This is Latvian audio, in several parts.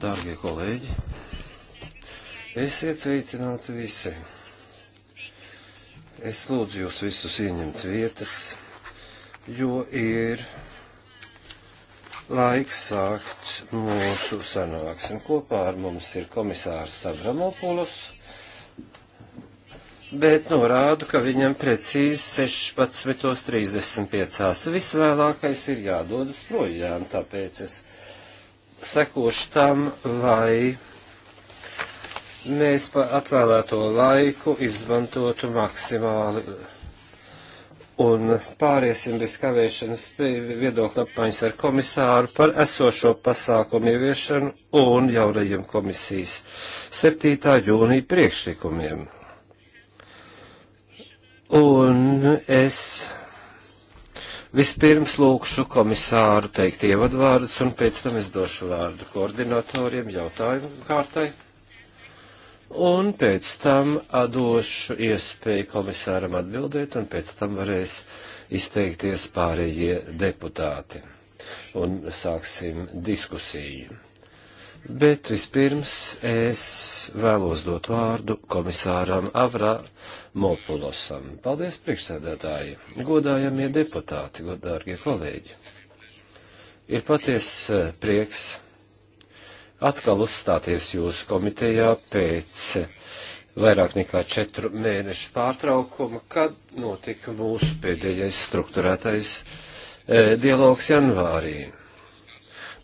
Dārgie kolēģi, esiet sveicināti visi. Es lūdzu jūs visus ieņemt vietas, jo ir laiks sākt mūsu sanāksmi. Kopā ar mums ir komisārs Abramopulos, bet norādu, ka viņam precīzi 16.35. visvēlākais ir jādodas projām, tāpēc es sekošu tam, lai mēs atvēlēto laiku izmantotu maksimāli. Un pāriesim bez kavēšanas viedokļa apmaiņas ar komisāru par esošo pasākumu ieviešanu un jaunajiem komisijas 7. jūnija priekšlikumiem. Un es Vispirms lūkšu komisāru teikt ievadvārdus, un pēc tam es došu vārdu koordinatoriem jautājumu kārtai. Un pēc tam došu iespēju komisāram atbildēt, un pēc tam varēs izteikties pārējie deputāti. Un sāksim diskusiju. Bet vispirms es vēlos dot vārdu komisāram Avrā Mopulosam. Paldies, priekšsēdētāji, godājamie deputāti, godārgie kolēģi. Ir paties eh, prieks atkal uzstāties jūsu komitejā pēc vairāk nekā četru mēnešu pārtraukuma, kad notika mūsu pēdējais struktūrētais e, eh, dialogs janvārī.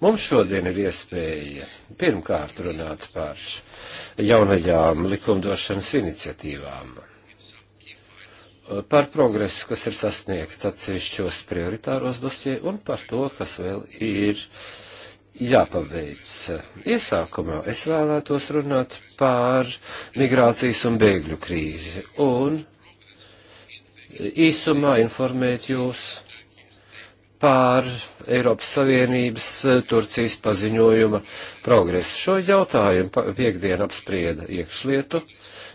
Mums šodien ir iespēja pirmkārt runāt par jaunajām likumdošanas iniciatīvām, par progresu, kas ir sasniegts atsevišķos prioritāros dosie un par to, kas vēl ir jāpaveic. Iesākumā es vēlētos runāt par migrācijas un bēgļu krīzi un īsumā informēt jūs pār Eiropas Savienības eh, Turcijas paziņojuma progresu. Šo jautājumu piekdien apsprieda iekšlietu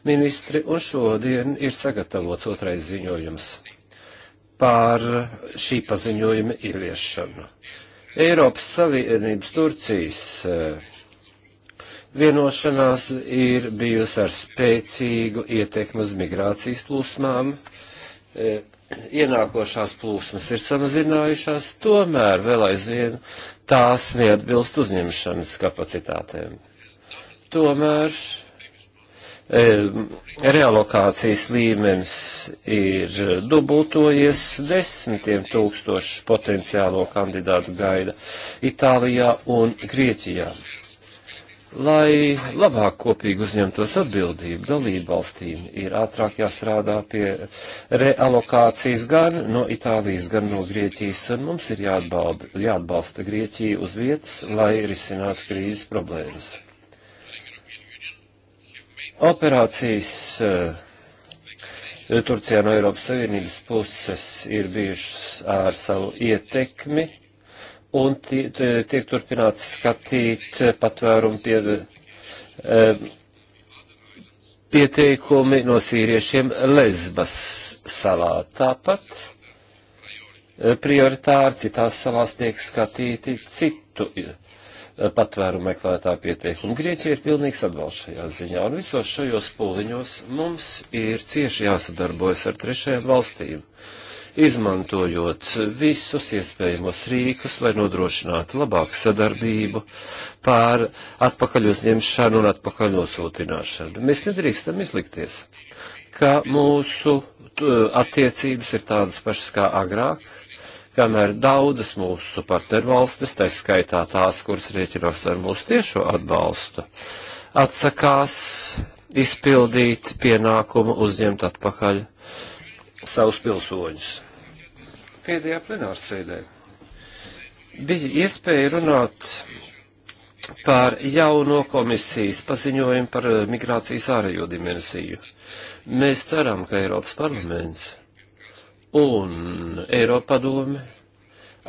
ministri, un šodien ir sagatavots otrais ziņojums pār šī paziņojuma ieviešanu. Eiropas Savienības Turcijas eh, vienošanās ir bijusi ar spēcīgu ietekmi uz migrācijas plūsmām, eh, ienākošās plūsmas ir samazinājušās, tomēr vēl aizvien tās neatbilst uzņemšanas kapacitātēm. Tomēr e, realokācijas līmenis ir dubultojies, desmitiem tūkstoši potenciālo kandidātu gaida Itālijā un Grieķijā. Lai labāk kopīgi uzņemtos atbildību, dalību valstīm ir ātrāk jāstrādā pie realokācijas gan no Itālijas, gan no Grieķijas, un mums ir jāatbalda, jāatbalsta Grieķija uz vietas, lai risinātu krīzes problēmas. Operācijas eh, Turcijā no Eiropas Savienības puses ir bijušas ar savu ietekmi un tiek turpināts skatīt patvērumu pie, eh, pieteikumi no sīriešiem Lesbas salā. Tāpat eh, prioritāri citās salās tiek skatīti citu eh, patvērumu meklētāju pieteikumu. Grieķija ir pilnīgs atbalsts šajā ziņā, un visos šajos pūliņos mums ir cieši jāsadarbojas ar trešajām valstīm izmantojot visus iespējamos rīkus, lai nodrošinātu labāku sadarbību pār atpakaļ uzņemšanu un atpakaļ nosūtināšanu. Mēs nedrīkstam izlikties, ka mūsu attiecības ir tādas pašas kā agrāk, kamēr daudzas mūsu partnervalstis, tā skaitā tās, kuras rēķinās ar mūsu tiešo atbalstu, atsakās izpildīt pienākumu uzņemt atpakaļ savus pilsoņus. Pēdējā plenārsēdē bija iespēja runāt par jauno komisijas paziņojumu par eh, migrācijas ārējo dimensiju. Mēs ceram, ka Eiropas parlaments un Eiropa padome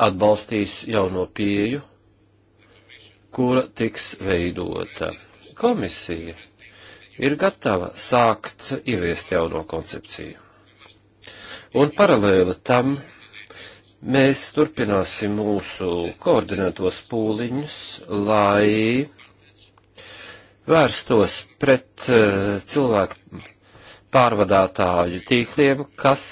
atbalstīs jauno pieju, kura tiks veidota. Komisija ir gatava sākt ieviest jauno koncepciju. Un paralēli tam mēs turpināsim mūsu koordinētos pūliņus, lai vērstos pret eh, cilvēku pārvadātāju tīkliem, kas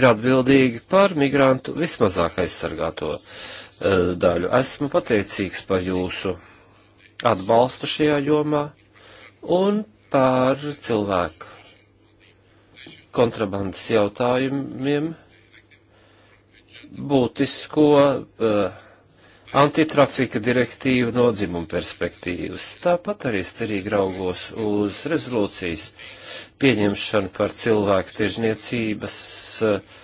ir atbildīgi par migrantu vismazāk aizsargāto eh, daļu. Esmu pateicīgs par jūsu atbalstu šajā jomā un par cilvēku kontrabandas jautājumiem, būtisko uh, antitrafika direktīvu no dzimuma perspektīvas. Tāpat arī cerīgi raugos uz rezolūcijas pieņemšanu par cilvēku tiežniecības uh, eh,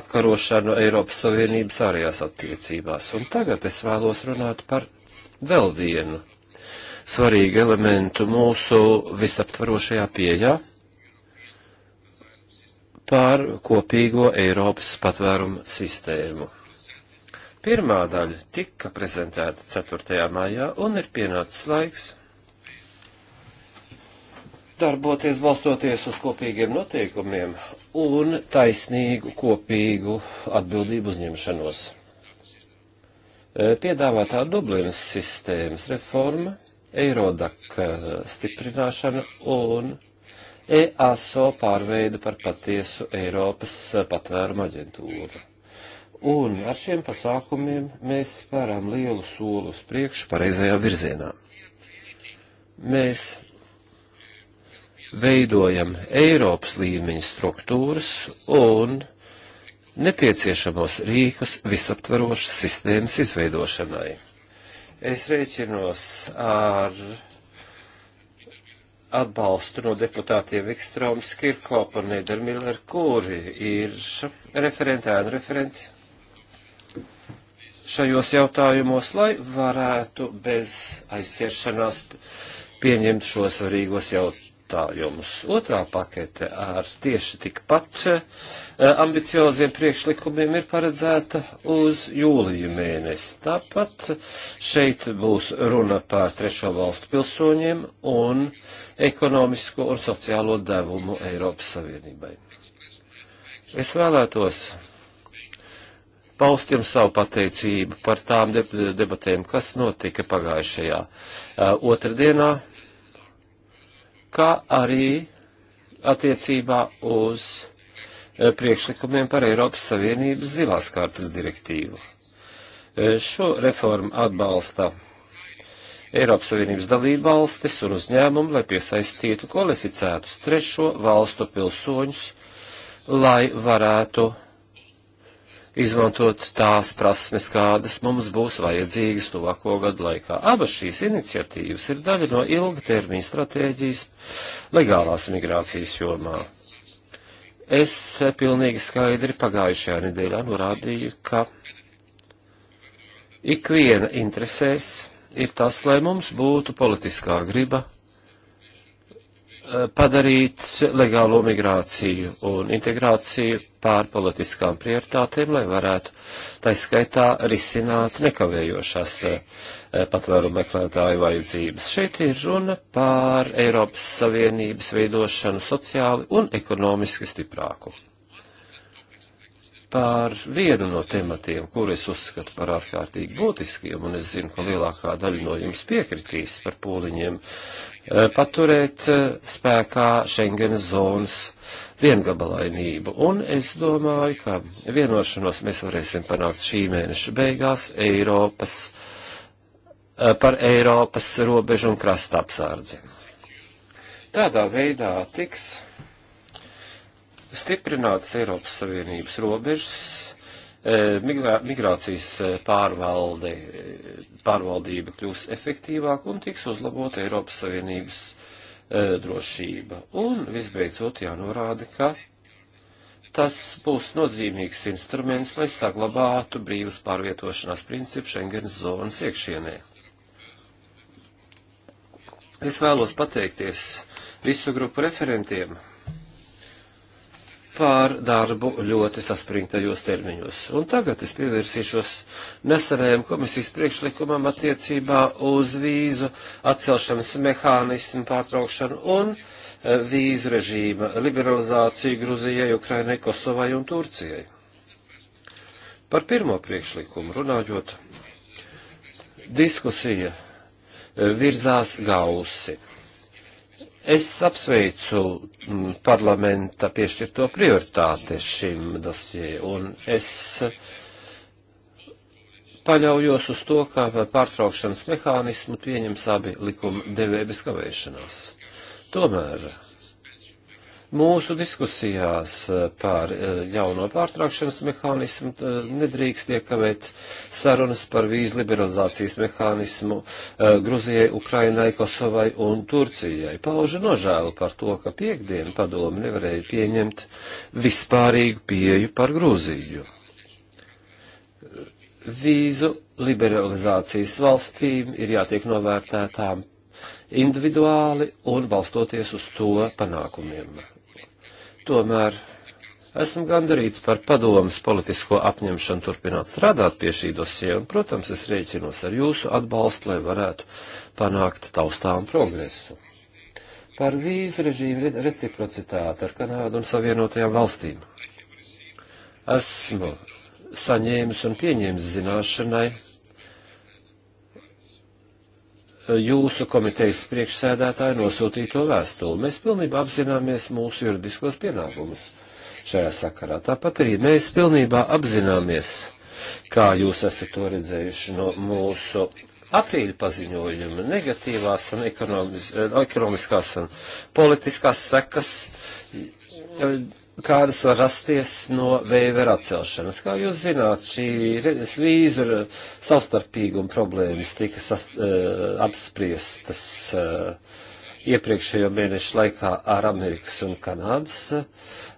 apkarošanu Eiropas Savienības ārējās attiecībās. Un tagad es vēlos runāt par vēl vienu svarīgu elementu mūsu visaptvarošajā pieejā par kopīgo Eiropas patvērumu sistēmu. Pirmā daļa tika prezentēta 4. maijā un ir pienācis laiks darboties balstoties uz kopīgiem noteikumiem un taisnīgu kopīgu atbildību uzņemšanos. E, piedāvātā Dublinas sistēmas reforma, Eirodak e, stiprināšana un EASO pārveida par patiesu Eiropas eh, patvērumu aģentūru. Un ar šiem pasākumiem mēs spēram lielu soli uz priekšu pareizajā virzienā. Mēs veidojam Eiropas līmeņa struktūras un nepieciešamos rīkus visaptvarošas sistēmas izveidošanai. Es rēķinos ar atbalstu no deputātiem Vikstrāms, Kirkopa un Nedermiller, kuri ir referentēni referenti šajos jautājumos, lai varētu bez aizciešanās pieņemt šos svarīgos jautājumus. Otrā pakete ar tieši tikpat ambicioziem priekšlikumiem ir paredzēta uz jūliju mēnesi. Tāpat šeit būs runa par trešo valstu pilsoņiem un ekonomisko un sociālo devumu Eiropas Savienībai. Es vēlētos paust jums savu pateicību par tām debatēm, kas notika pagājušajā uh, otrdienā, kā arī attiecībā uz Eh, priekšlikumiem par Eiropas Savienības zilās kārtas direktīvu. Eh, šo reformu atbalsta Eiropas Savienības dalība valstis un uzņēmumu, lai piesaistītu kvalificētus trešo valstu pilsoņus, lai varētu izmantot tās prasmes, kādas mums būs vajadzīgas tuvāko gadu laikā. Abas šīs iniciatīvas ir daļa no ilgtermiņa stratēģijas legālās migrācijas jomā. Es pilnīgi skaidri pagājušajā nedēļā norādīju, ka ikviena interesēs ir tas, lai mums būtu politiskā griba eh, padarīt legālo migrāciju un integrāciju pār politiskām prioritātēm, lai varētu taiskaitā risināt nekavējošās eh, patvērumu meklētāju vajadzības. Šeit ir runa pār Eiropas Savienības veidošanu sociāli un ekonomiski stiprāku. Par vienu no tematiem, kur es uzskatu par ārkārtīgi būtiskiem, un es zinu, ka lielākā daļa no jums piekritīs par pūliņiem eh, paturēt eh, spēkā Schengenas zonas viengabalainību. Un es domāju, ka vienošanos mēs varēsim panākt šī mēneša beigās Eiropas, eh, par Eiropas robežu un krasta apsārdzi. Tādā veidā tiks stiprināts Eiropas Savienības robežas, eh, migrā, migrācijas eh, pārvalde, pārvaldība kļūs efektīvāk un tiks uzlabota Eiropas Savienības E, drošība. Un visbeidzot jānorāda, ka tas būs nozīmīgs instruments, lai saglabātu brīvas pārvietošanās principu Schengens zonas iekšienē. Es vēlos pateikties visu grupu referentiem par darbu ļoti saspringtajos termiņos. Un tagad es pievērsīšos nesenajam komisijas priekšlikumam attiecībā uz vīzu atcelšanas mehānismu pārtraukšanu un eh, vīzu režīma liberalizāciju Gruzijai, Ukrainai, Kosovai un Turcijai. Par pirmo priekšlikumu runājot, diskusija eh, virzās gausi Es apsveicu mm, parlamenta piešķirto prioritāti šim dosijai, un es paļaujos uz to, ka pārtraukšanas mehānismu pieņems abi likuma devēja bez kavēšanās. Tomēr Mūsu diskusijās eh, par eh, jauno pārtraukšanas mehānismu eh, nedrīkst iekavēt sarunas par vīzu liberalizācijas mehānismu Gruzijai, Ukrainai, Kosovai un Turcijai. Paužu nožēlu par to, ka piekdienu padomu nevarēja pieņemt vispārīgu pieju par Gruziju. Vīzu liberalizācijas valstīm ir jātiek novērtētām individuāli un balstoties uz to panākumiem tomēr esmu gandarīts par padomas politisko apņemšanu turpināt strādāt pie šī dosie, un, protams, es rēķinos ar jūsu atbalstu, lai varētu panākt taustām progresu. Par vīzu režīmu reciprocitāti ar Kanādu un Savienotajām valstīm. Esmu saņēmis un pieņēmis zināšanai jūsu komitejas priekšsēdētāja nosūtīto vēstuli. Mēs pilnībā apzināmies mūsu juridiskos pienākumus šajā sakarā. Tāpat arī mēs pilnībā apzināmies, kā jūs esat to redzējuši no mūsu aprīļa paziņojuma negatīvās un ekonomis, ekonomiskās un politiskās sekas kādas var rasties no veivera atcelšanas. Kā jūs zināt, šī vīzu savstarpīguma problēmas tika sas, uh, apspriestas uh, iepriekšējo mēnešu laikā ar Amerikas un Kanādas uh,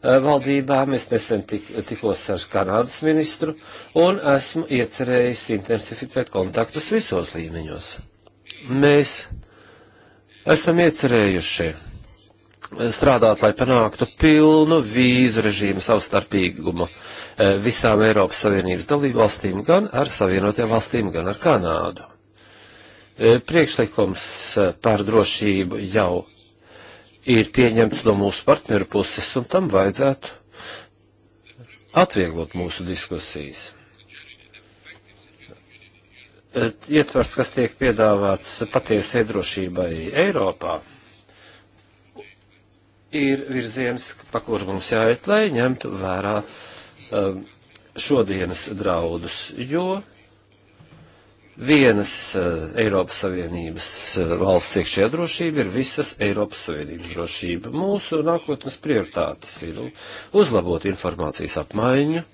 valdībām. Es nesen tik, tikos ar Kanādas ministru un esmu iecerējis intensificēt kontaktus visos līmeņos. Mēs esam iecerējuši strādāt, lai panāktu pilnu vīzu režīmu savstarpīgumu eh, visām Eiropas Savienības dalībvalstīm, gan ar Savienotajām valstīm, gan ar Kanādu. Eh, priekšlikums eh, par drošību jau ir pieņemts no mūsu partneru puses, un tam vajadzētu atvieglot mūsu diskusijas ietvers, kas tiek piedāvāts patiesai drošībai Eiropā, ir virziens, pa kur mums jāiet, lai ņemtu vērā um, šodienas draudus, jo vienas uh, Eiropas Savienības uh, valsts iekšējā drošība ir visas Eiropas Savienības drošība. Mūsu nākotnes prioritātes ir uzlabot informācijas apmaiņu,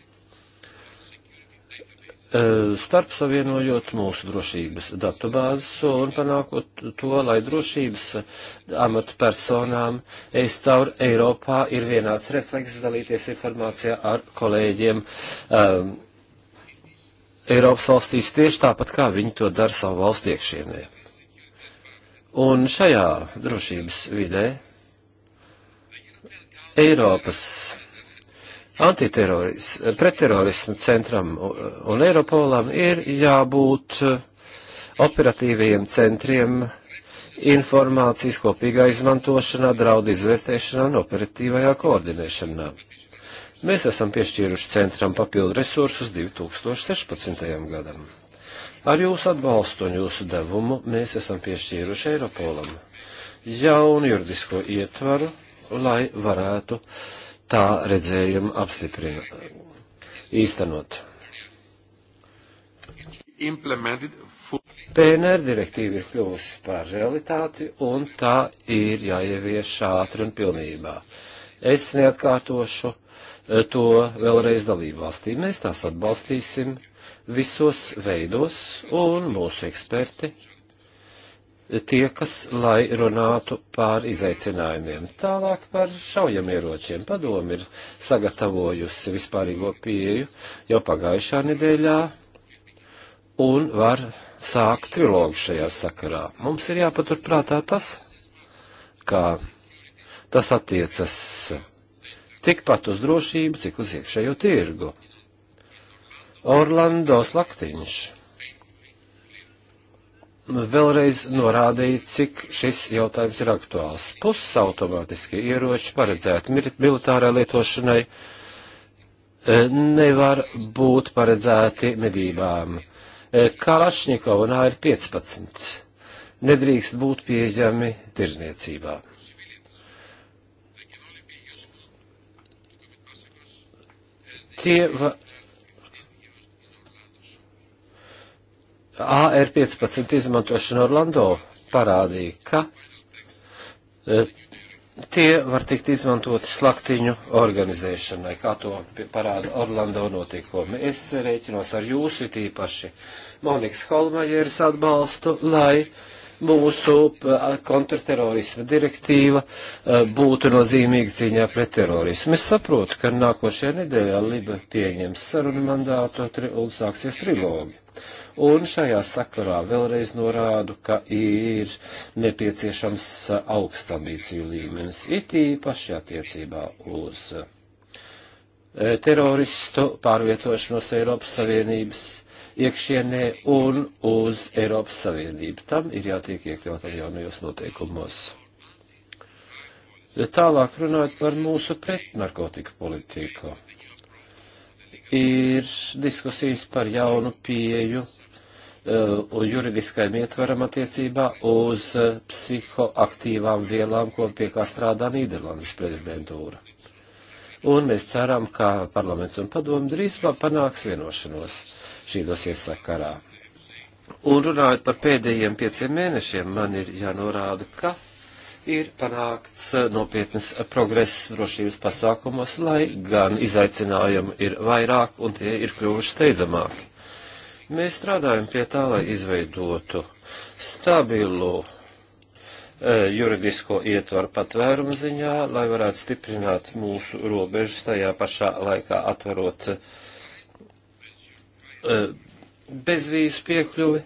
E, starp savienojot mūsu drošības datubāzes un panākot to, lai drošības amatu personām es caur Eiropā ir vienāds refleks dalīties informācijā ar kolēģiem um, Eiropas valstīs tieši tāpat, kā viņi to dara savu valstu iekšienē. Un šajā drošības vidē Eiropas pretterorismu centram un Eiropolam ir jābūt eh, operatīviem centriem informācijas kopīgā izmantošanā, draudu izvērtēšanā un operatīvajā koordinēšanā. Mēs esam piešķīruši centram papildu resursus 2016. gadam. Ar jūsu atbalstu un jūsu devumu mēs esam piešķīruši Eiropolam jaunu juridisko ietvaru, lai varētu uh, tā redzējuma apstiprina īstenot. PNR direktīva ir kļuvusi par realitāti, un tā ir jāievieš ātri un pilnībā. Es neatkārtošu eh, to vēlreiz dalību valstī. Mēs tās atbalstīsim visos veidos, un mūsu eksperti tiekas, lai runātu pār izaicinājumiem. Tālāk par šaujamieročiem. Padomi ir sagatavojusi vispārīgo pieju jau pagājušā nedēļā un var sākt trilogu šajā sakarā. Mums ir jāpaturprātā tas, ka tas attiecas tikpat uz drošību, cik uz iekšējo tirgu. Orlando Slaktiņš vēlreiz norādīja, cik šis jautājums ir aktuāls. Pusautomātiskie ieroči paredzēti militārai lietošanai e, nevar būt paredzēti medībām. E, Kalašņikovā ir 15. Nedrīkst būt pieejami tirzniecībā. Tie va AR-15 izmantošana Orlando parādīja, ka e, tie var tikt izmantoti slaktiņu organizēšanai, kā to parāda Orlando notikumi. Es rēķinos ar jūsu tīpaši Monikas Holmajeras atbalstu, lai mūsu e, kontrterorisma direktīva e, būtu nozīmīga cīņā pret terorismu. Es saprotu, ka nākošajā nedēļā Liba pieņems sarunu mandātu un sāksies trilogi. Un šajā sakarā vēlreiz norādu, ka ir nepieciešams augsts ambīciju līmenis, it īpaši attiecībā uz teroristu pārvietošanos Eiropas Savienības iekšienē un uz Eiropas Savienību. Tam ir jātiek iekļautam jaunajos noteikumos. Tālāk runājot par mūsu pretnarkotiku politiku, ir diskusijas par jaunu pieju Eh, un juridiskajam ietveram attiecībā uz eh, psihoaktīvām vielām, ko pie kā strādā Nīderlandes prezidentūra. Un mēs ceram, ka parlaments un padomu drīzumā panāks vienošanos šī dosies sakarā. Un runājot par pēdējiem pieciem mēnešiem, man ir jānorāda, ka ir panākts eh, nopietnas progress drošības pasākumos, lai gan izaicinājumi ir vairāk un tie ir kļuvuši steidzamāki Mēs strādājam pie tā, lai izveidotu stabilu e, juridisko ietvaru patvērumu ziņā, lai varētu stiprināt mūsu robežas tajā pašā laikā atverot e, bezvīzu piekļuvi.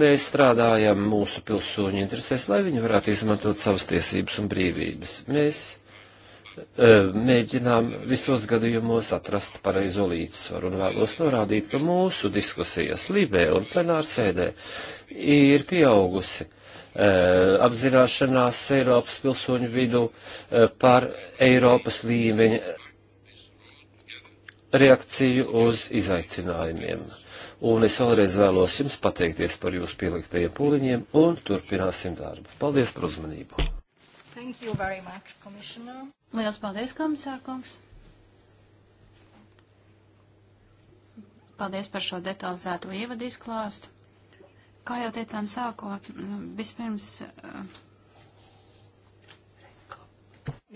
Mēs strādājam mūsu pilsoņu interesēs, lai viņi varētu izmantot savas tiesības un brīvības. Mēs mēģinām visos gadījumos atrast pareizo līdzsvaru un vēlos norādīt, ka mūsu diskusijas Libē un plenārsēdē ir pieaugusi apzināšanās Eiropas pilsoņu vidu par Eiropas līmeņa reakciju uz izaicinājumiem. Un es vēlreiz vēlos jums pateikties par jūsu pieliktajiem pūliņiem un turpināsim darbu. Paldies par uzmanību! Thank you very much, Commissioner. Liels paldies, komisārkungs! Paldies par šo detalizēto ievadu izklāstu. Kā jau teicām sākot, mm, vispirms. Uh,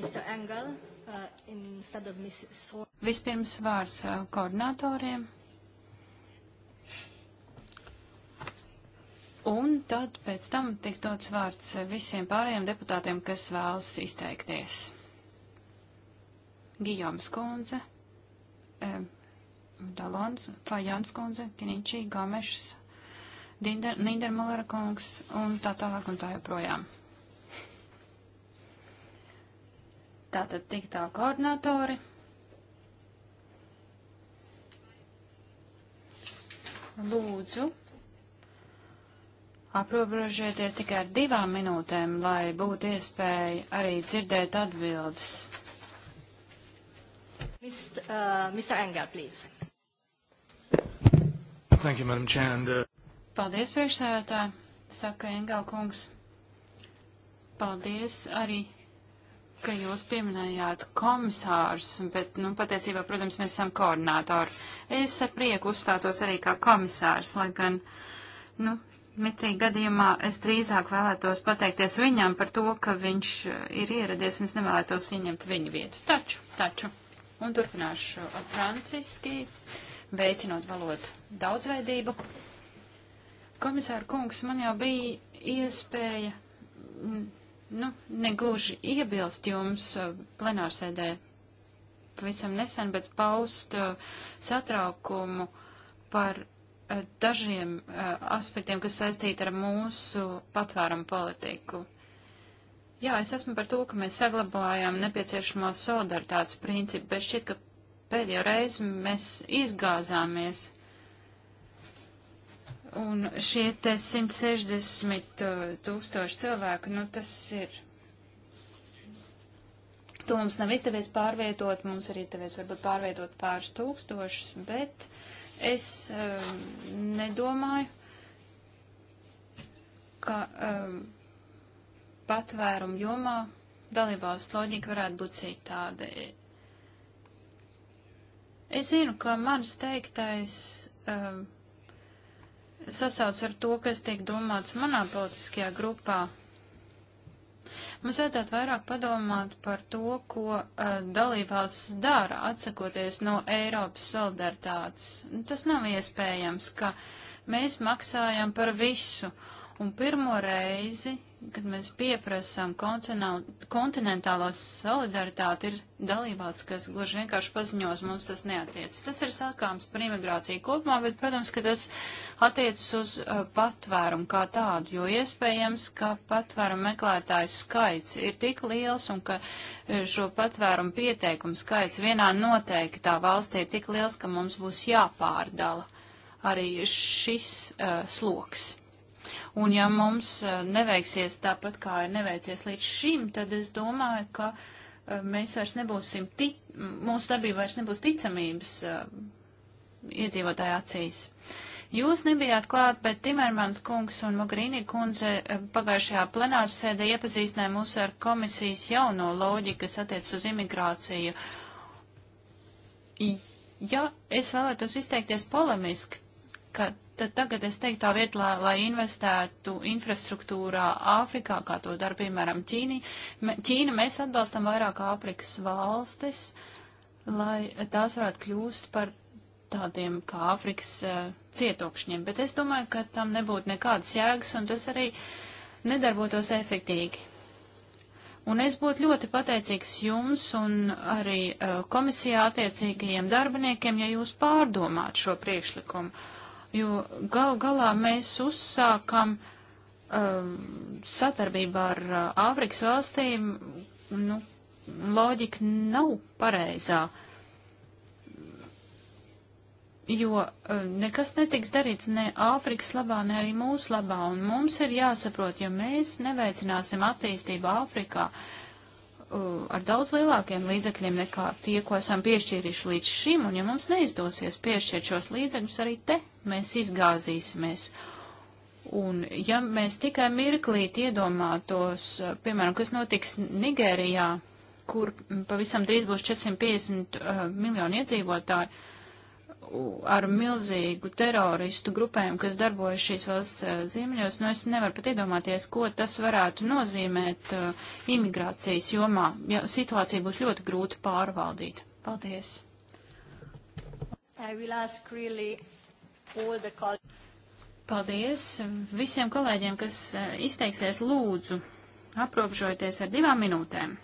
Mr. Engel, uh, instead of Mrs. Sor vispirms vārds uh, koordinatoriem. Un tad pēc tam tiks dots vārds uh, visiem pārējiem deputātiem, kas vēlas izteikties. Gijomas kundze, um, Dalons, Fajans kundze, Kiničī, Gomešs, Nindermalera kungs un tā tālāk un tā joprojām. Tātad tik tā koordinatori. Lūdzu, aprobežieties tikai ar divām minūtēm, lai būtu iespēja arī dzirdēt atbildes. Mr. Uh, Mr. Engel, please. Thank you, Madam Chair. And, uh... Paldies, priekšsēdētāji, saka Engel kungs. Paldies arī, ka jūs pieminējāt komisārus, bet, nu, patiesībā, protams, mēs esam koordinātori. Es ar prieku uzstātos arī kā komisārs, lai gan, nu, Mitrī gadījumā es drīzāk vēlētos pateikties viņam par to, ka viņš ir ieradies un es nevēlētos ieņemt viņa vietu. Taču, taču un turpināšu franciski, veicinot valodu daudzveidību. Komisāra kungs, man jau bija iespēja, nu, negluži iebilst jums uh, plenārsēdē pavisam nesen, bet paust uh, satraukumu par uh, dažiem aspektiem, kas saistīti ar mūsu patvērumu politiku. Jā, es esmu par to, ka mēs saglabājām nepieciešamo solidaritātes principu, bet šķiet, ka pēdējo reizi mēs izgāzāmies. Un šie te 160 uh, tūkstoši cilvēku, nu tas ir. To mums nav izdevies pārvietot, mums ir izdevies varbūt pārvietot pāris tūkstošus, bet es um, nedomāju, ka. Um, patvērumu jomā dalībvalsts loģika varētu būt citāda. Es zinu, ka manas teiktais um, sasauc ar to, kas tiek domāts manā politiskajā grupā. Mums vajadzētu vairāk padomāt par to, ko uh, dalībvalsts dara, atsakoties no Eiropas solidaritātes. Tas nav iespējams, ka mēs maksājam par visu. Uh, Un pirmo reizi, kad mēs pieprasām kontinentālos solidaritāti, ir dalībvalsts, kas gluži vienkārši paziņos, mums tas neatiec. Tas ir sākāms par imigrāciju kopumā, bet, protams, ka tas attiecas uz uh, patvērumu kā tādu, jo iespējams, ka patvērumu meklētāju skaits ir tik liels un ka uh, šo patvērumu pieteikumu skaits vienā noteiktā valstī ir tik liels, ka mums būs jāpārdala arī šis uh, sloks. Un ja mums eh, neveiksies tāpat, kā ir neveicies līdz šim, tad es domāju, ka eh, mēs vairs nebūsim, tic, mūsu darbība vairs nebūs ticamības eh, iedzīvotāju acīs. Jūs nebijāt klāt, bet Timermans kungs un Mogherini kundze pagājušajā plenārsēdē iepazīstināja mūs ar komisijas jauno loģiku, kas attiec uz imigrāciju. Ja es vēlētos izteikties polemiski, ka tad tagad es teiktu tā vietā, lai investētu infrastruktūrā Āfrikā, kā to dara, piemēram, Ķīni, Ķīna, mēs atbalstam vairāk Āfrikas valstis, lai tās varētu kļūst par tādiem kā Āfrikas uh, cietokšņiem, bet es domāju, ka tam nebūtu nekādas jēgas un tas arī nedarbotos efektīgi. Un es būtu ļoti pateicīgs jums un arī uh, komisijā attiecīgajiem darbiniekiem, ja jūs pārdomātu šo priekšlikumu jo gal galā mēs uzsākam um, satarbību ar uh, Āfrikas uh, valstīm, nu, loģika nav pareizā, jo uh, nekas netiks darīts ne Āfrikas labā, ne arī mūsu labā, un mums ir jāsaprot, ja mēs neveicināsim attīstību Āfrikā, uh, Uh, ar daudz lielākiem līdzekļiem nekā tie, ko esam piešķīruši līdz šim, un ja mums neizdosies piešķirt šos līdzekļus, arī te mēs izgāzīsimies. Un ja mēs tikai mirklīt iedomātos, uh, piemēram, kas notiks Nigērijā, kur pavisam drīz būs 450 uh, miljoni iedzīvotāji, ar milzīgu teroristu grupēm, kas darbojas šīs valsts eh, ziemeļos, nu es nevaru pat iedomāties, ko tas varētu nozīmēt uh, imigrācijas jomā. Ja situācija būs ļoti grūti pārvaldīt. Paldies. Really Paldies visiem kolēģiem, kas eh, izteiksies lūdzu, aprobežojieties ar divām minūtēm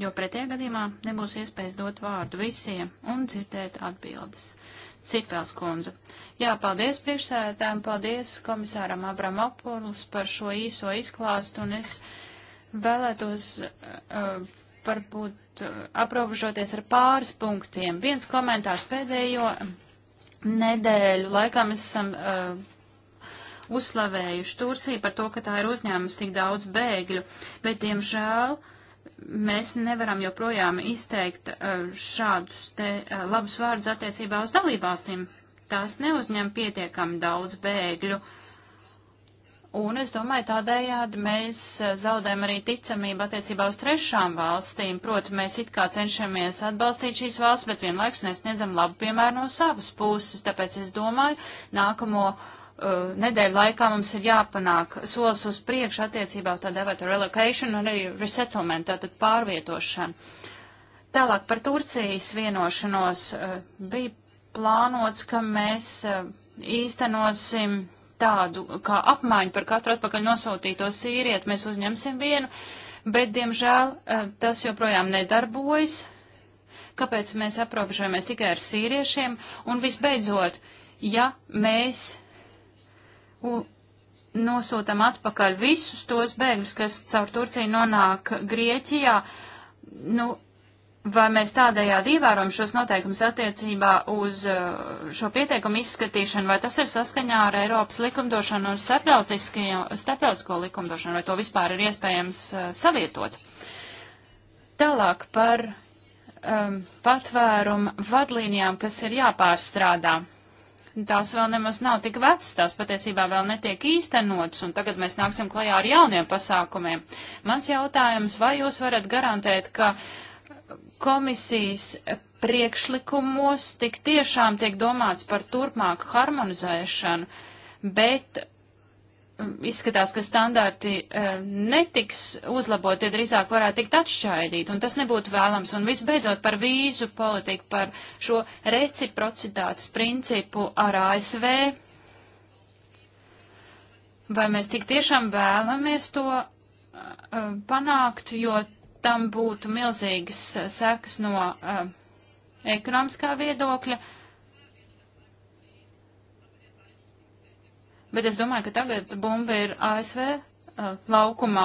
jo pretējā gadījumā nebūs iespējas dot vārdu visiem un dzirdēt atbildes. Cipels kundze. Jā, paldies priekšsēdētājiem, paldies komisāram Abram Apurlis par šo īso izklāstu, un es vēlētos uh, varbūt uh, aprobežoties ar pāris punktiem. Viens komentārs pēdējo nedēļu laikā mēs esam uh, uzslavējuši Turciju par to, ka tā ir uzņēmusi tik daudz bēgļu, bet, diemžēl, uh, mēs nevaram joprojām izteikt eh, šādus te eh, labus vārdus attiecībā uz dalībvalstīm. Tās neuzņem pietiekami daudz bēgļu. Un es domāju, tādējādi mēs eh, zaudējam arī ticamību attiecībā uz trešām valstīm. Proti, mēs it kā cenšamies atbalstīt šīs valsts, bet vienlaikus nesniedzam labu piemēru no savas puses. Tāpēc es domāju, nākamo uh, uh, nedēļu laikā mums ir jāpanāk solis uz priekšu attiecībā uz tā devēto relocation un arī resettlement, tātad pārvietošanu. Tālāk par Turcijas vienošanos uh, bija plānots, ka mēs uh, īstenosim tādu kā apmaiņu par katru atpakaļ nosūtīto sīrieti. Mēs uzņemsim vienu, bet, diemžēl, tas joprojām nedarbojas. Kāpēc mēs aprobežojamies tikai ar sīriešiem? Un visbeidzot, ja mēs nosūtam atpakaļ visus tos bēgļus, kas caur Turciju nonāk Grieķijā. Nu, vai mēs tādējādi ievērojam šos noteikumus attiecībā uz uh, šo pieteikumu izskatīšanu, vai tas ir saskaņā ar Eiropas likumdošanu un starptautisko likumdošanu, vai to vispār ir iespējams uh, savietot? Tālāk par um, patvērumu vadlīnijām, kas ir jāpārstrādā tās vēl nemaz nav tik vecas, tās patiesībā vēl netiek īstenotas, un tagad mēs nāksim klajā ar jauniem pasākumiem. Mans jautājums, vai jūs varat garantēt, ka komisijas priekšlikumos tik tiešām tiek domāts par turpmāku harmonizēšanu, bet Um, izskatās, ka standarti um, netiks uzlabot, tie drīzāk varētu tikt atšķaidīt, un tas nebūtu vēlams. Un visbeidzot par vīzu politiku, par šo reciprocitātes principu ar ASV. Vai mēs tik tiešām vēlamies to uh, panākt, jo tam būtu milzīgas sekas no uh, ekonomiskā viedokļa? Uh, Bet es domāju, ka tagad bumba ir ASV uh, laukumā.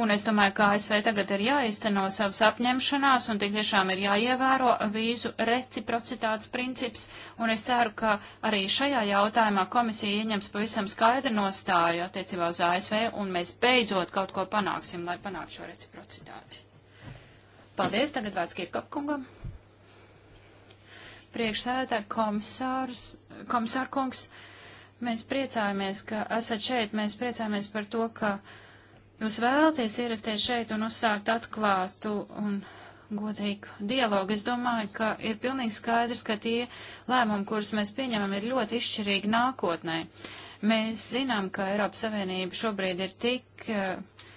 Un es domāju, ka ASV tagad ir jāizteno savas apņemšanās un tik tiešām ir jāievēro vīzu reciprocitātes princips. Un es ceru, ka arī šajā jautājumā komisija ieņems pavisam skaidru nostāju attiecībā uz ASV un mēs beidzot kaut ko panāksim, lai panāktu šo reciprocitāti. Paldies, tagad vārds Kirkopkungam priekšsēdētāji, komisārs, komisārkungs. Mēs priecājamies, ka esat šeit, mēs priecājamies par to, ka jūs vēlaties ierasties šeit un uzsākt atklātu un godīgu dialogu. Es domāju, ka ir pilnīgi skaidrs, ka tie lēmumi, kurus mēs pieņemam, ir ļoti izšķirīgi nākotnē. Mēs zinām, ka Eiropas Savienība šobrīd ir tik uh, eh,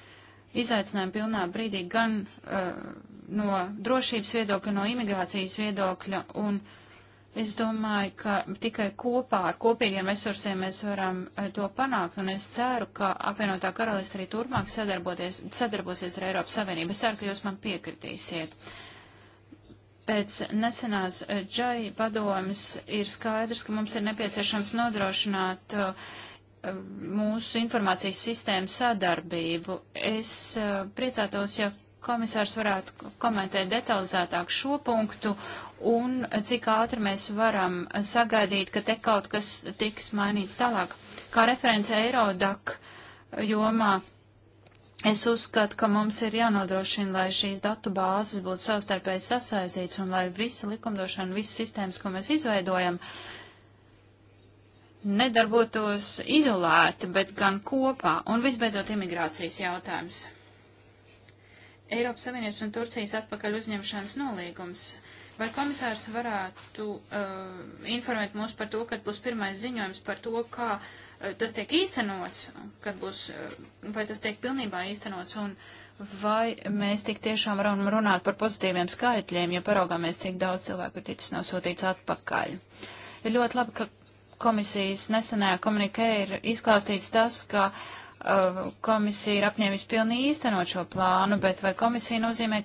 izaicinājumi pilnā brīdī gan uh, no drošības viedokļa, no imigrācijas viedokļa, un uh, Es domāju, ka tikai kopā ar kopīgiem resursiem mēs varam eh, to panākt, un es ceru, ka apvienotā karalista arī turpmāk sadarbosies ar Eiropas Savienību. Es ceru, ka jūs man piekritīsiet. Pēc nesenās eh, džai padomas ir skaidrs, ka mums ir nepieciešams nodrošināt uh, mūsu informācijas sistēmu sadarbību. Es uh, priecātos, ja komisārs varētu komentēt detalizētāk šo punktu un cik ātri mēs varam sagaidīt, ka te kaut kas tiks mainīts tālāk. Kā referents Eirodak jomā, es uzskatu, ka mums ir jānodrošina, lai šīs datu bāzes būtu savstarpēji sasaistīts un lai visa likumdošana, visas sistēmas, ko mēs izveidojam, nedarbotos izolēti, bet gan kopā. Un visbeidzot, imigrācijas jautājums. Eiropas Savienības un Turcijas atpakaļ uzņemšanas nolīgums. Vai komisārs varētu uh, informēt mūs par to, kad būs pirmais ziņojums par to, kā uh, tas tiek īstenots, kad būs, uh, vai tas tiek pilnībā īstenots un vai mēs tik tiešām varam runāt par pozitīviem skaitļiem, ja paraugāmies, cik daudz cilvēku ir ticis nosūtīts atpakaļ. Ir ļoti labi, ka komisijas nesenajā komunikē ir izklāstīts tas, ka uh, Uh, komisija ir apņēmis pilnīgi īstenot šo plānu, bet vai komisija nozīmē,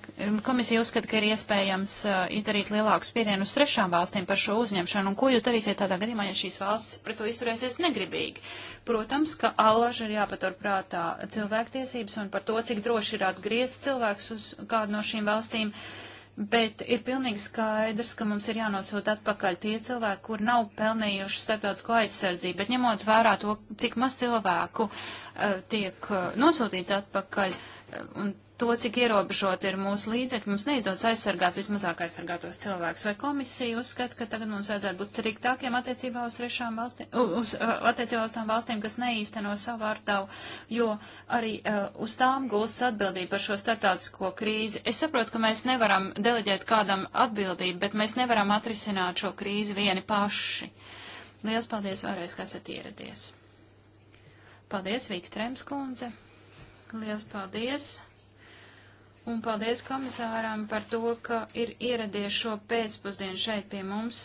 komisija uzskata, ka ir iespējams uh, izdarīt lielāku spiedienu uz trešām valstīm par šo uzņemšanu, un ko jūs darīsiet tādā gadījumā, ja šīs valstis pret to izturēsies negribīgi? Protams, ka allaži ir jāpatur prātā cilvēktiesības un par to, cik droši ir atgriezt cilvēks uz kādu no šīm valstīm. Uh, bet ir pilnīgi skaidrs, ka mums ir jānosūta atpakaļ tie cilvēki, kur nav pelnījuši starptautisko aizsardzību, bet ņemot vērā to, cik maz cilvēku uh, tiek uh, nosūtīts atpakaļ, uh, un to, cik ierobežot ir mūsu līdzekļi, mums neizdodas aizsargāt vismazāk aizsargātos cilvēkus. Vai komisija uzskata, ka tagad mums vajadzētu būt striktākiem attiecībā uz trešām valstīm, uz, uh, attiecībā uz tām valstīm, kas neīsteno savu ārtavu, jo arī uh, uz tām gulsts atbildība par šo startautisko krīzi. Es saprotu, ka mēs nevaram deleģēt kādam atbildību, bet mēs nevaram atrisināt šo krīzi vieni paši. Lielas paldies vēlreiz, kas esat ieradies. Paldies, Vīkstrēms kundze. Lielas paldies. Un paldies komisāram par to, ka ir ieradies šo pēcpusdienu šeit pie mums.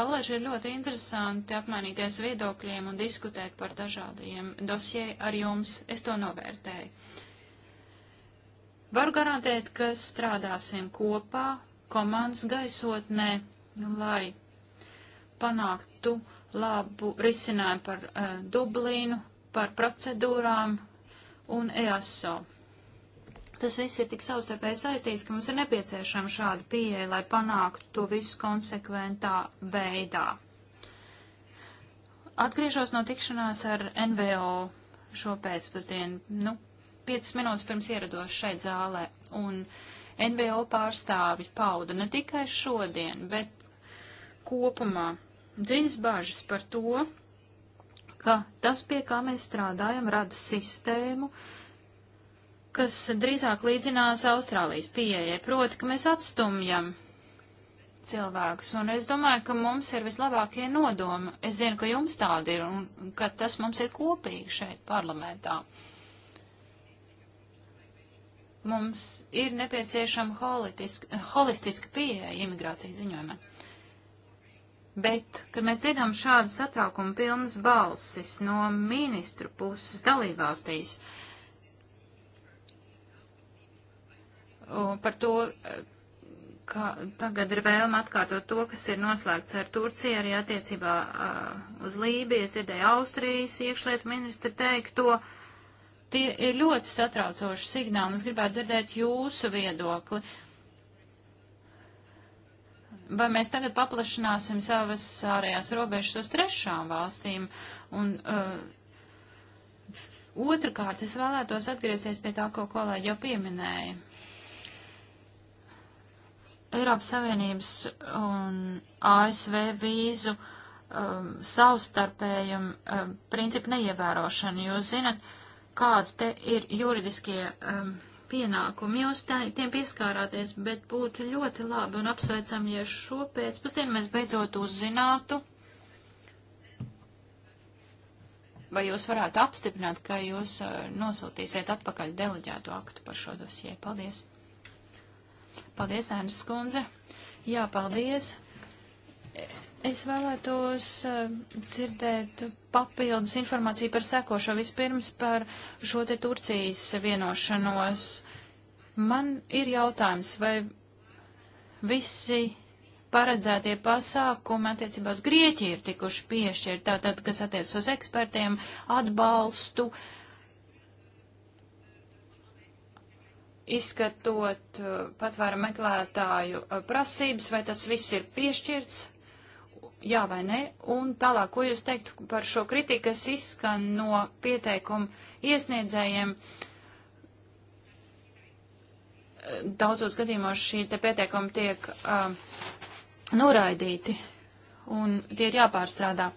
Allaž ir ļoti interesanti apmainīties viedokļiem un diskutēt par dažādiem dosjē ar jums. Es to novērtēju. Varu garantēt, ka strādāsim kopā komandas gaisotnē, lai panāktu labu risinājumu par uh, Dublīnu, par procedūrām un EASO. Tas viss ir tik savstarpēji saistīts, ka mums ir nepieciešama šāda pieeja, lai panāktu to visu konsekventā veidā. Atgriežos no tikšanās ar NVO šo pēcpusdienu, nu, 5 minūtes pirms ierados šeit zālē, un NVO pārstāvi pauda ne tikai šodien, bet kopumā dziļas bažas par to, ka tas, pie kā mēs strādājam, rada sistēmu, uh, kas drīzāk līdzinās Austrālijas pieejai, proti, ka mēs atstumjam cilvēkus, un es domāju, ka mums ir vislabākie nodomi. Es zinu, ka jums tādi ir, un ka tas mums ir kopīgi šeit parlamentā. Mums ir nepieciešama holistiska pieeja imigrācijas ziņojumā. Bet, kad mēs dzirdam šādu satraukumu pilnas balsis no ministru puses dalībvalstīs, uh, un par to, ka tagad ir vēlme atkārtot to, kas ir noslēgts ar Turciju, arī attiecībā uh, uz Lībiju, es dzirdēju Austrijas iekšlietu ministru teikt to. Tie ir ļoti satraucoši signāli, un es gribētu dzirdēt jūsu viedokli. Vai mēs tagad paplašināsim savas ārējās robežas uz trešām valstīm? Un, uh, otrkārt, es vēlētos atgriezties pie tā, ko kolēģi jau pieminēja Eiropas Savienības un ASV vīzu um, savstarpējumu um, principu neievērošanu. Jūs zinat, kādi te ir juridiskie um, pienākumi. Jūs tā, tiem pieskārāties, bet būtu ļoti labi un apsveicam, ja šo pēcpusdienu mēs beidzot uzzinātu. Vai jūs varētu apstiprināt, ka jūs uh, nosūtīsiet atpakaļ deleģētu aktu par šo dosiju? Paldies! Paldies, Ēnas skundze. Jā, paldies. Es vēlētos uh, dzirdēt papildus informāciju par sekošo. Vispirms par šo te Turcijas vienošanos. Man ir jautājums, vai visi paredzētie pasākumi attiecībā uz Grieķiju ir tikuši piešķirti, tātad, kas attiec uz ekspertiem, atbalstu, uh, izskatot uh, patvēra meklētāju uh, prasības, vai tas viss ir piešķirts, jā vai nē, un tālāk, ko jūs teiktu par šo kritiku, kas izskan no pieteikumu iesniedzējiem. Uh, daudzos gadījumos šī te pieteikuma tiek uh, noraidīti, un tie ir jāpārstrādā.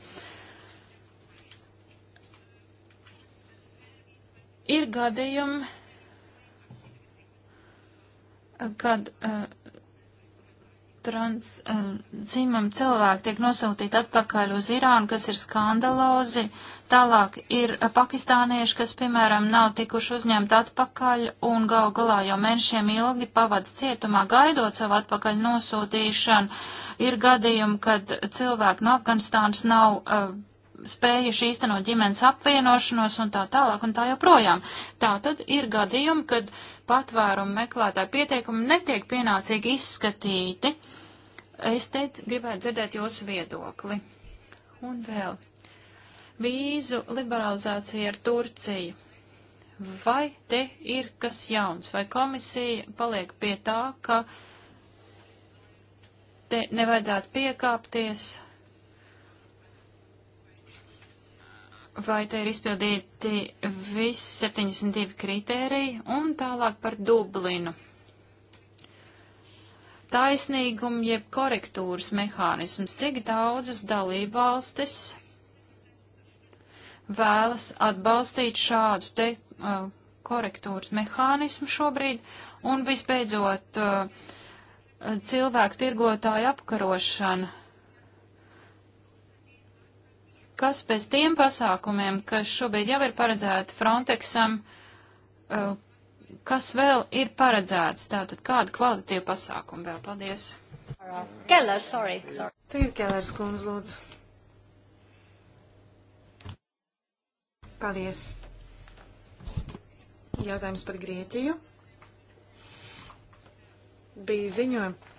Ir gadījumi, kad uh, trans, uh, dzimam cilvēki tiek nosūtīti atpakaļ uz Irānu, kas ir skandalozi. Tālāk ir eh, pakistānieši, kas, piemēram, nav tikuši uzņemti atpakaļ un gal galā jau mēnešiem ilgi pavada cietumā, gaidot savu atpakaļ nosūtīšanu. Ir gadījumi, kad cilvēki no Afganistānas nav uh, spējuši īstenot ģimenes apvienošanos un tā tālāk un tā joprojām. Tā tad ir gadījumi, kad uh, patvērumu meklētāju pieteikumi netiek pienācīgi izskatīti. Es teicu, gribētu dzirdēt jūsu viedokli. Un vēl. Vīzu liberalizācija ar Turciju. Vai te ir kas jauns? Vai komisija paliek pie tā, ka te nevajadzētu piekāpties vai te ir izpildīti visi 72 kritēriji un tālāk par Dublinu. Taisnīgumu jeb korektūras mehānisms, cik daudzas dalībvalstis vēlas atbalstīt šādu te uh, korektūras mehānismu šobrīd, un visbeidzot uh, cilvēku tirgotāju apkarošana kas pēc tiem pasākumiem, kas šobrīd jau ir paredzēti Frontexam, uh, kas vēl ir paredzēts? Tātad kāda kvalitatīva pasākuma vēl? Paldies. Keller, sorry. sorry. Tagad Kellers kundz, lūdzu. Paldies. Jautājums par Grieķiju. Bija ziņojumi,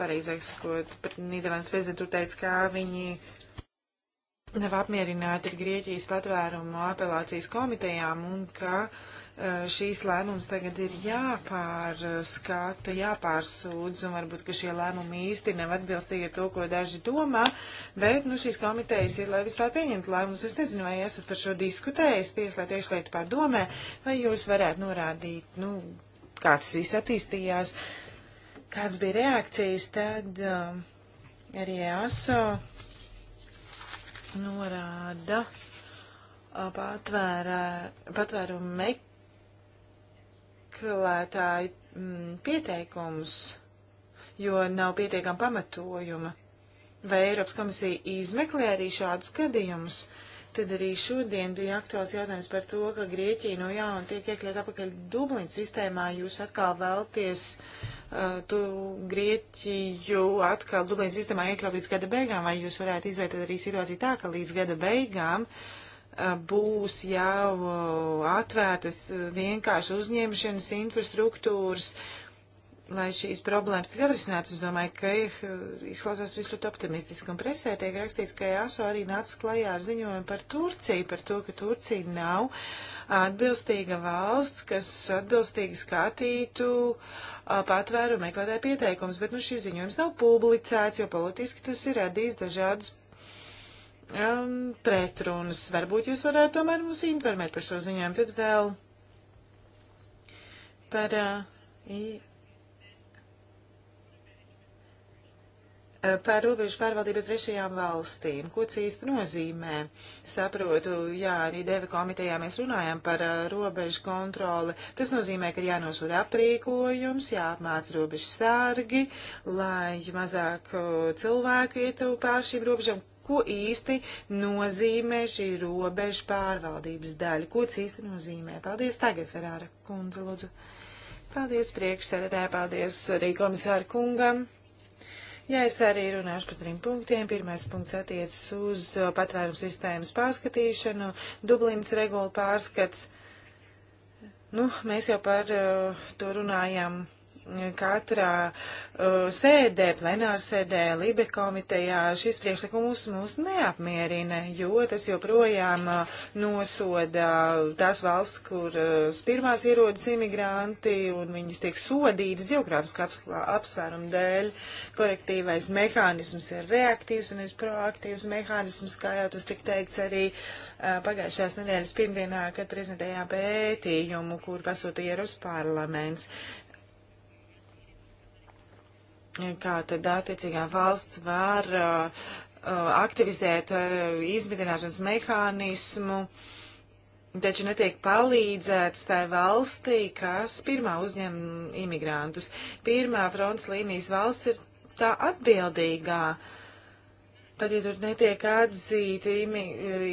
pareizāk sakot, par Nīderlandes prezidentu teica, kā viņi nav apmierināti ar Grieķijas patvērumu apelācijas komitejām un ka e, šīs lēmums tagad ir jāpārskata, jāpārsūdz, un varbūt, ka šie lēmumi īsti nav atbilstīgi ar to, ko daži domā, bet, nu, šīs komitejas ir, lai vispār pieņemtu lēmumus. Es nezinu, vai esat par šo diskutējis tieslietu iekšlietu pārdomē, vai jūs varētu norādīt, nu, kā tas viss attīstījās, kāds bija reakcijas, tad um, arī ASO norāda patvērā, patvērumu meklētāju mm, pieteikumus, jo nav pietiekama pamatojuma. Vai Eiropas komisija izmeklē arī šādus gadījumus? Tad arī šodien bija aktuāls jautājums par to, ka Grieķija no jauna tiek iekļaut apakaļ Dublin sistēmā. Jūs atkal vēlties uh, Eh, tu Grieķiju atkal Dublīnas sistēmā iekļaut līdz gada beigām, vai jūs varētu izvērtēt arī situāciju tā, ka līdz gada beigām eh, būs jau eh, atvērtas vienkārši uzņemšanas infrastruktūras, lai šīs problēmas tik atrisinātas. Es domāju, ka izklausās viss ļoti optimistiski. Un presē tiek rakstīts, ka e ASO arī nāca klajā ar ziņojumu par Turciju, par to, ka Turcija nav uh, atbilstīga valsts, kas atbilstīgi skatītu patvēru meklētāju pieteikums, bet nu šis ziņojums nav publicēts, jo politiski tas ir radījis dažādas um, pretrunas. Varbūt jūs varētu tomēr mums informēt par šo ziņojumu. Tad vēl par uh, Eh, par robežu pārvaldību trešajām valstīm. Ko tas īsti nozīmē? Saprotu, jā, arī Deva komitejā mēs runājam par uh, robežu kontroli. Tas nozīmē, ka jānosūta aprīkojums, jāapmāca robežu sārgi, lai mazāk uh, cilvēku ietu pār šīm robežām. Ko īsti nozīmē šī robežu pārvaldības daļa? Ko tas īsti nozīmē? Paldies tagad, Ferāra kundze, lūdzu. Paldies priekšsēdētāji, paldies arī komisāru kungam. Jā, es arī runāšu par trim punktiem. Pirmais punkts attiecas uz patvērums sistēmas pārskatīšanu, Dublinas regula pārskats. Nu, mēs jau par uh, to runājām katrā uh, sēdē, plenārsēdē, Libe komitejā šis priekšlikums mūs neapmierina, jo tas joprojām uh, nosoda tās valsts, kur uh, pirmās ierodas imigranti un viņas tiek sodītas geogrāfiskā apsvērumu dēļ. Korektīvais mehānisms ir reaktīvs un ir proaktīvs mehānisms, kā jau tas tik teikts arī uh, pagājušās nedēļas pirmdienā, kad prezentējām pētījumu, kur pasūtīja Eiropas parlaments kā tad attiecīgā valsts var uh, uh aktivizēt ar uh, izmitināšanas mehānismu, taču netiek palīdzēts tai valstī, kas pirmā uzņem imigrantus. Pirmā fronts līnijas valsts ir tā atbildīgā. Uh, Tad, ja tur netiek atzīta imi,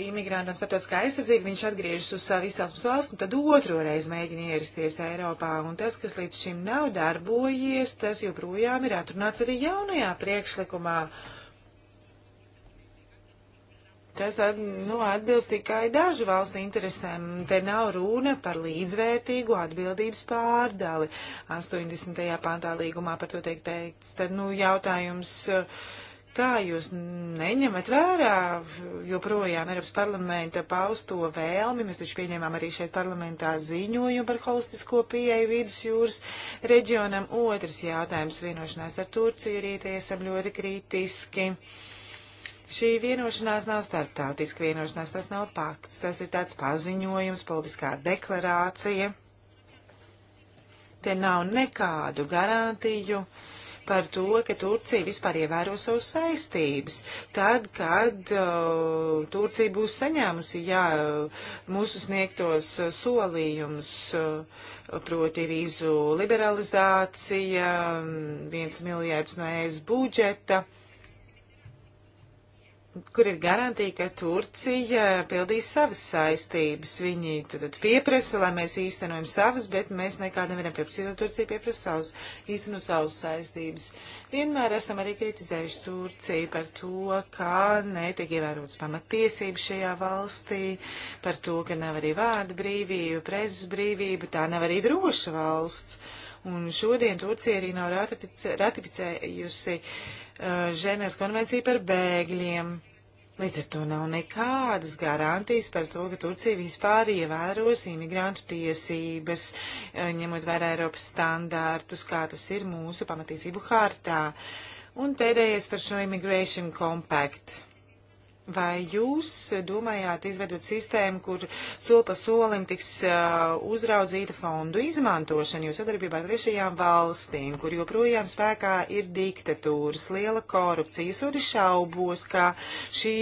imigrantam starptautiskā aizsardzība, viņš atgriežas uz savu izcelsmes valsts un tad otro reizi mēģina ierasties Eiropā. Un tas, kas līdz šim nav darbojies, tas joprojām ir atrunāts arī jaunajā priekšlikumā. Tas at, nu, atbilst tikai dažu valstu interesēm. Te nav runa par līdzvērtīgu atbildības pārdali. 80. pantā līgumā par to tiek teikts. Tad, nu, jautājums. Uh, kā jūs neņemat vērā joprojām Eiropas parlamenta pausto vēlmi. Mēs taču pieņēmām arī šeit parlamentā ziņojumu par holistisko pieeju vidusjūras reģionam. Otrs jautājums - vienošanās ar Turciju arī te esam ļoti kritiski. Šī vienošanās nav starptautiska vienošanās, tas nav pakts, tas ir tāds paziņojums, politiskā deklarācija. Te nav nekādu garantiju par to, ka Turcija vispār ievēro savus saistības. Tad, kad uh, Turcija būs saņēmusi, jā, mūsu sniegtos uh, solījumus, uh, proti vīzu liberalizācija, mm, viens miljārds no ES budžeta. Uh, kur ir garantīja, ka Turcija pildīs savas saistības. Viņi tad, tad pieprasa, lai mēs īstenojam savas, bet mēs nekādam varam pieprasīt, lai Turcija pieprasa savus, īsteno savus saistības. Vienmēr esam arī kritizējuši Turciju par to, kā netiek ievērotas pamatiesības šajā valstī, par to, ka nav arī vārda brīvība, presas brīvība, tā nav arī droša valsts. Un šodien Turcija arī nav ratificējusi. Ratificē Eh, Ženēvas konvencija par bēgļiem. Līdz ar to nav nekādas garantijas par to, ka Turcija vispār ievēros imigrantu tiesības, eh, ņemot vērā Eiropas standārtus, kā tas ir mūsu pamatīsību hārtā. Un pēdējais par šo Immigration Compact. Vai jūs domājāt izveidot sistēmu, kur soli pa solim tiks uh, uzraudzīta fondu izmantošana, jo sadarbībā ar trešajām valstīm, kur joprojām spēkā ir diktatūras, liela korupcija, es ļoti šaubos, ka šī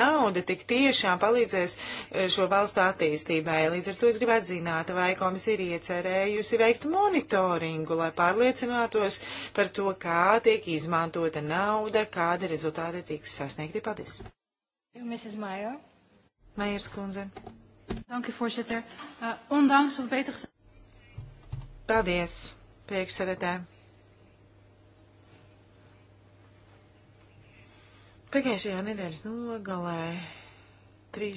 nauda tik tiešām palīdzēs uh, šo valstu attīstībai. Līdz ar to es gribētu zināt, vai komisija ir iecerējusi veikt monitoringu, lai pārliecinātos par to, kā tiek izmantota nauda, kādi rezultāti tiks sasniegti. Paldies! Mrs. Maier. Meijers kundze. Dank u, voorzitter. Uh, ondanks, of beter gezegd... Paldies, priekšsēdētāji. Pagājušajā nedēļas nogalē 3,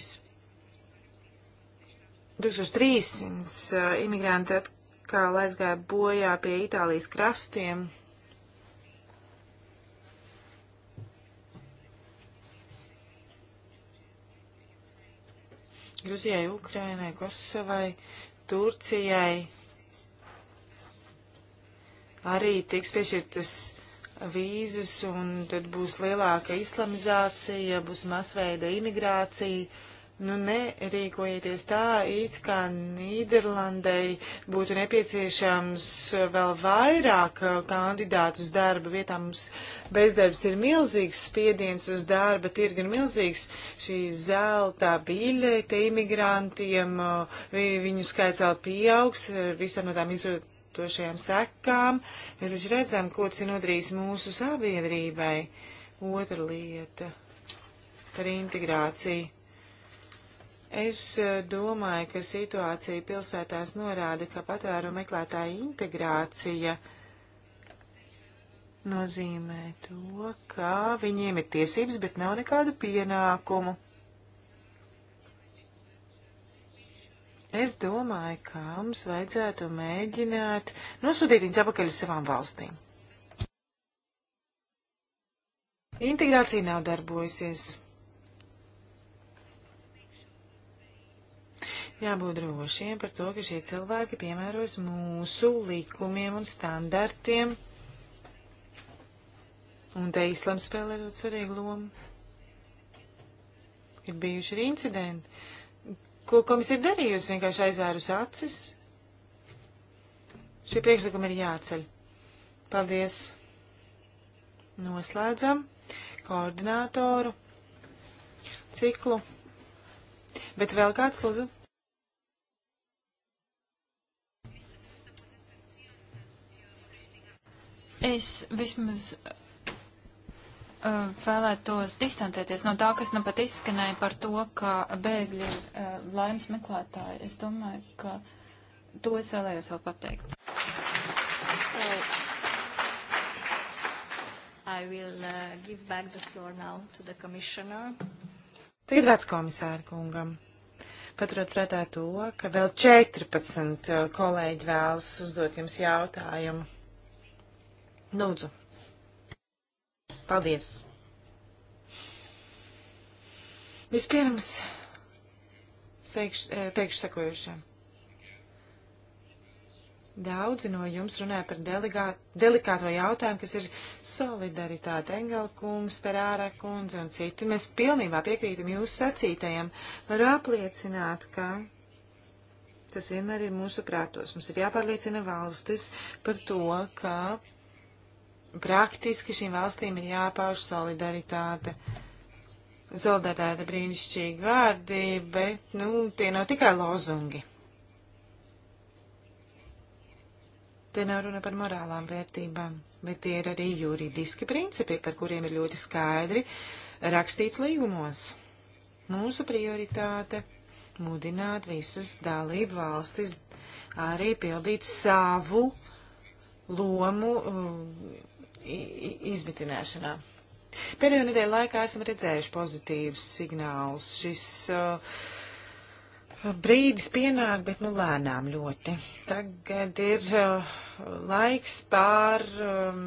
2300 eh, imigranti atkal aizgāja bojā pie Itālijas krastiem Gruzijai, Ukrainai, Kosovai, Turcijai arī tiks piešķirtas vīzas, un tad būs lielāka islamizācija, būs masveida imigrācija Nu, nerīkojieties tā, it kā Nīderlandei būtu nepieciešams vēl vairāk uh, kandidātu uz darba vietām. Mums bezdarbs ir milzīgs, spiediens uz darba tirgu ir milzīgs. Šī zelta biļete imigrantiem, uh, viņu skaits vēl pieaugs, uh, visam no tām izrotošajām sekām. Mēs taču redzam, ko tas ir nodarījis mūsu sabiedrībai. Otra lieta par integrāciju Es eh, domāju, ka situācija pilsētās norāda, ka patvēru meklētāja integrācija nozīmē to, ka viņiem ir tiesības, bet nav nekādu pienākumu. Es domāju, ka mums vajadzētu mēģināt nosūtīt viņus atpakaļ uz savām valstīm. Integrācija nav darbojusies. jābūt drošiem par to, ka šie cilvēki piemēros mūsu likumiem un standartiem. Un te islams spēlē ļoti svarīgu lomu. Ir bijuši arī incidenti. Ko komisija ir darījusi? Vienkārši aizvērus acis. Šie priekšlikumi ir jāceļ. Paldies. Noslēdzam koordinātoru ciklu. Bet vēl kāds lūdzu? Es vismaz eh, vēlētos distancēties no tā, kas nu pat izskanēja par to, ka bēgļi ir eh, laimes meklētāji. Es domāju, ka to es vēlējos vēl pateikt. So, I will uh, give back the floor now to the commissioner. Tagad vārds komisāra kungam. Paturot prātā to, ka vēl 14 kolēģi vēlas uzdot jums jautājumu. Lūdzu. Paldies. Vispirms seikš, eh, teikšu sekojušiem. Daudzi no jums runāja par deligā, delikāto jautājumu, kas ir solidaritāte, Engelkungs, Perāra kundze un citi. Mēs pilnībā piekrītam jūsu sacītajam. Varu apliecināt, ka tas vienmēr ir mūsu prātos. Mums ir jāpārliecina valstis par to, ka praktiski šīm valstīm ir jāpauž solidaritāte. Solidaritāte brīnišķīgi vārdi, bet, nu, tie nav tikai lozungi. Te nav runa par morālām vērtībām, bet tie ir arī juridiski principi, par kuriem ir ļoti skaidri rakstīts līgumos. Mūsu prioritāte - mudināt visas dalību valstis arī pildīt savu lomu um, izmitināšanā. Pēdējo nedēļu laikā esam redzējuši pozitīvus signālus. Šis uh, brīdis pienāk, bet nu lēnām ļoti. Tagad ir uh, laiks pār um,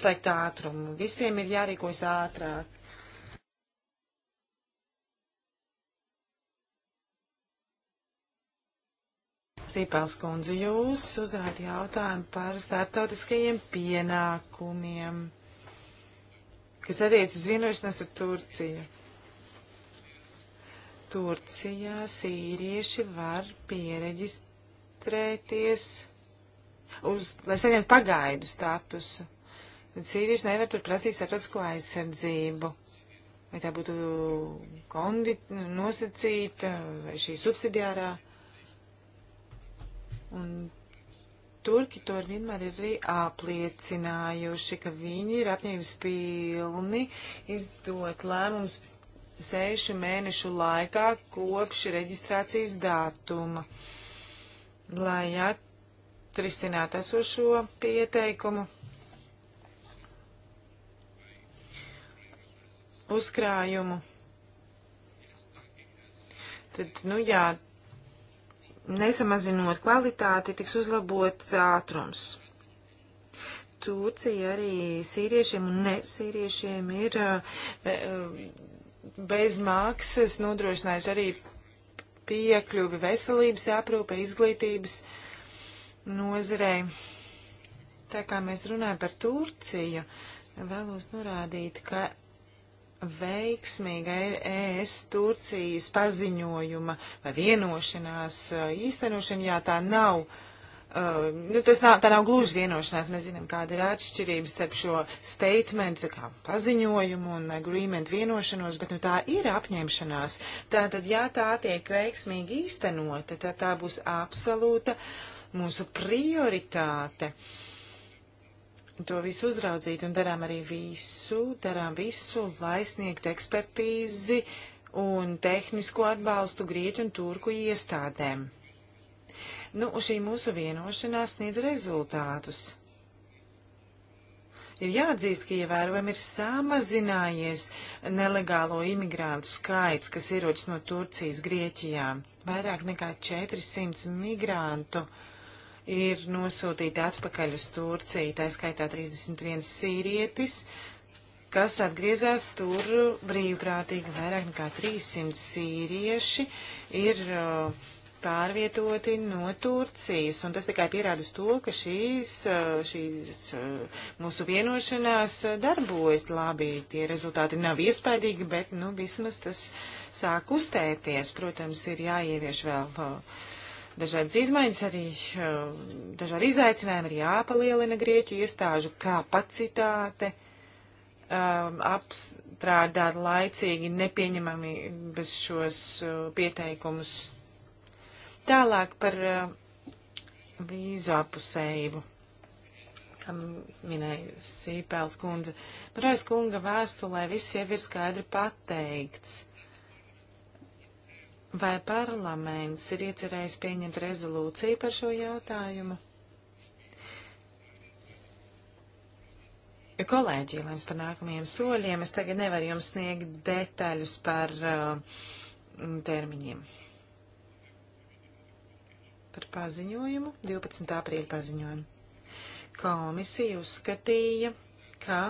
slēgt ātrumu. Visiem ir jārīkojas ātrāk. Sīpelskundze, jūs uzdevāt jautājumu par starptautiskajiem pienākumiem, kas attiec uz vienošanos ar Turciju. Turcijā sīrieši var pieregistrēties, uz, lai saņemtu pagaidu statusu. Tad sīrieši nevar tur prasīt starptautisko aizsardzību. Vai tā būtu kondi, nosacīta vai šī subsidiārā Un Turki to ir vienmēr ir arī apliecinājuši, ka viņi ir apņēmis pilni izdot lēmums sešu mēnešu laikā kopš reģistrācijas datuma, lai atrisinātu esošo pieteikumu. Uzkrājumu. Tad, nu jā, nesamazinot kvalitāti, tiks uzlabots ātrums. Turcija arī sīriešiem un nesīriešiem ir be, eh, eh, bez maksas nodrošinājusi arī piekļuvi veselības aprūpe, izglītības nozarei. Tā kā mēs runājam par Turciju, vēlos norādīt, ka veiksmīga ES Turcijas paziņojuma vai vienošanās uh, īstenošana, jā, tā nav. Uh, nu, tas nav, tā nav gluži vienošanās. Mēs zinām, kāda ir atšķirība starp šo statement, kā paziņojumu un agreement vienošanos, bet nu, tā ir apņemšanās. Tātad, ja tā tiek veiksmīgi īstenota, tad tā būs absolūta mūsu prioritāte. Uh, to visu uzraudzīt un darām arī visu, darām visu, lai sniegtu ekspertīzi un tehnisko atbalstu grieķu un turku iestādēm. Nu, šī mūsu vienošanās sniedz rezultātus. Ir jāatzīst, ka ievērojami ir samazinājies nelegālo imigrantu skaits, kas ierodas no Turcijas Grieķijā. Vairāk nekā 400 migrantu uh, ir nosūtīti atpakaļ uz Turciju, tā skaitā 31 sīrietis, kas atgriezās tur brīvprātīgi. Vairāk nekā 300 sīrieši ir uh, pārvietoti no Turcijas, un tas tikai pierādas to, ka šīs, uh, šīs uh, mūsu vienošanās uh, darbojas labi. Tie rezultāti nav iespaidīgi, bet, nu, vismaz tas sāk uztēties. Protams, ir jāievieš vēl dažādas izmaiņas, arī eh, dažādi izaicinājumi, ir jāpalielina Grieķu iestāžu kapacitāte um, apstrādāt laicīgi nepieņemami bez šos uh, pieteikumus. Tālāk par uh, vīzu apusējību, kam minēja Sīpēls kundze. Marais kunga vēstulē viss jau ir skaidri pateikts Vai parlaments ir iecerējis pieņemt rezolūciju par šo jautājumu? Kolēģi, lēms par nākamajiem soļiem. Es tagad nevaru jums sniegt detaļas par uh, termiņiem. Par paziņojumu, 12. aprīļa paziņojumu. Komisija uzskatīja, ka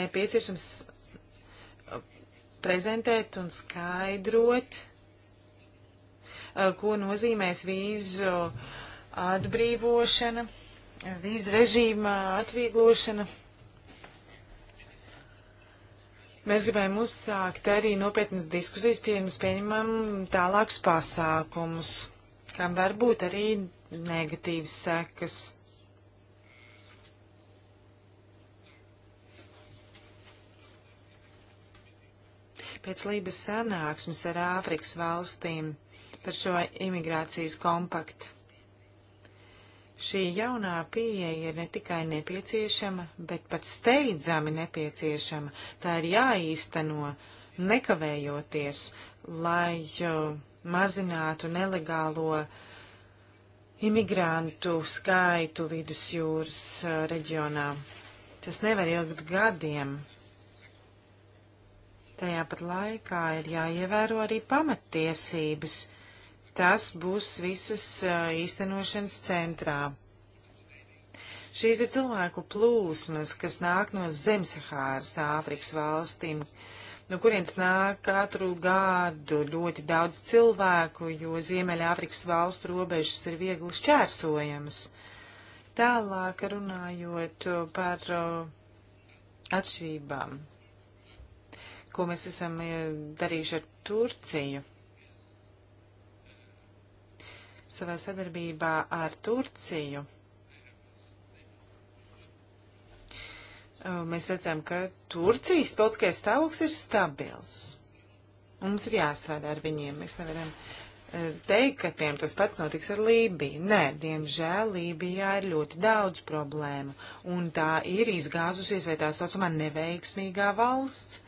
nepieciešams uh, prezentēt un skaidrot Eh, ko nozīmēs vīzu atbrīvošana, vīzu režīma atvieglošana. Mēs gribējām uzsākt arī nopietnas diskusijas pirms pieņemam tālākus pasākumus, kam var būt arī negatīvas sekas. Pēc Lībijas sanāksmes ar Āfrikas valstīm par šo imigrācijas kompaktu. Šī jaunā pieeja ir ne tikai nepieciešama, bet pat steidzami nepieciešama. Tā ir jāīsteno nekavējoties, lai mazinātu nelegālo imigrantu skaitu vidusjūras reģionā. Tas nevar ilgt gadiem. Tajā pat laikā ir jāievēro arī pamattiesības Tas būs visas īstenošanas centrā. Šīs ir cilvēku plūsmas, kas nāk no Zemsahāras Āfrikas valstīm, no kurienes nāk katru gadu ļoti daudz cilvēku, jo Ziemeļāfrikas valstu robežas ir viegli šķērsojamas. Tālāk runājot par atšķirībām, ko mēs esam darījuši ar Turciju savā sadarbībā ar Turciju. Mēs redzam, ka Turcijas politiskais stāvoklis ir stabils. Un mums ir jāstrādā ar viņiem. Mēs nevaram eh, teikt, ka tiem tas pats notiks ar Lībiju. Nē, diemžēl Lībijā ir ļoti daudz problēmu, un tā ir izgāzusies vai tā saucamā neveiksmīgā valsts.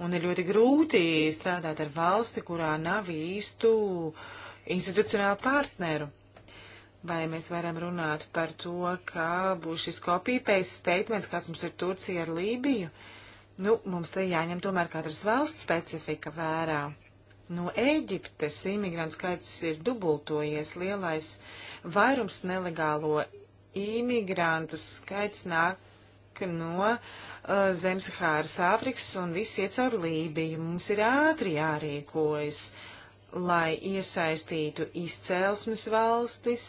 Un ir ļoti grūti strādāt ar valsti, kurā nav īstu uh, institucionālu partneru. Vai mēs varam runāt par to, kā būs šis kopīpējs statements, kāds mums ir Turcija ar Lībiju? Nu, mums te jāņem tomēr katras valsts specifika vērā. No Ēģiptes imigrantu skaits ir dubultojies, lielais vairums nelegālo imigrantu skaits nāk no uh, Zemsahāras Āfrikas un viss iet caur Lībiju. Mums ir ātri jārīkojas. Uh, lai iesaistītu izcēlesmes valstis,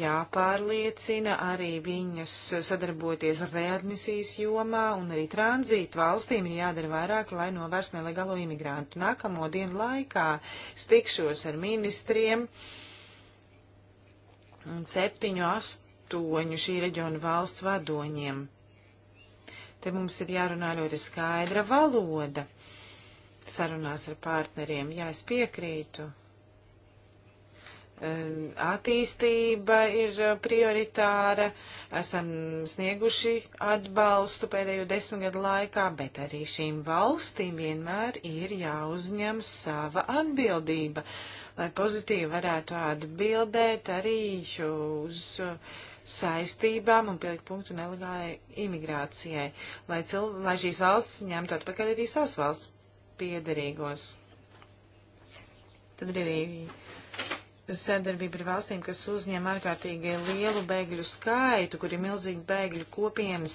jāpārliecina arī viņas sadarboties readmisijas jomā, un arī tranzītu valstīm ir jādara vairāk, lai novērst nelegālo imigrantu. Nākamo dienu laikā stikšos ar ministriem un septiņu, astoņu šī reģiona valsts vadoņiem. Te mums ir jārunā ļoti skaidra valoda sarunās ar partneriem. Jā, es piekrītu. Attīstība ir eh, prioritāra, esam snieguši atbalstu pēdējo desmit gadu laikā, bet arī šīm valstīm vienmēr ir jāuzņem sava atbildība, lai pozitīvi varētu atbildēt arī uz uh, saistībām un pielikt punktu nelegālajai imigrācijai, lai, cil, lai šīs valsts ņemtu atpakaļ arī savas valsts piederīgos. Tad ir arī sadarbība ar valstīm, kas uzņem ārkārtīgi lielu bēgļu skaitu, kur ir milzīgi bēgļu kopienas,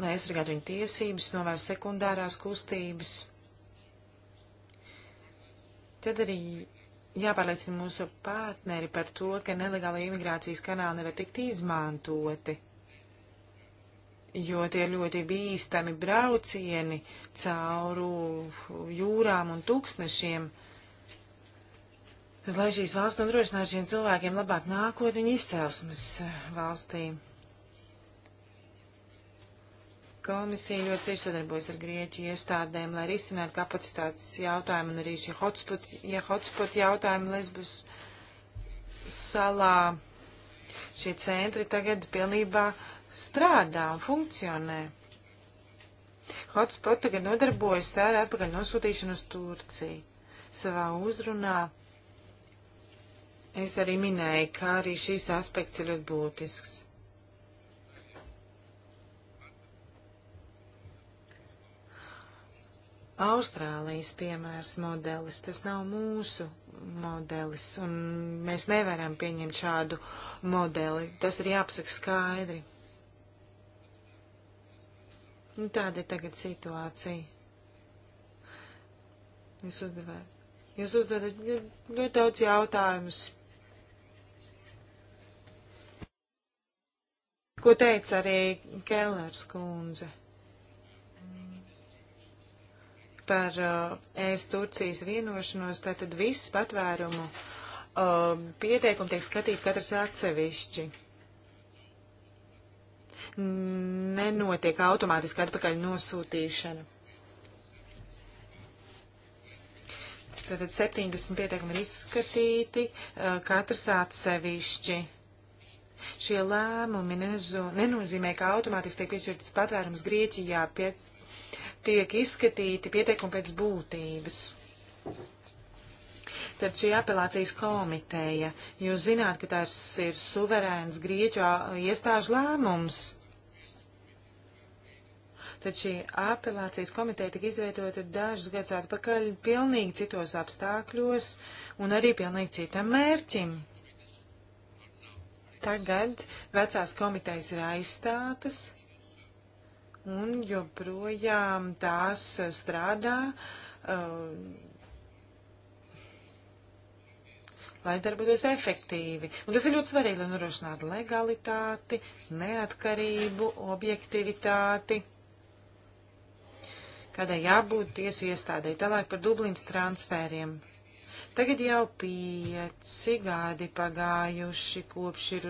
lai aizsargātu viņu tiesības, novērst sekundārās kustības. Tad arī jāpārliecina mūsu partneri par to, ka nelegāla imigrācijas kanāli nevar tikt izmantoti jo tie ir ļoti bīstami braucieni cauru jūrām un tūkstnešiem. Lai šīs valsts nodrošinātu šiem cilvēkiem labāk nākotni un izcelsmes eh, valstī. Komisija ļoti cieši sadarbojas ar Grieķu iestādēm, lai risinātu kapacitātes jautājumu un arī šie hotspot, ja hotspot jautājumi Lesbus salā. Šie centri tagad pilnībā uh, strādā un funkcionē. Hotspot tagad nodarbojas ar atpakaļ nosūtīšanu uz Turciju. Savā uzrunā es arī minēju, ka arī šīs aspekts ir ļoti būtisks. Austrālijas piemērs modelis, tas nav mūsu modelis, un mēs nevaram pieņemt šādu modeli. Tas ir jāapsaka skaidri. Nu, tāda ir tagad situācija. Jūs uzdevāt. Jūs uzdodat ļoti daudz jautājumus. Ko teica arī Kellers kundze par uh, ES Turcijas vienošanos, tātad viss patvērumu uh, pieteikumu tiek skatīt katrs atsevišķi nenotiek automātiski atpakaļ nosūtīšana. Tātad 70 pieteikumi ir izskatīti, katrs atsevišķi. Šie lēmumi nezu, nenozīmē, ka automātiski tiek piešķirtas patvērums Grieķijā, pie, tiek izskatīti pieteikumi pēc būtības kad šī apelācijas komiteja, jūs zināt, ka tas ir suverēns grieķu iestāžu lēmums, tad šī apelācijas komiteja tika izveidota dažus gadus atpakaļ pilnīgi citos apstākļos un arī pilnīgi citam mērķim. Tagad vecās komitejas ir aizstātas un joprojām tās strādā. Uh, lai darbotos efektīvi. Un tas ir ļoti svarīgi, lai norošinātu legalitāti, neatkarību, objektivitāti, kādai jābūt tiesu iestādēji, tālāk par Dublīnas transfēriem. Tagad jau pieci gadi pagājuši, kopš ir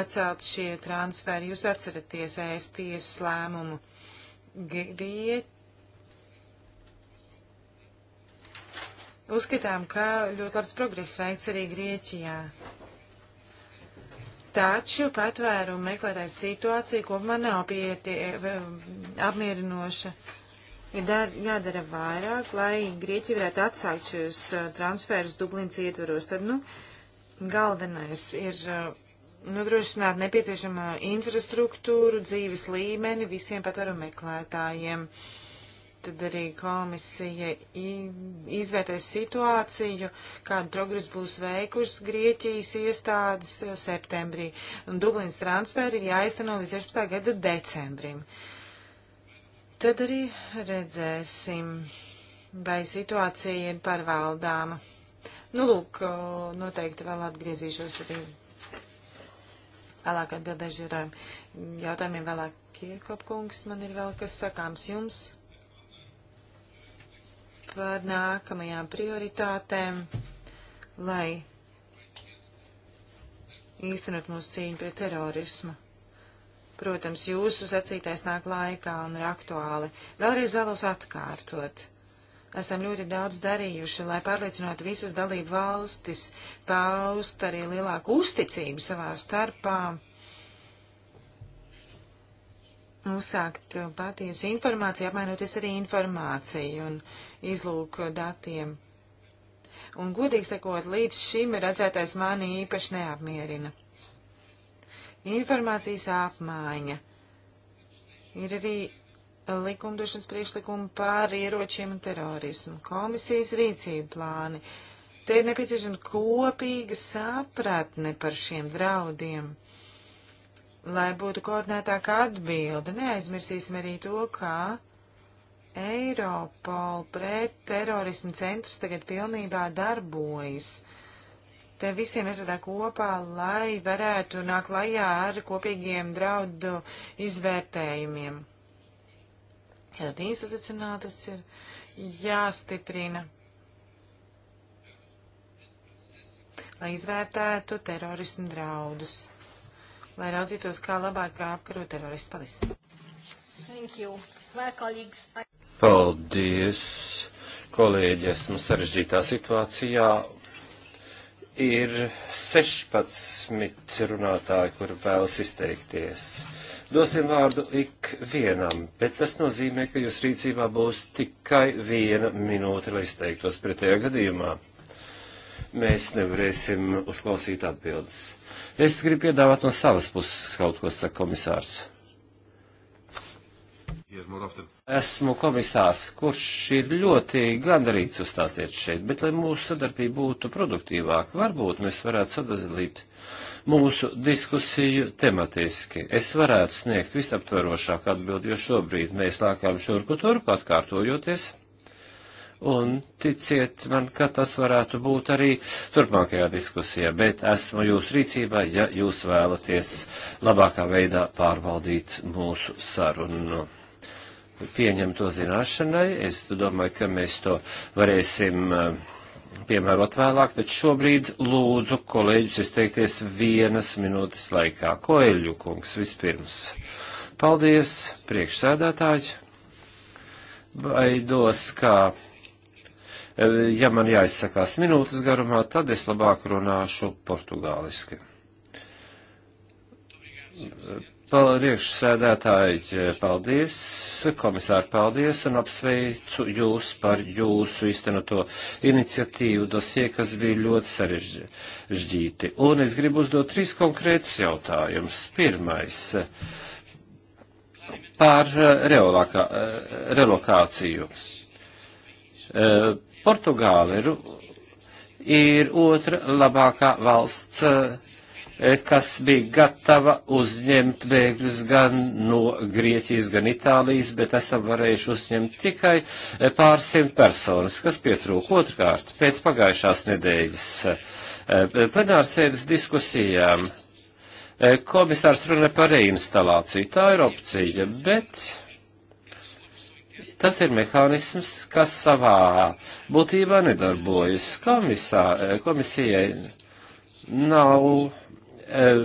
atcelt šie transferi. Jūs atceraties ēsties lēmumu. Griet Uzskatām, ka ļoti labs progress veids arī Grieķijā. Taču patvērumu meklētājs situācija kopumā nav pietie eh, apmierinoša. Ir dar, jādara vairāk, lai Grieķi varētu atsākt šos eh, transferus Dublins ietvaros. Tad, nu, galvenais ir eh, nodrošināt nepieciešamo infrastruktūru, dzīves līmeni visiem patvērumu meklētājiem. Uh, tad arī komisija izvērtēs situāciju, kādu progresu būs veikušas Grieķijas iestādes eh, septembrī. Un Dublins transferi ir jāizteno līdz 16. gada decembrim. Tad arī redzēsim, vai situācija ir pārvaldāma. Nu, lūk, noteikti vēl atgriezīšos arī vēlāk atbildēšu jautājumiem vēlāk. Kirkopkungs, man ir vēl kas sakāms jums par nākamajām prioritātēm, lai īstenot mūsu cīņu pret terorismu. Protams, jūsu sacītais nāk laikā un ir aktuāli. Vēlreiz vēlos atkārtot. Esam ļoti daudz darījuši, lai pārliecinātu visas dalību valstis, paust arī lielāku uzticību savā starpā, uzsākt patiesu informāciju, apmainoties arī informāciju un izlūk datiem. Un, godīgi sakot, līdz šim redzētais mani īpaši neapmierina. Informācijas apmaiņa ir arī likumdošanas priekšlikumi par ieročiem un terorismu, komisijas rīcību plāni. Te ir nepieciešama kopīga sapratne par šiem draudiem lai būtu koordinētāka atbilde. Neaizmirsīsim arī to, kā Eiropola pret terorismu centrs tagad pilnībā darbojas. Te visiem jāsadā kopā, lai varētu nākt lajā ar kopīgiem draudu izvērtējumiem. Tad institucionāli tas ir jāstiprina, lai izvērtētu terorismu draudus, lai raudzītos, kā labāk apkarot teroristu palis. Thank you. Paldies, kolēģi, esmu sarežģītā situācijā. Ir 16 runātāji, kur vēlas izteikties. Dosim vārdu ik vienam, bet tas nozīmē, ka jūs rīcībā būs tikai viena minūte, lai izteiktos pretējā gadījumā. Mēs nevarēsim uzklausīt atbildes. Es gribu piedāvāt no savas puses kaut ko, saka komisārs. Esmu komisārs, kurš ir ļoti gandarīts uzstāsiet šeit, bet lai mūsu sadarbība būtu produktīvāka, varbūt mēs varētu sadalīt mūsu diskusiju tematiski. Es varētu sniegt visaptverošāku atbildi, jo šobrīd mēs lākām šurku turku atkārtojoties. Un ticiet man, ka tas varētu būt arī turpmākajā diskusijā, bet esmu jūs rīcībā, ja jūs vēlaties labākā veidā pārvaldīt mūsu sarunu pieņem to zināšanai. Es domāju, ka mēs to varēsim eh, piemērot vēlāk, bet šobrīd lūdzu kolēģus izteikties vienas minūtes laikā. Koeļu kungs vispirms. Paldies, priekšsēdētāji. Baidos, ka, eh, ja man jāizsakās minūtes garumā, tad es labāk runāšu portugāliski. Priekšsēdētāji, paldies, komisāri, paldies un apsveicu jūs par jūsu iztenoto iniciatīvu dosie, kas bija ļoti sarežģīti. Un es gribu uzdot trīs konkrētus jautājumus. Pirmais par eh, reolākā, eh, relokāciju. Eh, Portugāle ir otra labākā valsts E, kas bija gatava uzņemt bēgļus gan no Grieķijas, gan Itālijas, bet esam varējuši uzņemt tikai e, pārsimt personas, kas pietrūka otrkārt pēc pagājušās nedēļas e, plenārsēdes diskusijām. Komisārs runā par reinstalāciju, tā ir opcija, bet tas ir mehānisms, kas savā būtībā nedarbojas. Komisā, komisijai nav Eh,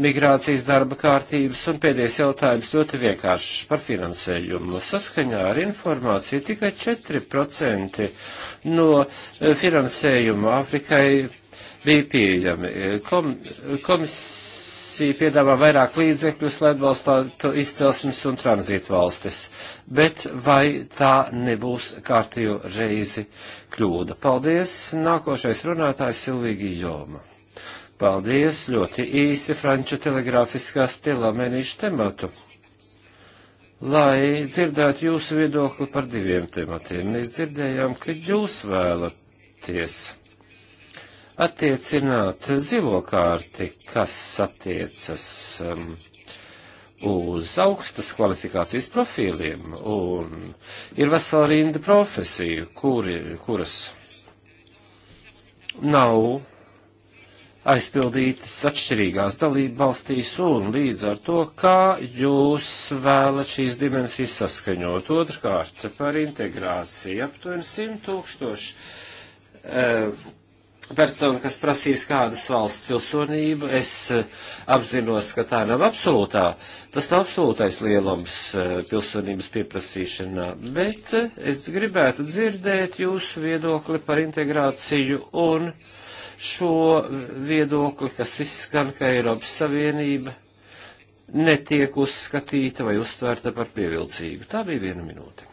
migrācijas darba kārtības, un pēdējais jautājums ļoti vienkāršs par finansējumu. Saskaņā ar informāciju tikai 4% no eh, finansējuma Āfrikai bija pieejami. Eh, kom, komisija piedāvā vairāk līdzekļus, lai atbalstītu izcelsmes un tranzītu valstis, bet vai tā nebūs kārtīju reizi kļūda? Paldies! Nākošais runātājs Silvīgi Joma. Paldies, ļoti īsi franču telegrāfiskā stilā mēnīšu tematu. Lai dzirdētu jūsu viedokli par diviem tematiem, mēs dzirdējām, ka jūs vēlaties attiecināt zilo kārti, kas attiecas um, uz augstas kvalifikācijas profīliem, un ir vesela rinda profesiju, kuri, kuras nav aizpildītas atšķirīgās dalību valstīs un līdz ar to, kā jūs vēlat šīs dimensijas saskaņot. Otrkārt, par integrāciju aptuveni 100 tūkstoši e, personu, kas prasīs kādas valsts pilsonību. Es eh, apzinos, ka tā nav absolūtā, tas nav absolūtais lielums eh, pilsonības pieprasīšanā, bet es gribētu dzirdēt jūsu viedokli par integrāciju un. Uh, šo viedokli, kas izskan, ka Eiropas Savienība netiek uzskatīta vai uztvērta par pievilcīgu. Tā bija viena minūte.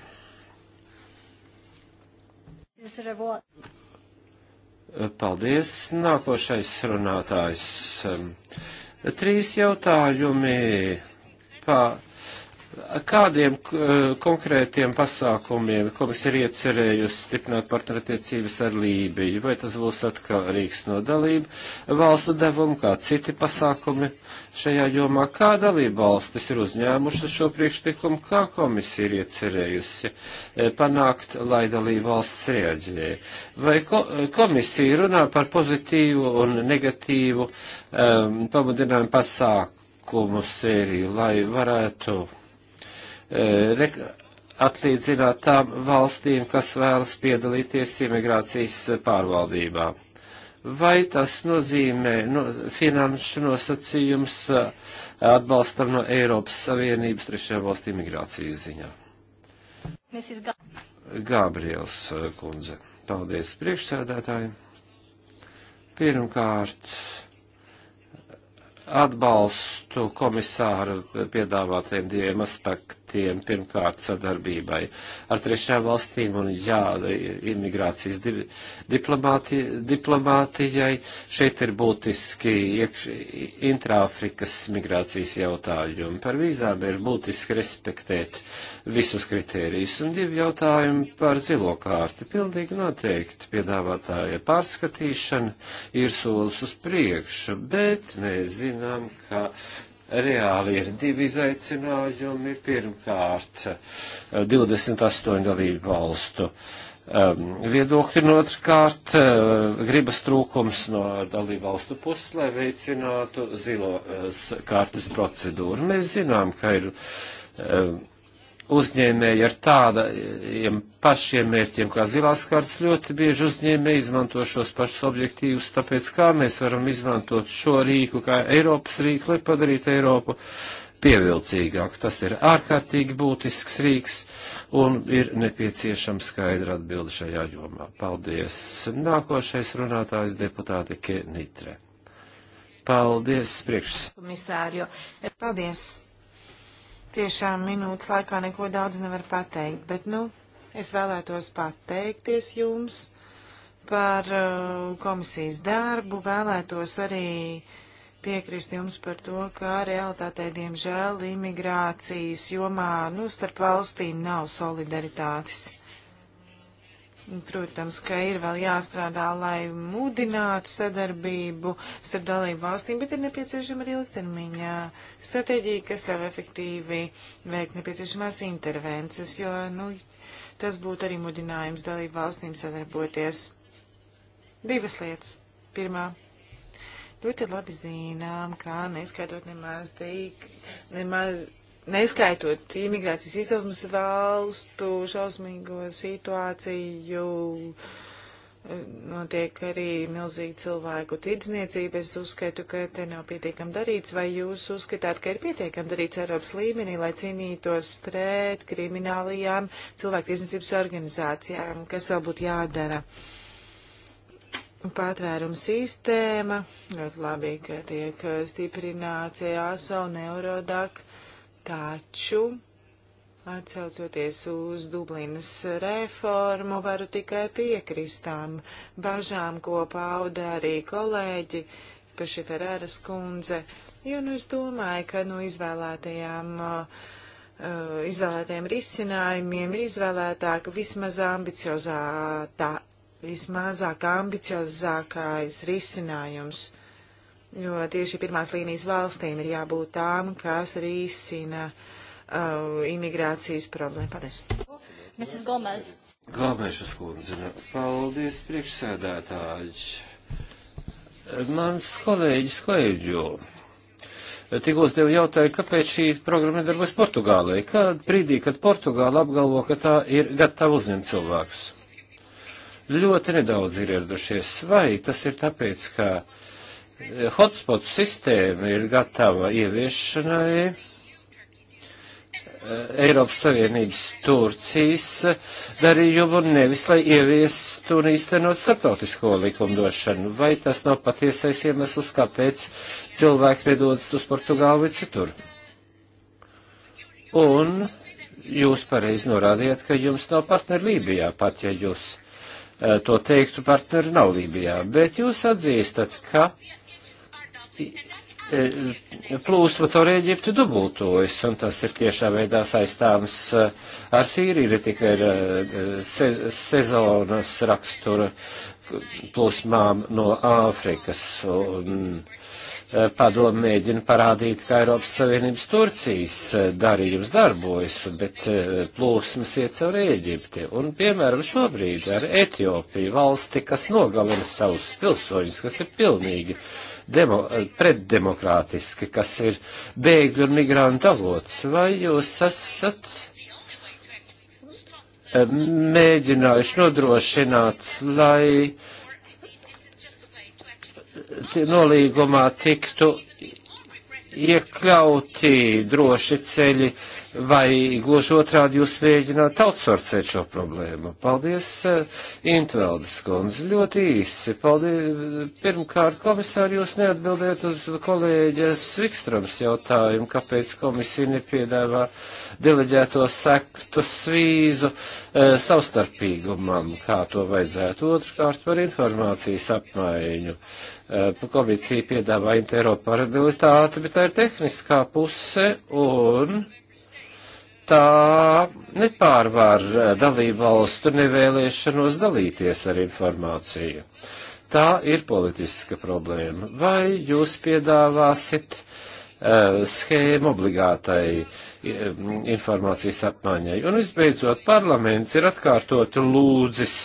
Paldies. Nākošais runātājs. Trīs jautājumi pa Kādiem eh, konkrētiem pasākumiem komisija ir iecerējusi stiprināt partnerattiecības ar Lībiju? Vai tas būs atkarīgs no dalību valstu devumu, kā citi pasākumi šajā jomā? Kā dalība valstis ir uzņēmušas šo priekšlikumu, kā komisija ir iecerējusi eh, panākt, lai dalība valsts reaģē? Vai ko, eh, komisija runā par pozitīvu un negatīvu um, pamudinājumu pasākumu sēriju, lai varētu Eh, atlīdzināt tām valstīm, kas vēlas piedalīties imigrācijas pārvaldībā. Vai tas nozīmē no, finanšu nosacījums eh, atbalstam no Eiropas Savienības trešajā valstī imigrācijas ziņā? Gabriels eh, kundze. Paldies priekšsēdētājiem. Pirmkārt, atbalstu komisāra piedāvātajiem diviem aspektiem aspektiem, pirmkārt sadarbībai ar trešām valstīm un jā, imigrācijas di diplomāti, diplomātijai. Šeit ir būtiski iekš, intrāfrikas migrācijas jautājumi. Par vīzām ir būtiski respektēt visus kritērijus un divi jautājumi par zilo kārti. Pilnīgi noteikti piedāvātāja pārskatīšana ir solis uz priekšu, bet mēs zinām, ka reāli ir divi izaicinājumi. Pirmkārt, 28 dalību valstu um, viedokļi, un otrkārt, uh, gribas trūkums no dalību valstu puses, lai veicinātu zilo uh, kārtas procedūru. Mēs zinām, ka ir. Um, uzņēmēji ar tādiem pašiem mērķiem kā zilās kārtas ļoti bieži uzņēmēji izmanto šos pašus objektīvus, tāpēc kā mēs varam izmantot šo rīku kā Eiropas rīku, lai padarītu Eiropu pievilcīgāku. Tas ir ārkārtīgi būtisks rīks un ir nepieciešama skaidra atbilde šajā jomā. Paldies. Nākošais runātājs deputāte Kenitre. Paldies, priekšs. Komisārio, paldies Tiešām minūtes laikā neko daudz nevar pateikt, bet, nu, es vēlētos pateikties jums par uh, komisijas darbu, vēlētos arī piekrist jums par to, ka realitātei, diemžēl, imigrācijas jomā, nu, starp valstīm nav solidaritātes. Protams, ka ir vēl jāstrādā, lai mudinātu sadarbību starp dalību valstīm, bet ir nepieciešama arī ilgtermiņā stratēģija, kas ļauj efektīvi veikt nepieciešamās intervences, jo, nu, tas būtu arī mudinājums dalību valstīm sadarboties. Divas lietas. Pirmā. Ļoti labi zinām, kā neskaitot nemaz tik, nemaz neskaitot imigrācijas izcelsmes valstu šausmīgo situāciju, notiek arī milzīga cilvēku tirdzniecība. Es uzskatu, ka te nav pietiekam darīts, vai jūs uzskatāt, ka ir pietiekam darīts Eiropas līmenī, lai cīnītos pret kriminālajām cilvēku tirdzniecības organizācijām, kas vēl būtu jādara. Patvērums sistēma, ļoti labi, ka tiek stiprināts EASO un Eurodak. Taču, atcaucoties uz Dublinas reformu, varu tikai piekristām bažām, ko pauda arī kolēģi Pašiferēras kundze. Jo nu es domāju, ka no nu, izvēlētajām uh, izvēlētajiem risinājumiem ir izvēlētāka vismaz ambiciozātā, vismazāk ambiciozākais risinājums jo tieši pirmās līnijas valstīm ir jābūt tām, kas risina uh, imigrācijas problēmu. Paldies! Mrs. Gomez. Gomešas kundze, paldies priekšsēdētāji. Mans kolēģis Koeģo tikko tev jautāju, kāpēc šī programma nedarbojas Portugālē. Kad brīdī, kad Portugāla apgalvo, ka tā ir gatava uzņemt cilvēkus? Ļoti nedaudz ir ieradušies. Vai tas ir tāpēc, ka hotspot sistēma ir gatava ieviešanai. Eiropas Savienības Turcijas darījumu un nevis, lai ieviestu un īstenot starptautisko likumdošanu. Vai tas nav patiesais iemesls, kāpēc cilvēki nedodas uz Portugālu vai citur? Un jūs pareizi norādījāt, ka jums nav partneri Lībijā, pat ja jūs eh, to teiktu, partneri nav Lībijā, bet jūs atzīstat, ka Eh, plūsma caur Eģiptu dubultojas, un tas ir tiešā veidā saistāms eh, ar Sīriju, ir tikai ar eh, se, sezonas rakstura plūsmām no Āfrikas. Un, padomu mēģina parādīt, kā Eiropas Savienības Turcijas darījums darbojas, bet plūsmas iet caur Ēģipti. Un, piemēram, šobrīd ar Etiopiju valsti, kas nogalina savus pilsoņus, kas ir pilnīgi uh, demo, pretdemokrātiski, kas ir bēgļu un migrantu avots. Vai jūs esat eh, mēģinājuši nodrošināt, lai nolīgumā tiktu iekļauti droši ceļi vai gluži otrādi jūs mēģināt outsourcēt šo problēmu. Paldies, eh, Intveldes kundze, ļoti īsi. Paldies, pirmkārt, komisāri, jūs neatbildējat uz kolēģes Vikstrams jautājumu, kāpēc komisija nepiedāvā deleģēto sektu svīzu e, savstarpīgumam, kā to vajadzētu. Otrkārt, par informācijas apmaiņu. E, komisija piedāvā interoperabilitāti, bet tā ir tehniskā puse un tā nepārvar dalību valstu nevēlēšanos dalīties ar informāciju. Tā ir politiska problēma. Vai jūs piedāvāsit uh, schēmu obligātai eh, informācijas apmaiņai? Un visbeidzot, parlaments ir atkārtot lūdzis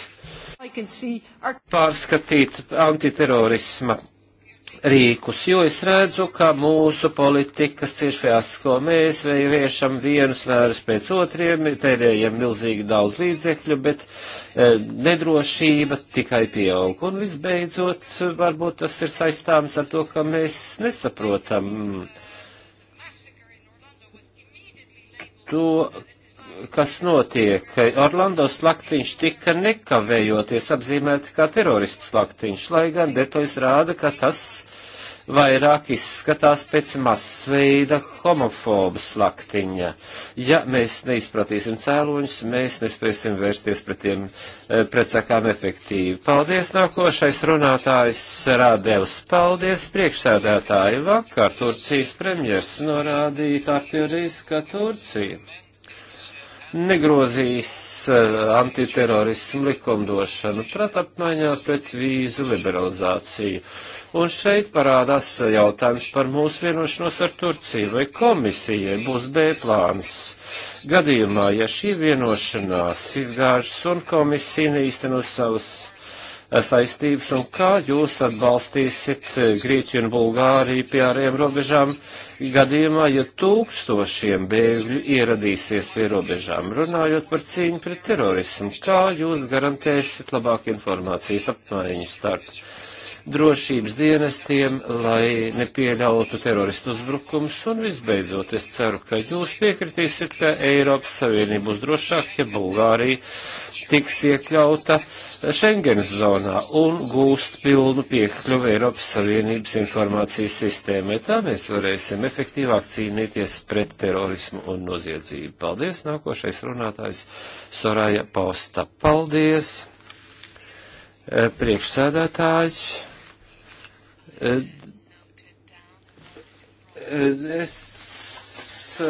pārskatīt antiterorisma rīkus, jo es redzu, ka mūsu politikas ir fiasko. Mēs vēršam vienus mērus pēc otriem, tērējam milzīgi daudz līdzekļu, bet e, nedrošība tikai pieaug. Un visbeidzot, varbūt tas ir saistāms ar to, ka mēs nesaprotam to, kas notiek. Orlando slaktiņš tika nekavējoties apzīmēts kā teroristu slaktiņš, lai gan detaļas rāda, ka tas vairāk izskatās pēc masveida homofoba slaktiņa. Ja mēs neizpratīsim cēloņus, mēs nespēsim vērsties pret tiem eh, precakām efektīvi. Paldies, nākošais runātājs Rādevs. Paldies, priekšsēdētāji. Vakar Turcijas premjers norādīja kārtīgi, ka Turcija negrozīs eh, antiterorismu likumdošanu, pretapmaiņā pret vīzu liberalizāciju. Un šeit parādās jautājums par mūsu vienošanos ar Turciju vai komisijai būs B plāns. Gadījumā, ja šī vienošanās izgāžas un komisija neīstenos savus eh, saistības un kā jūs atbalstīsiet Grieķiju un Bulgāriju pie ārējiem robežām gadījumā, ja tūkstošiem bēgļu ieradīsies pie robežām, runājot par cīņu pret terorismu, kā jūs garantēsiet labāku informācijas apmaiņu starp drošības dienestiem, lai nepieļautu teroristu uzbrukums, un visbeidzot, es ceru, ka jūs piekritīsiet, ka Eiropas Savienība būs drošāk, ja Bulgārija tiks iekļauta Schengens zonā un gūst pilnu piekļuvu Eiropas Savienības informācijas sistēmai. Tā mēs varēsim efektīvāk cīnīties pret terorismu un noziedzību. Paldies, nākošais runātājs Soraja Pausta. Paldies, eh, priekšsēdētājs. Eh, eh, es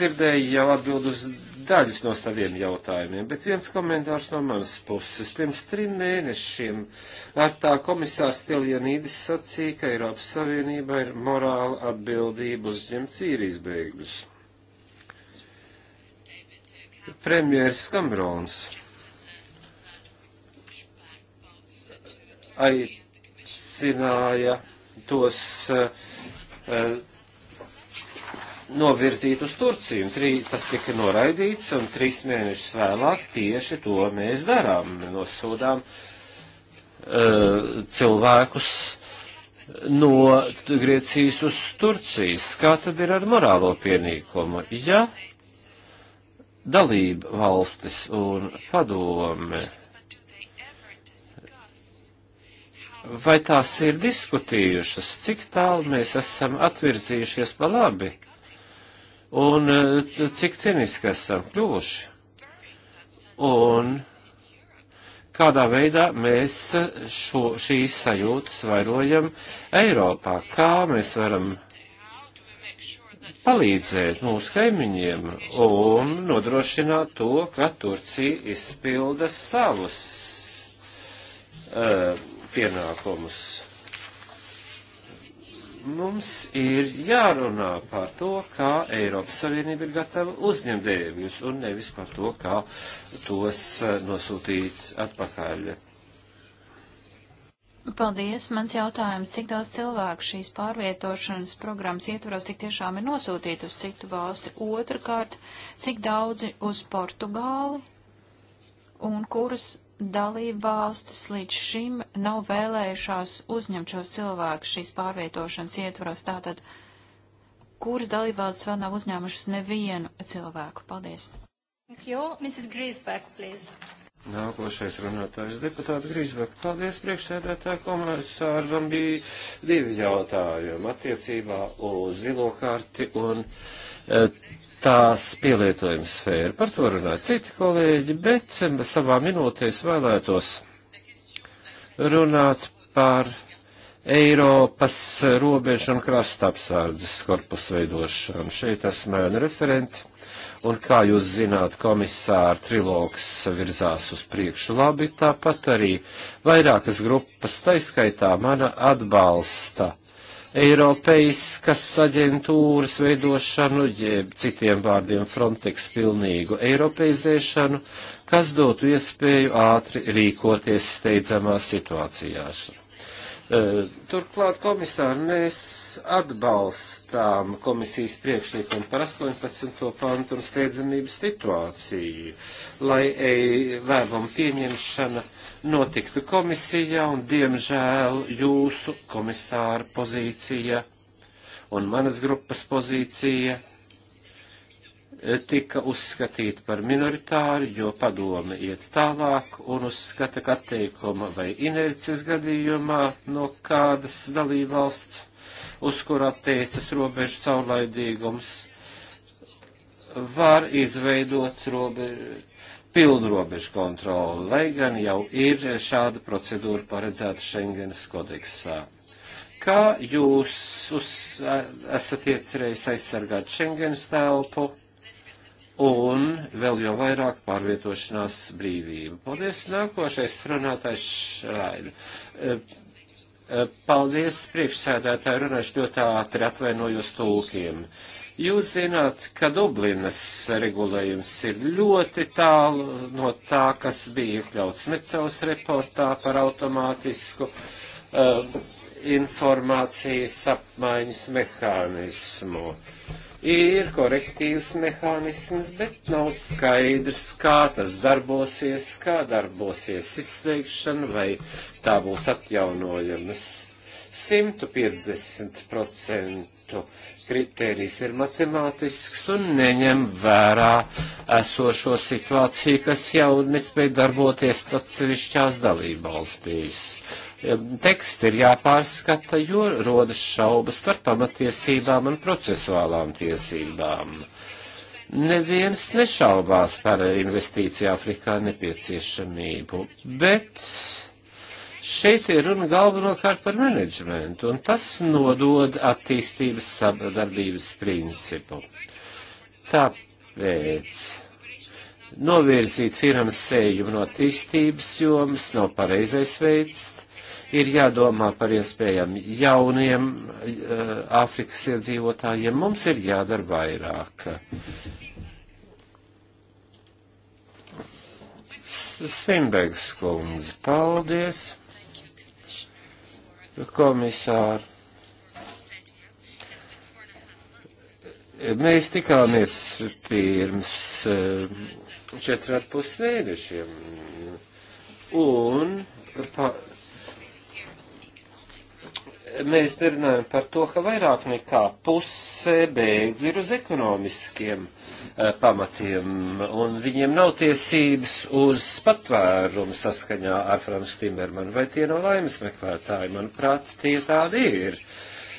dzirdēju jau atbildus daļas no saviem jautājumiem, bet viens komentārs no manas puses. Pirms trim mēnešiem ar tā komisārs Tiljanīdis sacīja, ka Eiropas Savienība ir morāla atbildība uzņemt Sīrijas bēgļus. Premjērs Skamrons aicināja tos uh, uh, novirzīt uz Turciju. Trī, tas tika noraidīts, un trīs mēnešus vēlāk tieši to mēs darām. Nosūdām uh, eh, cilvēkus no Griecijas uz Turcijas. Kā tad ir ar morālo pienīkumu? Ja dalība valstis un padome vai tās ir diskutējušas, cik tālu mēs esam atvirzījušies pa labi? un eh, cik ciniski esam kļuvuši. Un kādā veidā mēs šo, šīs sajūtas vairojam Eiropā, kā mēs varam palīdzēt mūsu kaimiņiem un nodrošināt to, ka Turcija izpilda savus uh, pienākumus. Mums ir jārunā par to, kā Eiropas Savienība ir gatava uzņemt bēgļus, un nevis par to, kā tos eh, nosūtīt atpakaļ. Paldies. Mans jautājums, cik daudz cilvēku šīs pārvietošanas programmas ietvaros tik tiešām ir nosūtīti uz citu valsti? Otrakārt, cik daudzi uz Portugāli un kuras dalībvalstis līdz šim nav vēlējušās uzņemt šos cilvēkus šīs pārvietošanas ietvaros. Tātad, kuras dalībvalstis vēl nav uzņēmušas nevienu cilvēku? Paldies! Thank you. Mrs. Griesbeck, please. Nākošais runātājs deputāts Grīsbek. Paldies priekšsēdētāji komisāram bija divi jautājumi attiecībā uz zilo karti un e, tās pielietojuma sfēra. Par to runāja citi kolēģi, bet savā minūtēs vēlētos runāt par Eiropas robežu un krasta apsardzes korpusu veidošanu. Šeit esmu ēna referenti, un kā jūs zināt, komisāra trilogs virzās uz priekšu labi, tāpat arī vairākas grupas, taiskaitā mana atbalsta Eiropeiskas aģentūras veidošanu, jeb citiem vārdiem Frontex pilnīgu eiropeizēšanu, kas dotu iespēju ātri rīkoties steidzamās situācijās. Turklāt, komisāri, mēs atbalstām komisijas priekšlikumu par 18. pantu un steidzamības situāciju, lai lēmumu pieņemšana notiktu komisijā un, diemžēl, jūsu komisāra pozīcija un manas grupas pozīcija tika uzskatīti par minoritāri, jo padome iet tālāk un uzskata, ka atteikuma vai inerces gadījumā no kādas dalībvalsts, uz kur attiecas robežu caurlaidīgums, var izveidot robežu, pilnu robežu kontroli, lai gan jau ir šāda procedūra paredzēta Schengenas kodeksā. Kā jūs uz, esat iecerējis aizsargāt Schengenas telpu? un vēl jau vairāk pārvietošanās brīvību. Paldies, nākošais runātājs Šraina. E, e, paldies, priekšsēdētāji, runāšu ļoti ātri, atvainojos tūkiem. Jūs zināt, ka Dublinas regulējums ir ļoti tālu no tā, kas bija iekļauts Mecels reportā par automātisku uh, informācijas apmaiņas mehānismu. Uh, ir korektīvs mehānisms, bet nav skaidrs, kā tas darbosies, kā darbosies izslēgšana, vai tā būs atjaunojamas. 150% kriterijs ir matemātisks un neņem vērā esošo situāciju, kas jau nespēja darboties atsevišķās dalībvalstīs teksts ir jāpārskata, jo rodas šaubas par pamatiesībām un procesuālām tiesībām. Neviens nešaubās par investīciju Afrikā nepieciešamību, bet šeit ir runa galvenokārt par menedžmentu, un tas nodod attīstības sadarbības principu. Tāpēc novirzīt finansējumu no attīstības jomas nav pareizais veids ir jādomā par iespējām jauniem eh, Āfrikas iedzīvotājiem. Mums ir jādara vairāk. Svinbergs kundze, paldies. Komisāri. Mēs tikāmies pirms eh, četru ar pus mēnešiem. Un pa, mēs nerunājam par to, ka vairāk nekā puse bēgļu ir uz ekonomiskiem uh, pamatiem, un viņiem nav tiesības uz patvērumu saskaņā ar Franču Timermanu, vai tie nav laimes meklētāji, manuprāt, tie tādi ir.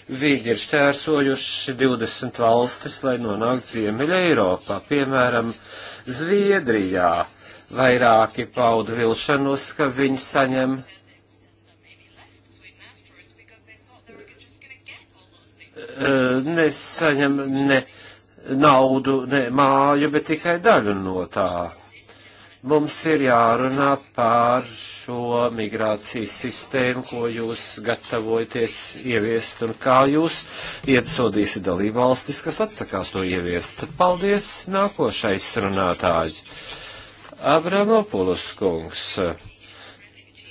Viņi ir šķērsojuši 20 valstis, lai nonāktu Ziemeļa Eiropā, piemēram, Zviedrijā. Vairāki pauda vilšanos, ka viņi saņem Eh, nesaņem ne naudu, ne māju, bet tikai daļu no tā. Mums ir jārunā pār šo migrācijas sistēmu, ko jūs gatavojaties ieviest un kā jūs iesodīsiet dalībvalstis, kas atsakās to ieviest. Paldies, nākošais runātājs. Abramopulus kungs.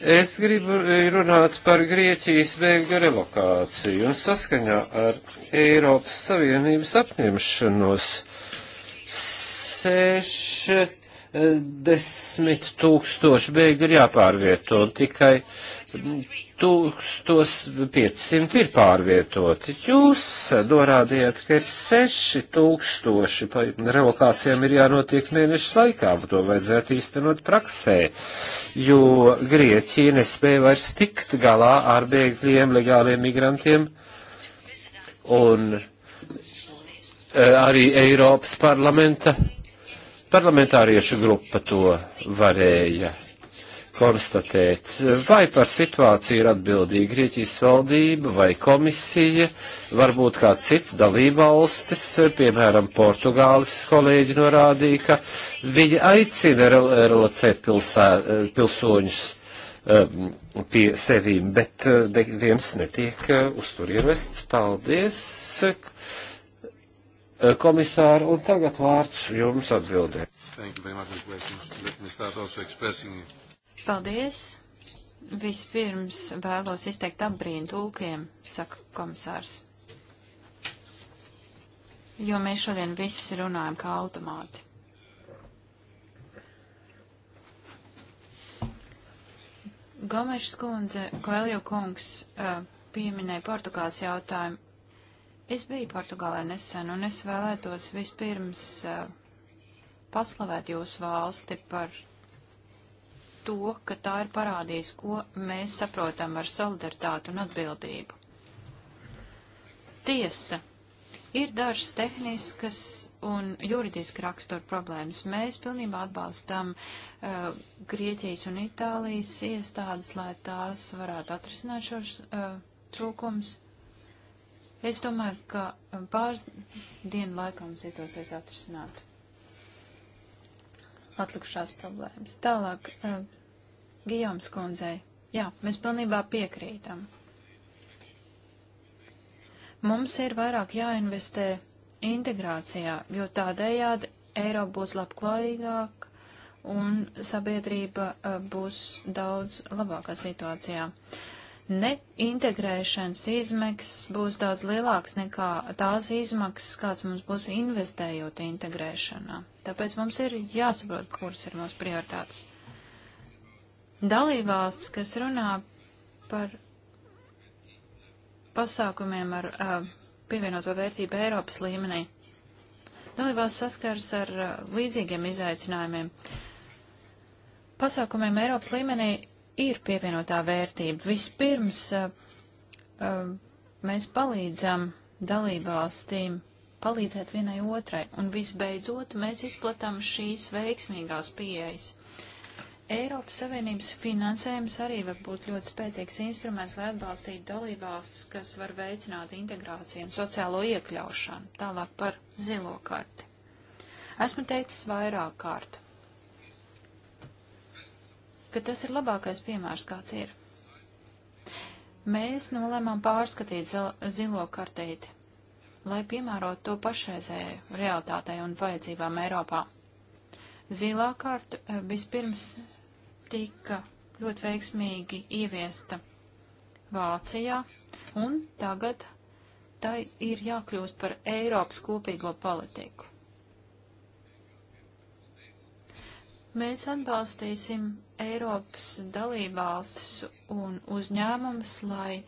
Es gribu eh, runāt par Grieķijas bēgļu relokāciju un saskaņā ar Eiropas Savienības apņemšanos 60 eh, tūkstoši bēgļu ir jāpārvieto un tikai 1500 ir pārvietoti. Jūs norādījāt, ka ir 6000 relokācijām ir jānotiek mēnešu laikā, bet to vajadzētu īstenot praksē, jo Grieķija nespēja vairs tikt galā ar bēgļiem, legāliem migrantiem. Un e, arī Eiropas parlamenta parlamentāriešu grupa to varēja konstatēt, vai par situāciju ir atbildīga Grieķijas valdība vai komisija, varbūt kā cits dalībvalstis, piemēram, Portugāles kolēģi norādīja, ka viņi aicina relocēt pilsē, pilsoņus um, pie sevīm, bet uh, neviens netiek uh, uz turienu vests. Paldies, uh, komisāri, un tagad vārds jums atbildēt. Thank you very much. Let me start also expressing Paldies! Vispirms vēlos izteikt apbrīnu tūkiem, saka komisārs. Jo mēs šodien visi runājam kā automāti. Gomešs kundze, Koelio kungs uh, pieminēja Portugāles jautājumu. Es biju Portugālē nesen, un es vēlētos vispirms uh, paslavēt jūsu valsti par to, ka tā ir parādījis, ko mēs saprotam ar solidaritātu un atbildību. Tiesa, ir dažas tehniskas un juridiski rakstura problēmas. Mēs pilnībā atbalstam uh, Grieķijas un Itālijas iestādes, lai tās varētu atrisināt šos uh, trūkums. Es domāju, ka uh, pāris dienu laikā mums izdosies atrisināt atlikušās problēmas. Tālāk, uh, Gijoms kundzei. Jā, mēs pilnībā piekrītam. Mums ir vairāk jāinvestē integrācijā, jo tādējādi Eiropa būs labklājīgāk un sabiedrība uh, būs daudz labākā situācijā. Uh, neintegrēšanas izmaksas būs daudz lielāks nekā tās izmaksas, kāds mums būs investējot integrēšanā. Tāpēc mums ir jāsaprot, kuras ir mūsu prioritātes. Dalībvalsts, kas runā par pasākumiem ar uh, pievienoto vērtību Eiropas līmenī. Dalībās saskars ar uh, līdzīgiem izaicinājumiem. Pasākumiem Eiropas līmenī ir pievienotā vērtība. Vispirms eh, eh, mēs palīdzam dalībvalstīm palīdzēt vienai otrai, un visbeidzot mēs izplatām šīs veiksmīgās pieejas. Eiropas Savienības finansējums arī var būt ļoti spēcīgs instruments, lai atbalstītu dalībvalstis, kas var veicināt integrāciju un sociālo iekļaušanu. Tālāk par zilo karti. Esmu teicis vairāk kārt ka tas ir labākais piemērs, kāds ir. Mēs nolēmām pārskatīt zilo kartīti, lai piemērotu to pašreizēju realitātei un vajadzībām Eiropā. Zilā karta eh, vispirms tika ļoti veiksmīgi ieviesta Vācijā, un tagad tai ir jākļūst par Eiropas kopīgo politiku. Mēs atbalstīsim Eiropas dalībvalstis un uzņēmums, lai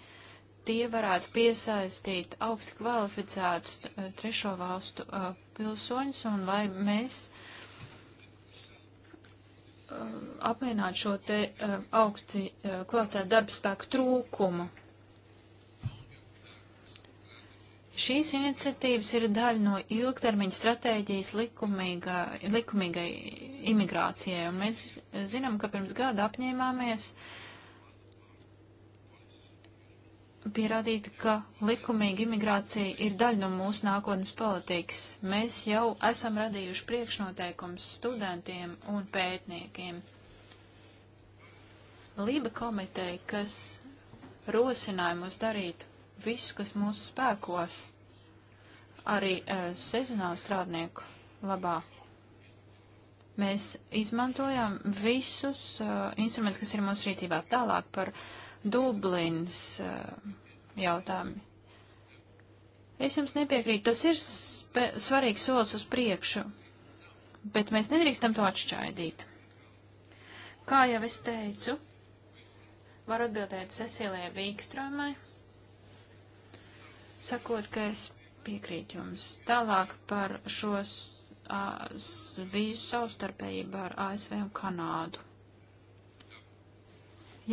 tie varētu piesaistīt augsti kvalificētus eh, trešo valstu uh, pilsoņus un lai mēs uh, eh, apmienātu šo te uh, augsti kvalificētu darba spēku trūkumu. Šīs iniciatīvas ir daļa no ilgtermiņa stratēģijas likumīga, likumīgai imigrācijai, un mēs zinām, ka pirms gada apņēmāmies pierādīt, ka likumīga imigrācija ir daļa no mūsu nākotnes politikas. Mēs jau esam radījuši priekšnoteikums studentiem un pētniekiem. Lība komiteja, kas rosināja mūs darīt visu, kas mūsu spēkos, arī uh, sezonālu strādnieku labā. Mēs izmantojam visus uh, instrumentus, kas ir mūsu rīcībā tālāk par Dublinas uh, eh, jautājumu. Es jums nepiekrītu, tas ir svarīgs solis uz priekšu, bet mēs nedrīkstam to atšķaidīt. Kā jau es teicu, var atbildēt Cecilijai Vīkstromai sakot, ka es piekrītu jums. Tālāk par šos vīzu savstarpējību ar ASV un Kanādu.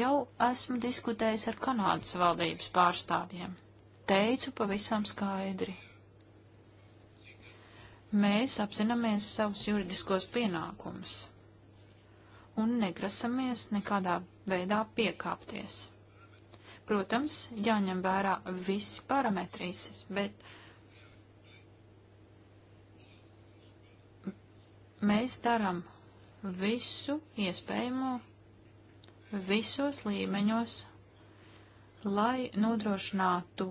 Jau esmu diskutējis ar Kanādas valdības pārstāvjiem. Teicu pavisam skaidri. Mēs apzināmies savus juridiskos pienākumus un negrasamies nekādā veidā piekāpties. Protams, jāņem vērā visi parametrīsis, bet mēs darām visu iespējamo visos līmeņos, lai nodrošinātu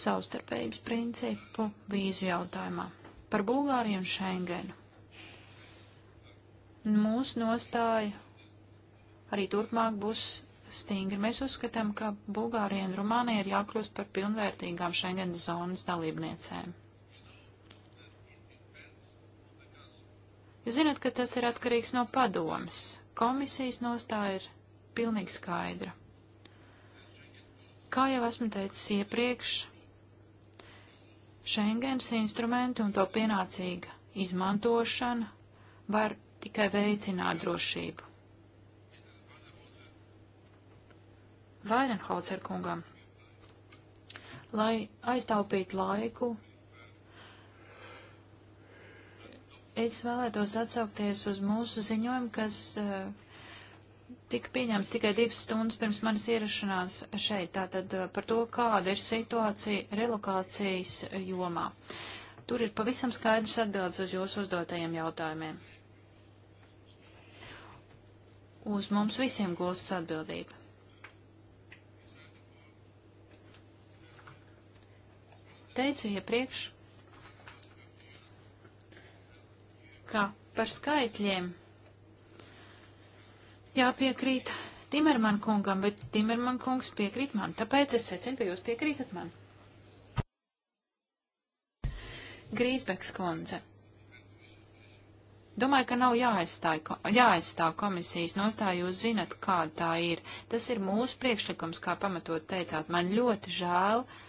savstarpējības principu vīzu jautājumā par Bulgāriju un Schengenu. Mūsu nostāja arī turpmāk būs stingri. Mēs uzskatām, ka Bulgārija un Rumānija ir jākļūst par pilnvērtīgām Schengen zonas dalībniecēm. Jūs zināt, ka tas ir atkarīgs no padomas. Komisijas nostāja ir pilnīgi skaidra. Kā jau esmu teicis iepriekš, Schengens instrumenti un to pienācīga izmantošana var tikai veicināt drošību. Vairenhauser kungam. Lai aiztaupītu laiku, es vēlētos atsaukties uz mūsu ziņojumu, kas uh, tika pieņemts tikai divas stundas pirms manas ierašanās šeit, tātad eh, par to, kāda ir situācija relokācijas jomā. Tur ir pavisam skaidrs atbildes uz jūsu uzdotajiem jautājumiem. Uz mums visiem gulstas atbildība. teicu iepriekš, ka par skaitļiem jāpiekrīt Timerman kungam, bet Timerman kungs piekrīt man, tāpēc es secinu, ka jūs piekrītat man. Grīsbeks kundze. Domāju, ka nav jāaizstāj, jāaizstāv komisijas nostāja, jūs zinat, kāda tā ir. Tas ir mūsu priekšlikums, kā pamatot teicāt. Man ļoti žēl, uh,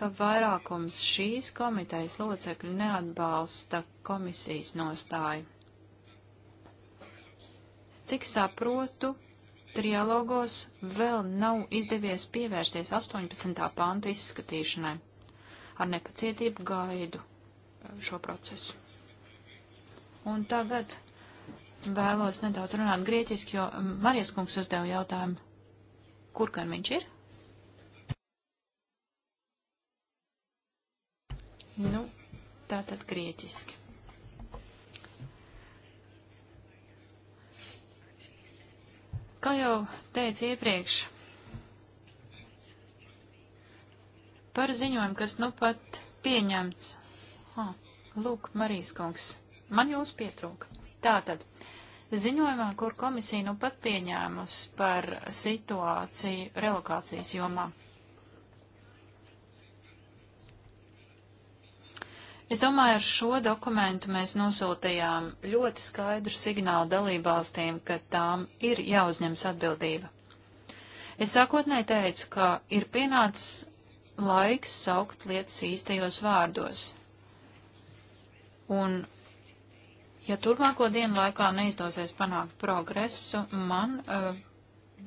ka vairākums šīs komitejas locekļu neatbalsta komisijas nostāju. Cik saprotu, trialogos vēl nav izdevies pievērsties 18. panta izskatīšanai. Ar nepacietību gaidu eh, šo procesu. Un tagad vēlos nedaudz runāt grieķiski, jo mm, Marijas kungs uzdeva jautājumu, kur gan viņš ir? Nu, tātad grieķiski. Kā jau teicu iepriekš, par ziņojumu, kas nu pat pieņemts. Oh, lūk, Marijas kungs, man jūs pietrūka. Tātad, ziņojumā, kur komisija nu pat pieņēmus par situāciju relokācijas jomā. Es domāju, ar šo dokumentu mēs nosūtījām ļoti skaidru signālu dalībvalstīm, ka tām ir jāuzņems atbildība. Es sākotnēji teicu, ka ir pienācis laiks saukt lietas īstajos vārdos. Un Ja turpmāko dienu laikā neizdosies panākt progresu, man uh,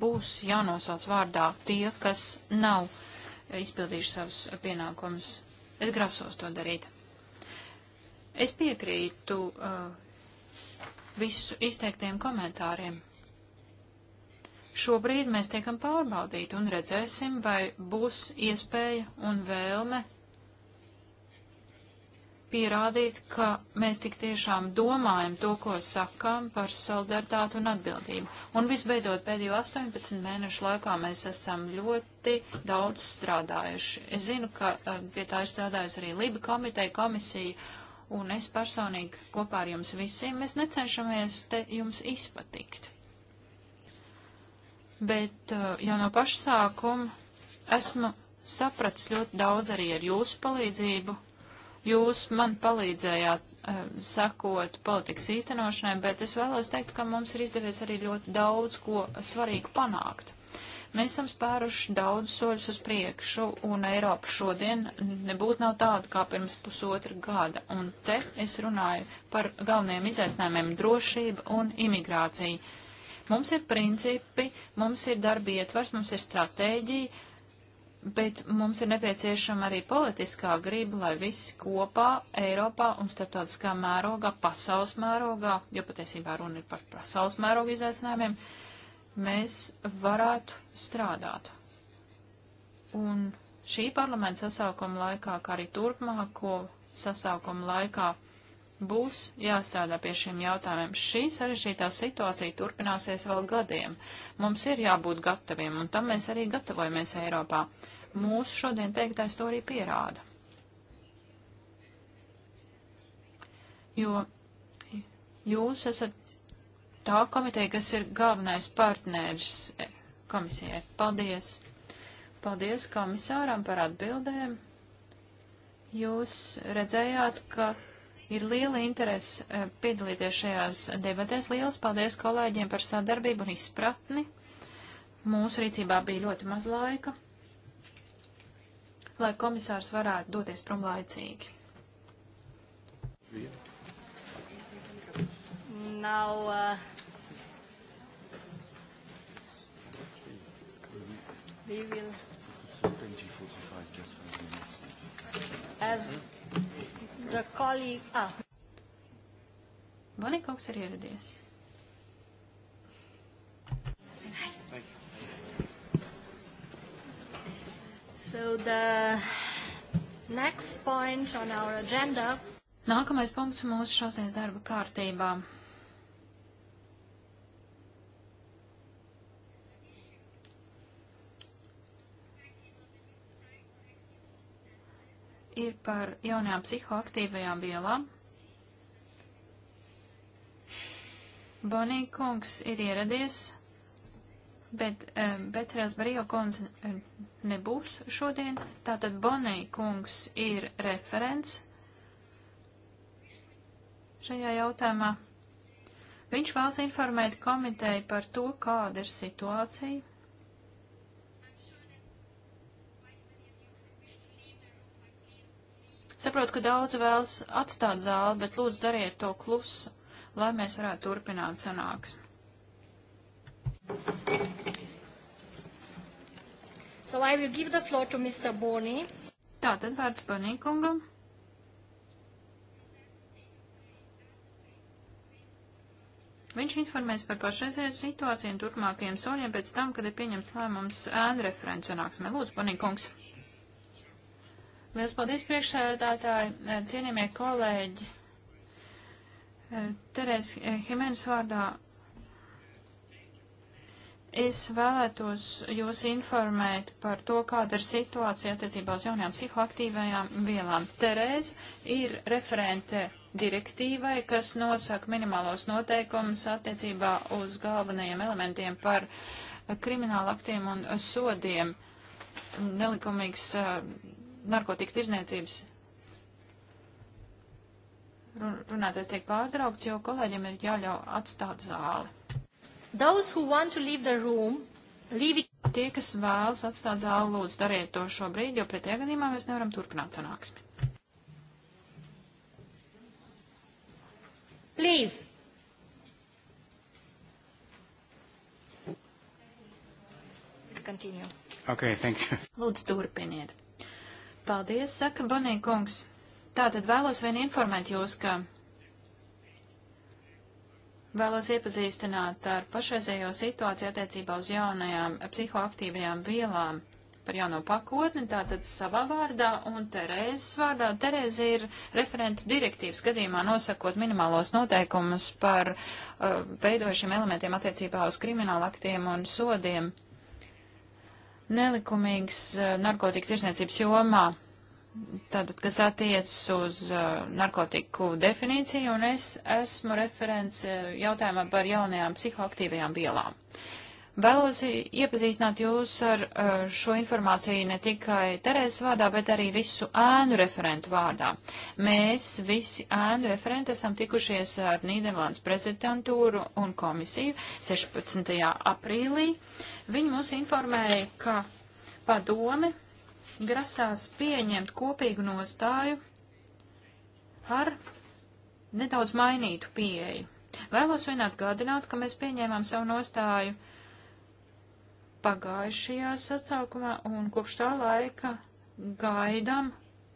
būs jānosauc vārdā tie, kas nav izpildījuši savus pienākumus. Es grasos to darīt. Es piekrītu uh, visu izteiktiem komentāriem. Šobrīd mēs tiekam pārbaudīti un redzēsim, vai būs iespēja un vēlme pierādīt, ka mēs tik tiešām domājam to, ko sakām par solidaritātu un atbildību. Un visbeidzot, pēdējo 18 mēnešu laikā mēs esam ļoti daudz strādājuši. Es zinu, ka uh, pie tā ir strādājusi arī Liba komiteja, komisija un es personīgi kopā ar jums visiem, mēs necenšamies te jums izpatikt. Bet uh, jau no paša sākuma esmu sapratis ļoti daudz arī ar jūsu palīdzību. Jūs man palīdzējāt uh, sakot politikas īstenošanai, bet es vēlos teikt, ka mums ir izdevies arī ļoti daudz ko svarīgu panākt. Mēs esam spēruši daudz soļus uz priekšu, un Eiropa šodien nebūtu nav tāda kā pirms pusotra gada. Un te es runāju par galvenajiem izaicinājumiem - drošība un imigrācija. Mums ir principi, mums ir darba ietvars, mums ir stratēģija, bet mums ir nepieciešama arī politiskā griba, lai visi kopā Eiropā un starptautiskā mērogā, pasaules mērogā, jo patiesībā runa ir par pasaules mēroga izaicinājumiem, uh, mēs varētu strādāt. Un šī parlamenta sasaukuma laikā, kā arī turpmāko sasaukuma laikā, būs jāstrādā pie šiem jautājumiem. Šī sarežģītā situācija turpināsies vēl gadiem. Mums ir jābūt gataviem, un tam mēs arī gatavojamies Eiropā. Mūsu šodien teiktais to arī pierāda. Jo jūs esat tā komiteja, kas ir galvenais partneris komisijai. Paldies! Paldies komisāram par atbildēm. Jūs redzējāt, ka ir liela interese e, piedalīties šajās debatēs. Liels paldies kolēģiem par sadarbību un izpratni. Mūsu rīcībā bija ļoti maz laika, lai komisārs varētu doties prom laicīgi. Yeah now uh, we will suspend G45 just for minutes. As the colleague... Ah. Vanikovs ir ieradies. So the next point on our agenda. Nākamais punkts mūsu šodienas darba kārtībā ir par jaunajām psihoaktīvajām vielām. Bonī kungs ir ieradies, bet Betrēls Barijo kungs nebūs šodien. Tātad Bonī kungs ir referents šajā jautājumā. Viņš vēlas informēt komiteju par to, kāda ir situācija Saprotu, ka daudz vēlas atstāt zāli, bet lūdzu dariet to klusu, lai mēs varētu turpināt sanāksmi. So I will give the floor to Mr. Boni. Tātad vārds Bonī kungam. Viņš informēs par pašreizēju situāciju un turpmākajiem soļiem pēc tam, kad ir pieņemts lēmums ēnu referents sanāksmē. Lūdzu, Bonī kungs. Liels paldies priekšsēdētāji, eh, cienījamie kolēģi. Eh, Terēs Himēnas eh, vārdā es vēlētos jūs informēt par to, kāda ir situācija attiecībā uz jaunajām psihoaktīvajām vielām. Terēs ir referente direktīvai, kas nosaka minimālos noteikumus attiecībā uz galvenajiem elementiem par kriminālaktiem un sodiem nelikumīgs uh, narkotika tirzniecības runātais tiek pārtraukts, jo kolēģiem ir jāļauj atstāt zāli. Those who want to leave the room, leave it. Tie, kas vēlas atstāt zāli, lūdzu dariet to šobrīd, jo pretējā gadījumā mēs nevaram turpināt sanāksmi. Please. Please continue. Okay, thank you. Lūdzu turpiniet. Paldies, saka Bonīkungs. Tātad vēlos vien informēt jūs, ka Vēlos iepazīstināt ar pašreizējo situāciju attiecībā uz jaunajām psihoaktīvajām vielām par jauno pakotni, tātad savā vārdā un Terēzes vārdā. Terēze ir referenta direktīvas gadījumā nosakot minimālos noteikumus par uh, veidošiem elementiem attiecībā uz kriminālaktiem un sodiem. Uh, nelikumīgas eh, narkotika tirsniecības jomā, tātad, kas attiecas uz eh, narkotiku definīciju, un es esmu referents eh, jautājumā par jaunajām psihoaktīvajām vielām. Uh, Vēlos iepazīstināt jūs ar eh, šo informāciju ne tikai Terēzes vārdā, bet arī visu ēnu referentu vārdā. Mēs visi ēnu referenti esam tikušies ar Nīderlandes prezidentūru un komisiju 16. aprīlī. Viņi mūs informēja, ka padome grasās pieņemt kopīgu nostāju ar nedaudz mainītu pieeju. Vēlos vien atgādināt, ka mēs pieņēmām savu nostāju pagājušajā sasaukumā, un kopš tā laika gaidām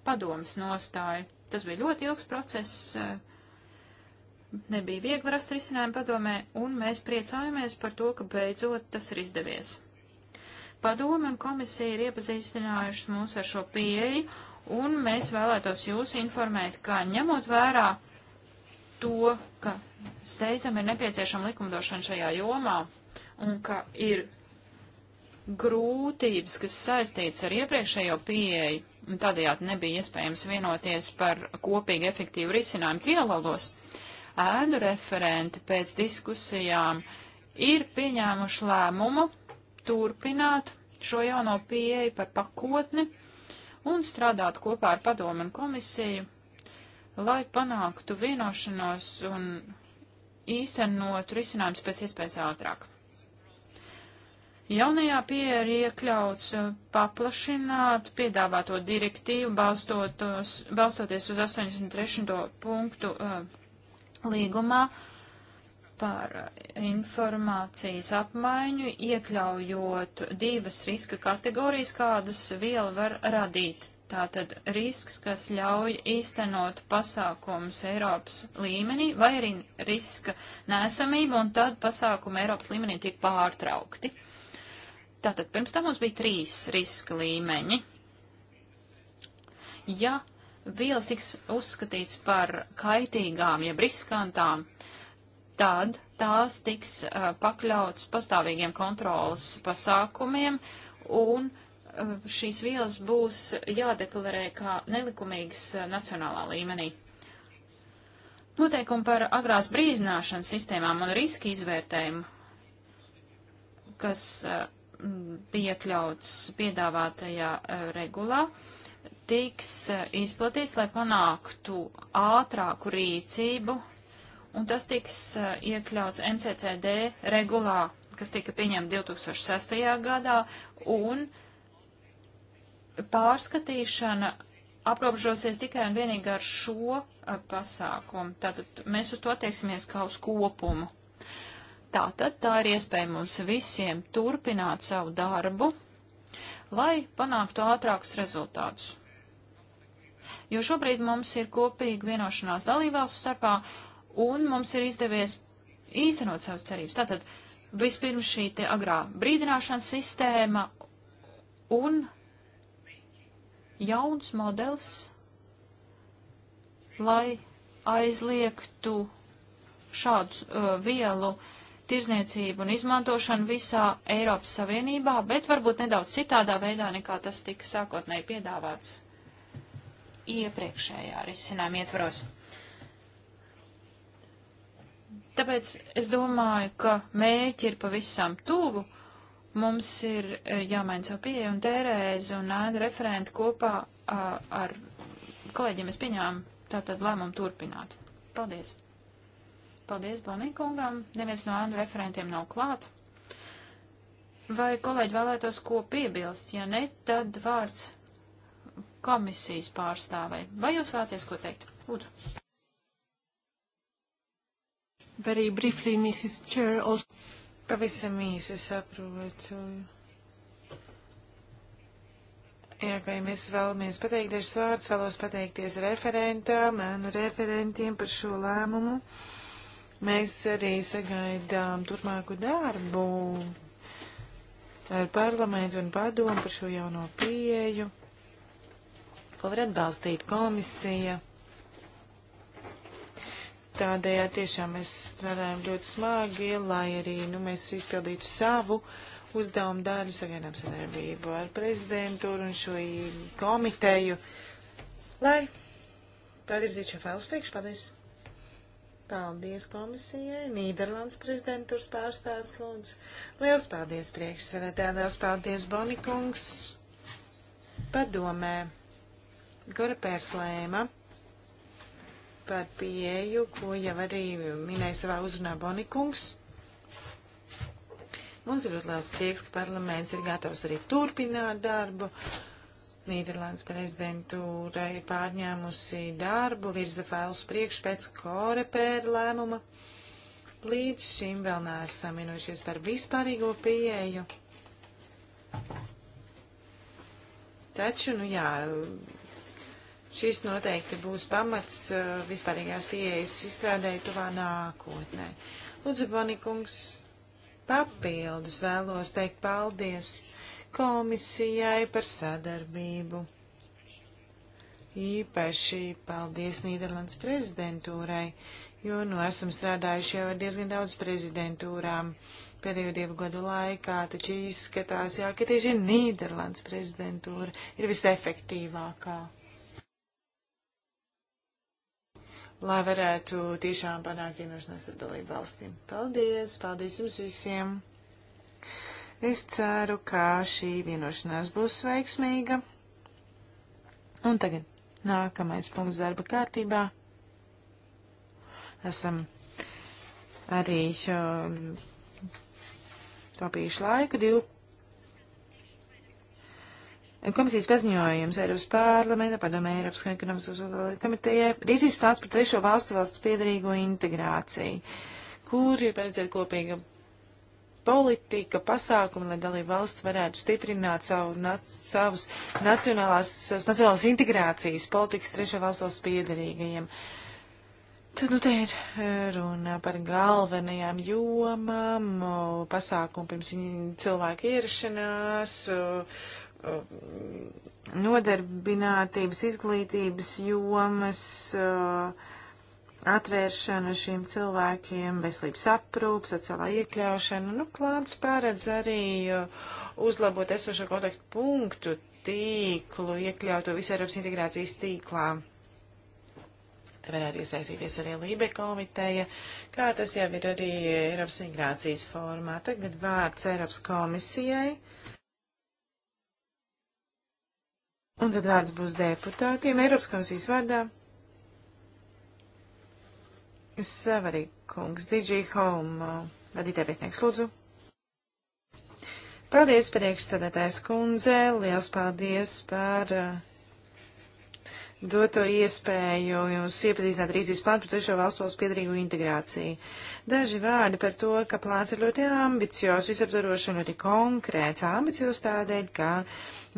padomas nostāju. Tas bija ļoti ilgs process, eh, nebija viegli rast risinājumu padomē, un mēs priecājamies par to, ka beidzot tas ir izdevies. Padome un komisija ir iepazīstinājušas mūs ar šo pieeju, un mēs vēlētos jūs informēt, ka ņemot vērā to, ka steidzam ir nepieciešama likumdošana šajā jomā, un ka ir grūtības, kas saistīts ar iepriekšējo pieeju, un tādējādi nebija iespējams vienoties par kopīgi efektīvu risinājumu trialogos, ēnu referenti pēc diskusijām ir pieņēmuši lēmumu turpināt šo jauno pieeju par pakotni un strādāt kopā ar padomu un komisiju, lai panāktu vienošanos un īstenotu risinājums pēc iespējas ātrāk. Jaunajā pieeja ir iekļauts eh, paplašināt piedāvāto direktīvu balstotos, balstoties uz 83. punktu uh, līgumā par eh, informācijas apmaiņu, iekļaujot divas riska kategorijas, kādas viela var radīt. Tātad risks, kas ļauj īstenot pasākumus Eiropas līmenī, vai arī riska nesamība, un tad pasākumi Eiropas līmenī tiek pārtraukti. Uh, Tātad pirms tam mums bija trīs riska līmeņi. Ja vielas tiks uzskatīts par kaitīgām, jeb riskantām, tad tās tiks uh, eh, pakļauts pastāvīgiem kontrolas pasākumiem un uh, šīs vielas būs jādeklarē kā nelikumīgas uh, nacionālā līmenī. Noteikumi par agrās brīdināšanas sistēmām un riski izvērtējumu, kas uh, bija iekļauts piedāvātajā e, regulā, tiks e, izplatīts, lai panāktu ātrāku rīcību, un tas tiks e, iekļauts NCCD regulā, kas tika pieņemta 2006. gadā, un pārskatīšana aprobežosies tikai un vienīgi ar šo pasākumu. Tātad mēs uz to attieksimies kā uz kopumu. Tātad tā ir iespēja mums visiem turpināt savu darbu, lai panāktu ātrākus rezultātus. Jo šobrīd mums ir kopīga vienošanās dalībvalsts starpā, un mums ir izdevies īstenot savas cerības. Tātad vispirms šī te agrā brīdināšanas sistēma un jauns modelis, lai aizliegtu šādu uh, vielu uh, tirzniecību un izmantošanu visā Eiropas Savienībā, bet varbūt nedaudz citādā veidā nekā tas tika sākotnēji piedāvāts iepriekšējā risinājuma ietvaros. Tāpēc es domāju, ka mēķi ir pavisam tuvu. Mums ir eh, jāmaina savu pieeju un Tērēzi un Ēna referenti kopā ar kolēģiem es pieņēmu tātad lēmumu turpināt. Paldies! Paldies Bonikungam. Neviens no ANU referentiem nav klāt. Vai kolēģi vēlētos ko piebilst? Ja ne, tad vārds komisijas pārstāvai. Vai jūs vēlaties ko teikt? Lūdzu. Very briefly, Mrs. Chair, also... Pavisam īsi saprotoju. Jā, vai mēs vēlamies pateikt dažus vārdus, vēlos pateikties referentam, mēnu referentiem par šo lēmumu. Uh, Mēs arī sagaidām turpmāku darbu ar parlamentu un padomu par šo jauno pieeju, ko var atbalstīt komisija. Tādējā tiešām mēs strādājam ļoti smagi, lai arī nu, mēs izpildītu savu uzdevumu daļu, sagaidām sadarbību ar prezidentūru un šo komiteju, lai pavirzītu šo failu uz priekšu. Paldies! Paldies komisijai, Nīderlandes prezidentūras pārstāvis lūdzu. Liels paldies priekšsēdētāji, liels paldies Bonikungs. Padomē, Gorapērs lēma par pieeju, ko jau arī minēja savā uzrunā Bonikungs. Mums ir ļoti liels prieks, ka parlaments ir gatavs arī turpināt darbu. Uh, Nīderlandes prezidentūra ir pārņēmusi darbu, virza failus priekš pēc korepēra lēmuma. Līdz šim vēl neesam vienojušies par vispārīgo pieeju. Taču, nu jā, šis noteikti būs pamats eh, vispārīgās pieejas izstrādēju tuvā nākotnē. Lūdzu, Bonikungs, papildus vēlos teikt paldies komisijai par sadarbību. Īpaši paldies Nīderlandes prezidentūrai, jo nu esam strādājuši jau ar diezgan daudz prezidentūrām pēdējo divu gadu laikā, taču izskatās, jā, ka tieši Nīderlandes prezidentūra ir visefektīvākā. Lai varētu tiešām panākt vienošanās ar dalību valstīm. Paldies, paldies jums visiem! Es ceru, ka šī vienošanās būs veiksmīga. Un tagad nākamais punkts darba kārtībā. Esam arī topījuši laiku. Div... Komisijas paziņojums Eiropas parlamenta, padomē Eiropas ekonomiskās komitejai, rīzības plāns par trešo valstu valsts piedarīgo integrāciju, kur ir paredzēta kopīga politika, pasākumi, lai dalība valsts varētu stiprināt savu, nac, savus nacionālās, savus nacionālās integrācijas politikas trešā valstos piedarīgajiem. Tad, nu, te ir eh, runa par galvenajām jomām, pasākumu pirms cilvēku ierašanās, nodarbinātības, izglītības jomas, uh, atvēršanu šiem cilvēkiem, veselības aprūp, sociālā iekļaušana. Nu, plāns pāredz arī uh, uzlabot esošo kontaktu punktu tīklu, iekļautu visu Eiropas integrācijas tīklā. Te varētu iesaistīties arī Lībe komiteja, kā tas jau ir arī Eiropas migrācijas formā. Tagad vārds Eiropas komisijai. Un tad vārds būs deputātiem Eiropas komisijas vārdā. Savarī kungs, DG Home, uh, vadītāja vietnieks, lūdzu. Paldies, priekšstādātājs kundze, liels paldies par uh, doto iespēju jūs iepazīstināt ar izjūtas plānu par trešo valstos piedarīgu integrāciju. Daži vārdi par to, ka plāns ir ļoti ambiciozs, visaptvarošs un ļoti konkrēts. Ambiciozs tādēļ, ka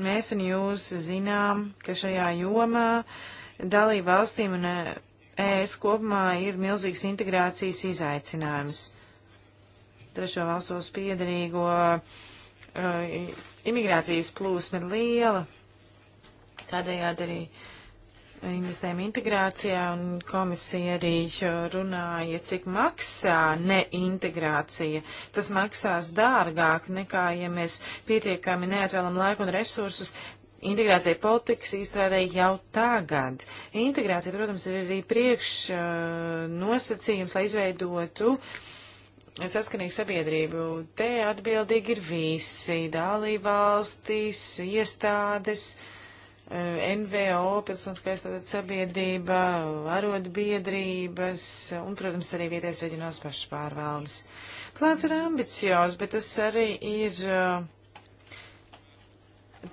mēs un jūs zinām, ka šajā jomā dalību valstīm un uh, ES kopumā ir milzīgs integrācijas izaicinājums. Trešo valstos piedarīgo uh, imigrācijas plūsma ir liela. Tādējādi arī investējuma integrācijā un komisija arī runāja, cik maksā neintegrācija. Tas maksās dārgāk nekā, ja mēs pietiekami neatvēlam laiku un resursus integrācija politikas izstrādē jau tagad. Integrācija, protams, ir arī priekš uh, nosacījums, lai izveidotu saskanīgu sabiedrību. Te atbildīgi ir visi dalībvalstis, iestādes, uh, NVO, pilsoniskā iestādes sabiedrība, arotbiedrības un, protams, arī vietējais reģionāls pašpārvaldes. Plāns ir ambiciozs, bet tas arī ir uh,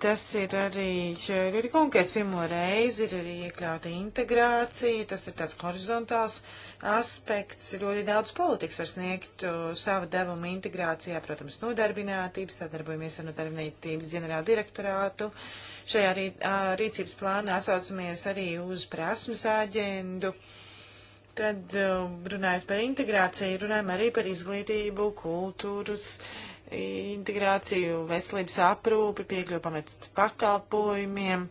Tas ir arī ļoti konkrēts. Pirmo reizi ir arī iekļauta integrācija, tas ir tāds horizontāls aspekts. Ļoti daudz politikas var sniegt uh, savu devumu integrācijā, protams, nodarbinātības, sadarbojamies ar nodarbinātības ģenerālu direktorātu. Šajā rī, rīcības plānā atsaucamies arī uz prasmes āģendu. Tad uh, runājot par integrāciju, runājam arī par izglītību, kultūras. Uh, integrāciju, veselības aprūpi, piekļuvu pamest pakalpojumiem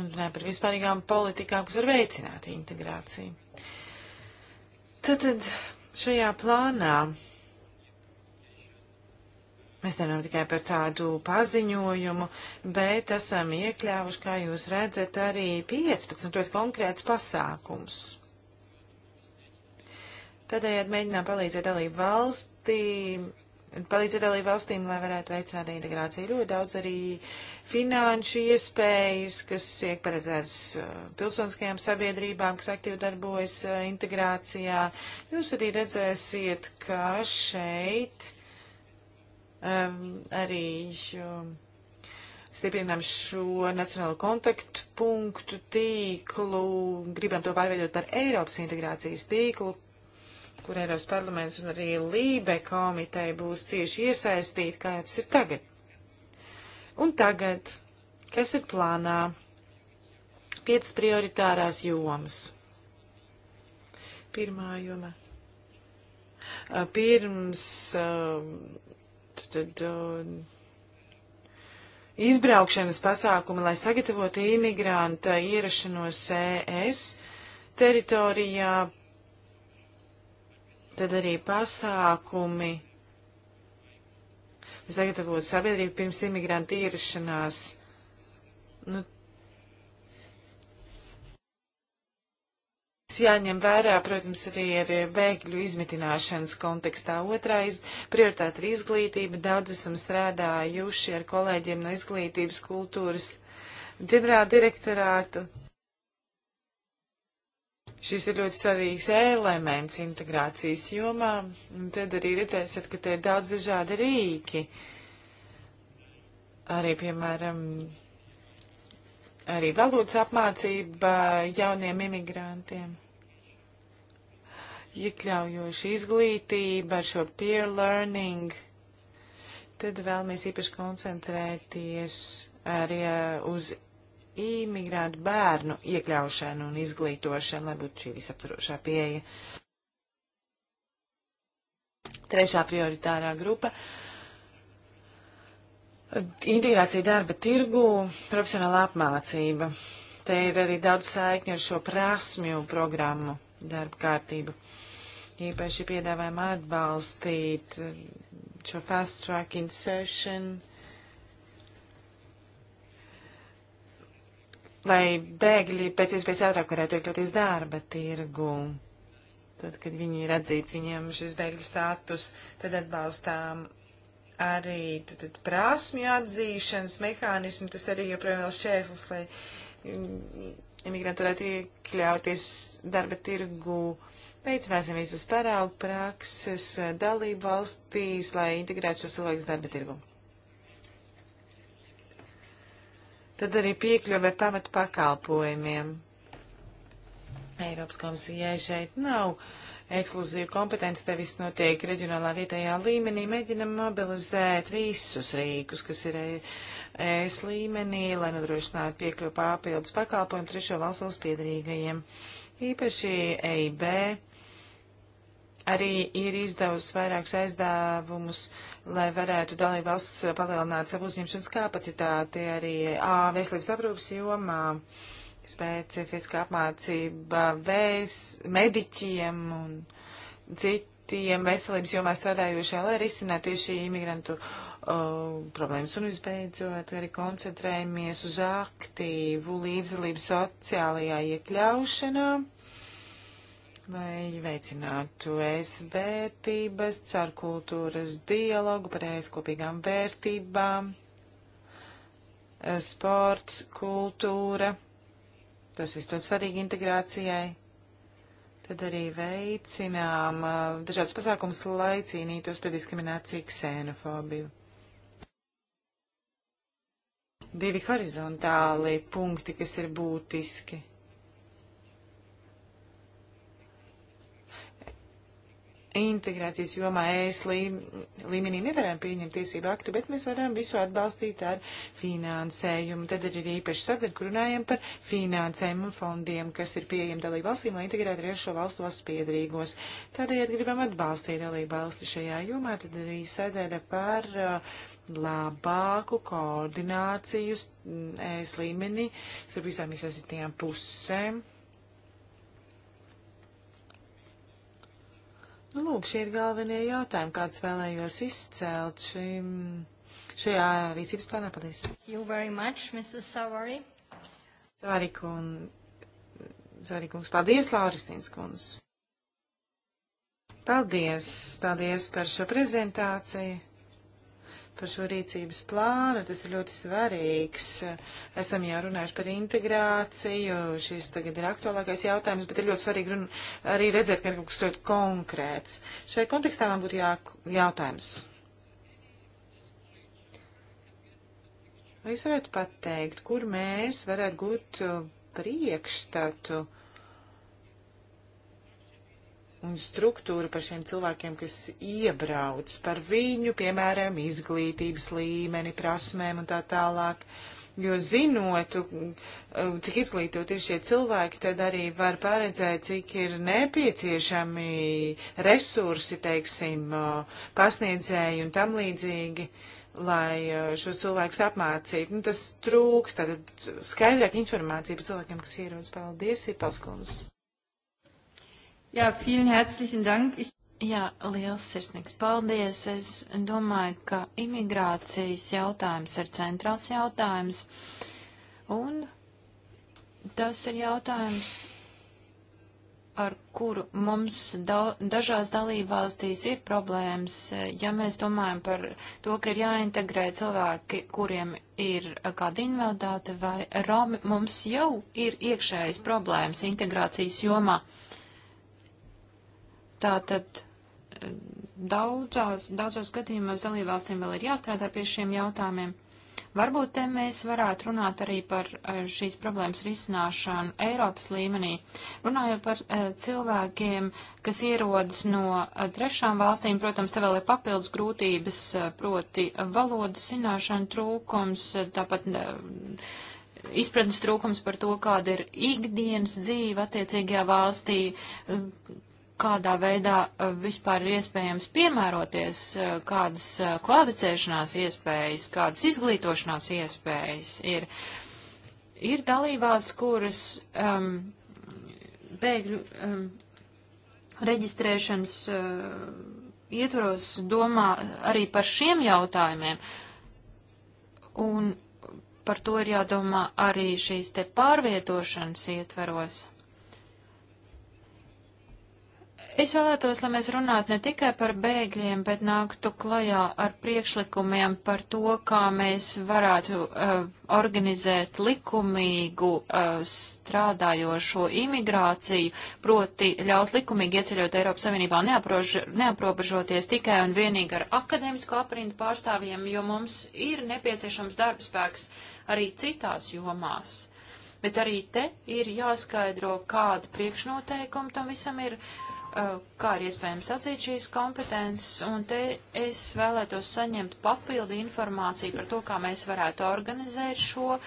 un runāja par vispārīgām politikām, kas var veicināt integrāciju. Tad, tad šajā plānā mēs nerunājam tikai par tādu paziņojumu, bet esam iekļāvuši, kā jūs redzat, arī 15 ļoti konkrētus pasākums Tādējādi mēģinām palīdzēt dalību valstīm, palīdzēt dalību valstīm, lai varētu veicināt integrāciju. Ļoti daudz arī finanšu iespējas, kas tiek paredzētas uh, pilsoniskajām sabiedrībām, kas aktīvi darbojas uh, integrācijā. Jūs arī redzēsiet, ka šeit um, arī. Um, stiprinām šo nacionālo kontaktu punktu tīklu, gribam to pārveidot par Eiropas integrācijas tīklu, kur Eiropas parlaments un arī Lībe komiteja būs cieši iesaistīti, kā tas ir tagad. Un tagad, kas ir plānā? Piecas prioritārās jomas. Pirmā joma. Pirms tad, izbraukšanas pasākumi, lai sagatavotu imigranta ierašanos ES teritorijā tad arī pasākumi, lai sagatavotu sabiedrību pirms imigrantu ierašanās. Nu, jāņem vērā, protams, arī ar bēgļu izmitināšanas kontekstā. Otrā iz, prioritāte ir izglītība. Daudz esam strādājuši ar kolēģiem no izglītības kultūras ģenerāla direktorātu. Šis ir ļoti svarīgs elements integrācijas jomā, un tad arī redzēsiet, ka te ir daudz dažādi rīki. Arī, piemēram, arī valodas apmācība jauniem imigrantiem iekļaujoša izglītība, ar šo peer learning, tad vēlamies īpaši koncentrēties arī uh, uz imigrantu bērnu iekļaušanu un izglītošanu, lai būtu šī visaptvarošā pieeja. Trešā prioritārā grupa - integrācija darba tirgu, profesionāla apmācība. Te ir arī daudz saikņu ar šo prasmju programmu darba kārtību. Īpaši piedāvājam atbalstīt šo fast track insertion, uh, lai bēgļi pēc iespējas ātrāk varētu iekļauties darba tirgu. Tad, kad viņi ir atzīts, viņiem šis bēgļu status, tad atbalstām arī tad, tad prasmju atzīšanas mehānismu, tas arī joprojām vēl šķērslis, lai mm, imigranti varētu iekļauties darba tirgu. Veicināsim visus paraugu prakses dalību valstīs, lai integrētu šos cilvēkus darba tirgu. Tad arī piekļuve pamatu pakalpojumiem. Eiropas komisijai šeit nav ekskluzīva kompetence, te viss notiek reģionālā vietējā līmenī. Mēģinam mobilizēt visus rīkus, kas ir ES līmenī, lai nodrošinātu piekļuvu papildus pakalpojumu trešo valsts piedarīgajiem. Īpaši EIB arī ir izdevusi vairākus aizdevumus, lai varētu dalībvalsts palielināt savu uzņemšanas kapacitāti arī ā, veselības aprūpas jomā, specifiska apmācība vēs, mediķiem un citiem veselības jomā strādājošie, lai risinātu tieši imigrantu uh, problēmas. Un visbeidzot, arī koncentrējamies uz aktīvu līdzdalību sociālajā iekļaušanā lai veicinātu es vērtības, caur kultūras dialogu par es kopīgām vērtībām, eh, sports, kultūra. Tas viss ļoti svarīgi integrācijai. Tad arī veicinām uh, dažādas pasākumas, lai cīnītos pret diskrimināciju, ksenofobiju. Divi horizontāli punkti, kas ir būtiski. integrācijas jomā ES līmenī nevaram pieņemt tiesību aktu, bet mēs varam visu atbalstīt ar finansējumu. Tad ir arī īpaši sadaļa, kur runājam par finansējumu un fondiem, kas ir pieejami dalību valstīm, lai integrētu riešo valstu valsts piedrīgos. Tādējādi gribam atbalstīt dalību valsti šajā jomā, tad arī sadaļa par uh, labāku koordināciju ES mm, līmenī starp visām iesaistītajām pusēm Nu, lūk, šie ir galvenie jautājumi, kādus vēlējos izcelt šim, šajā rīcības plānā. Paldies. Much, Savārī kun, Savārī kungs, paldies, Lauristins kungs. Paldies, paldies par šo prezentāciju par šo rīcības plānu. Tas ir ļoti svarīgs. Esam jau runājuši par integrāciju. Šis tagad ir aktuālākais jautājums, bet ir ļoti svarīgi run, arī redzēt, ka ir kaut kas ļoti konkrēts. Šai kontekstā man būtu jā, jautājums. Vai jūs varētu pateikt, kur mēs varētu gūt priekšstatu? Uh, un struktūru par šiem cilvēkiem, kas iebrauc, par viņu, piemēram, izglītības līmeni, prasmēm un tā tālāk. Jo zinot, uh, cik izglītot ir šie cilvēki, tad arī var paredzēt, cik ir nepieciešami resursi, teiksim, uh, pasniedzēji un tam līdzīgi, lai uh, šos cilvēkus apmācītu. Nu, tas trūks, tad skaidrāk informācija par cilvēkiem, kas ierodas. Paldies, Ipalskunds! Jā, vielen herzlichen dank. Ich... Jā, liels sirsnīgs paldies. Es domāju, ka imigrācijas jautājums ir centrāls jautājums. Un tas ir jautājums, ar kuru mums da dažās dalībvalstīs ir problēmas, ja mēs domājam par to, ka ir jāintegrē cilvēki, kuriem ir kāda invaliditāte vai romi, mums jau ir iekšējas problēmas integrācijas jomā. Tātad eh, daudzās, daudzos gadījumos dalībvalstīm vēl ir jāstrādā pie šiem jautājumiem. Varbūt te mēs varētu runāt arī par eh, šīs problēmas risināšanu Eiropas līmenī. Runājot par eh, cilvēkiem, kas ierodas no trešām valstīm, protams, te vēl ir papildus grūtības, proti valodas zināšana trūkums, tāpat izpratnes trūkums par to, kāda ir ikdienas dzīve attiecīgajā valstī, kādā veidā eh, vispār ir iespējams piemēroties, eh, kādas eh, kvalificēšanās iespējas, kādas izglītošanās iespējas ir. Ir dalībās, kuras um, bēgļu um, reģistrēšanas uh, ietvaros domā arī par šiem jautājumiem. Un par to ir jādomā arī šīs te pārvietošanas ietveros. Es vēlētos, lai mēs runātu ne tikai par bēgļiem, bet nāktu klajā ar priekšlikumiem par to, kā mēs varētu uh, organizēt likumīgu uh, strādājošo imigrāciju, proti ļaut likumīgi ieceļot Eiropas Savienībā, neaprož, neaprobežoties tikai un vienīgi ar akadēmisko aprindu pārstāvjiem, jo mums ir nepieciešams darbspēks arī citās jomās. Bet arī te ir jāskaidro, kāda priekšnoteikuma tam visam ir. Uh, Eh, kā ir iespējams atzīt šīs kompetences, un te es vēlētos saņemt papildu informāciju par to, kā mēs varētu organizēt šo uh,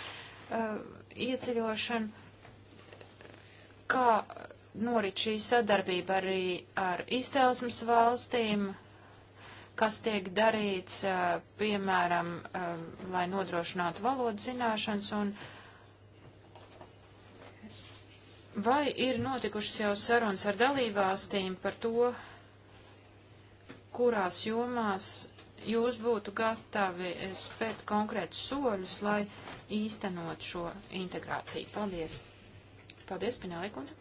ieceļošanu, kā norit šī sadarbība arī ar izcelsmes valstīm, kas tiek darīts, uh, piemēram, uh, lai nodrošinātu valodu zināšanas un uh, Vai ir notikušas jau sarunas ar dalībvalstīm par to, kurās jomās jūs būtu gatavi spēt konkrētus soļus, lai īstenot šo integrāciju? Paldies! Paldies, Pinelī kundze!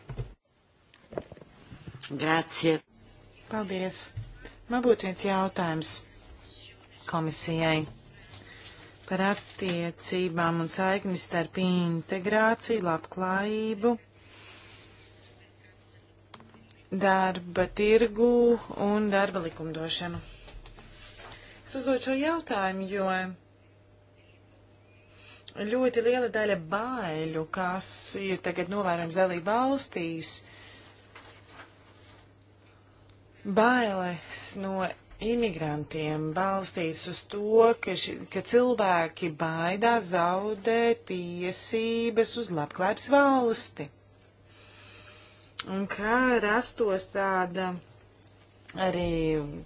Grācie! Paldies! Man būtu viens jautājums komisijai par attiecībām un saikni starp integrāciju, labklājību darba tirgu un darba likumdošanu. Es uzdodu šo jautājumu, jo ļoti liela daļa baiļu, kas ir tagad novērojams dalība valstīs, bailes no imigrantiem balstīts uz to, ka, ši, ka cilvēki baidās zaudēt tiesības uz labklājības valsti un kā rastos tāda arī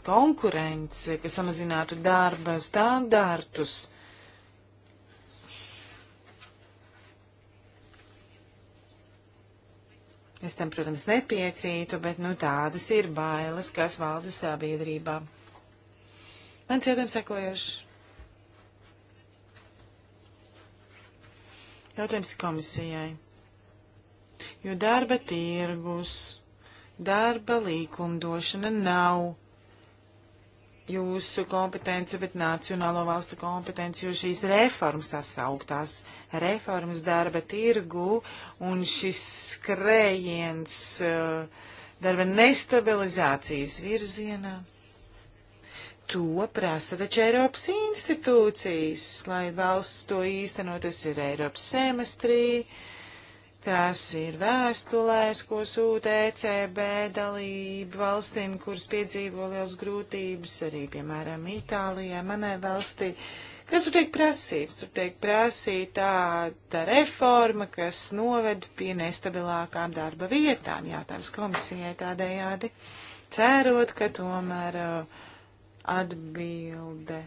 konkurence, kas samazinātu darba standārtus. Es tam, protams, nepiekrītu, bet nu, tādas ir bailes, kas valda sabiedrībā. Mans jautājums sekojošs. Jautājums komisijai jo darba tirgus, darba līkumdošana nav jūsu kompetence, bet nacionālo valstu kompetence, jo šīs reformas tās augtās, reformas darba tirgu un šis skrējiens eh, darba nestabilizācijas virzienā. To prasa taču Eiropas institūcijas, lai valsts to īstenot, tas ir Eiropas semestrī, uh, Tas ir vēstulēs, ko sūta ECB dalību valstīm, kuras piedzīvo liels grūtības, arī, piemēram, Itālijā, manai valstī. Kas tur tiek prasīts? Tur tiek prasīta tā reforma, kas noved pie nestabilākām darba vietām. Jātājums komisijai tādējādi. Cērot, ka tomēr uh, atbilde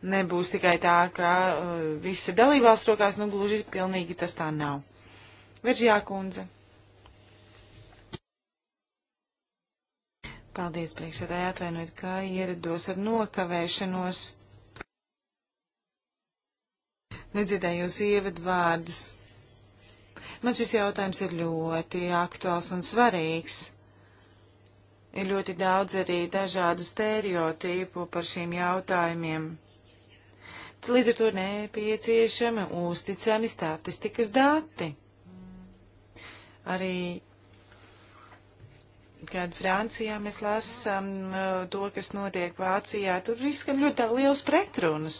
nebūs tikai tā, ka uh, viss ir dalībās rokās, nu gluži pilnīgi tas tā nav. Veržjā kundze. Paldies, priekšsēdāji, atvainojiet, ka ierados ar nokavēšanos. Nedzirdēju jūs ievadvārdus. Man šis jautājums ir ļoti aktuāls un svarīgs. Ir ļoti daudz arī dažādu stereotīpu par šiem jautājumiem. Līdz ar to nepieciešami uzticami statistikas dati. Arī kad Francijā mēs lasām uh, to, kas notiek Vācijā, tur izskan ļoti liels pretrunas.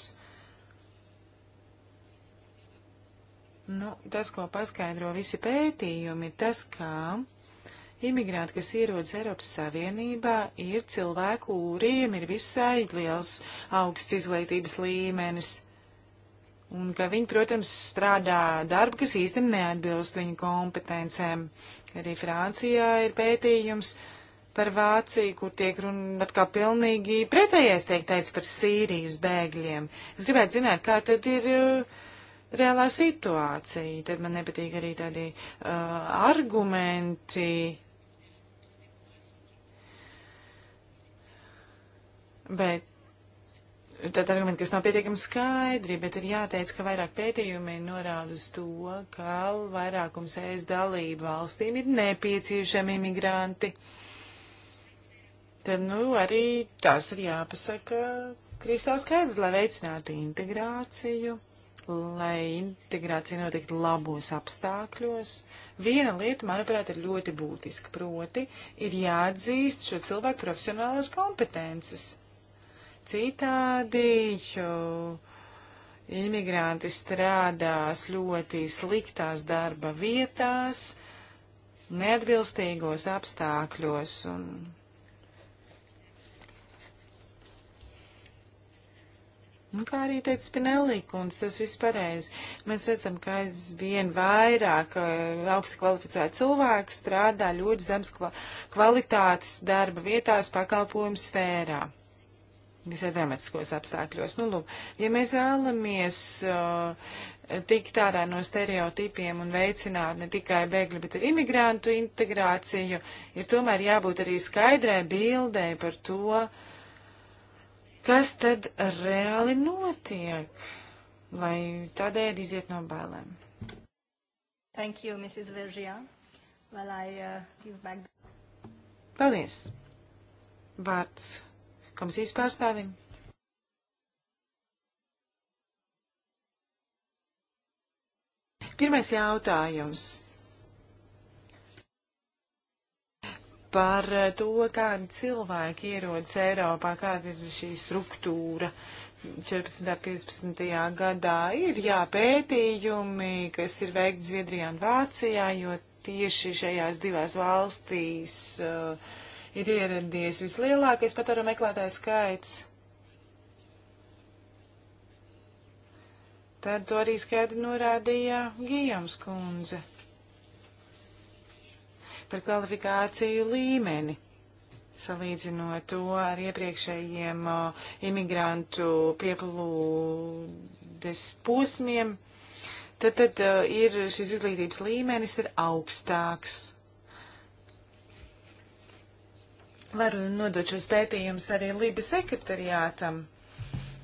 Nu, tas, ko paskaidro visi pētījumi, ir tas, kā ka Imigranti, kas ierodas Eiropas Savienībā, ir cilvēki, kuriem ir visai liels augsts izglītības līmenis. Un ka viņi, protams, strādā darbu, kas īstenībā neatbilst viņu kompetencēm. Arī Francijā ir pētījums par Vāciju, kur tiek runa atkal pilnīgi pretējais tiek teicis par Sīrijas bēgļiem. Es gribētu zināt, kā tad ir. Uh, reālā situācija. Tad man nepatīk arī tādi uh, argumenti, Bet tad argumenti, kas nav pietiekami skaidri, bet ir jāteic, ka vairāk pētījumi norāda uz to, ka vairākums ES dalību valstīm ir nepieciešami imigranti. Tad, nu, arī tas ir jāpasaka kristā skaidri, lai veicinātu integrāciju, lai integrācija notiktu labos apstākļos. Viena lieta, manuprāt, ir ļoti būtiska, proti ir jāatzīst šo cilvēku profesionālās kompetences citādi, jo imigranti strādās ļoti sliktās darba vietās, neatbilstīgos apstākļos. Un Un nu, kā arī teica Spinelli kundze, tas viss pareizi. Mēs redzam, ka aizvien vairāk eh, augsti kvalificēti cilvēki strādā ļoti zemes kvalitātes darba vietās pakalpojumu sfērā visai dramatiskos apstākļos. Nu, lūk, ja mēs vēlamies uh, tikt ārā no stereotipiem un veicināt ne tikai bēgļu, bet arī imigrantu integrāciju, ir tomēr jābūt arī skaidrai bildei par to, kas tad reāli notiek, lai tādēļ iziet no bailēm. Thank you, Mrs. Virgia. Well, I uh, give back. Paldies. Vārds komisijas pārstāvim. Pirmais jautājums par to, kādi cilvēki ierodas Eiropā, kāda ir šī struktūra. 14. un 15. gadā ir jāpētījumi, kas ir veikti Zviedrijā un Vācijā, jo tieši šajās divās valstīs uh, ir ieradies vislielākais patēru meklētāju skaits. Tad to arī skaidri norādīja Gijams kundze par kvalifikāciju līmeni, salīdzinot to ar iepriekšējiem o, imigrantu pieplūdes posmiem. Tad, tad ir šis izglītības līmenis ir augstāks. Varu nodot šos pētījumus arī Lībijas sekretariātam.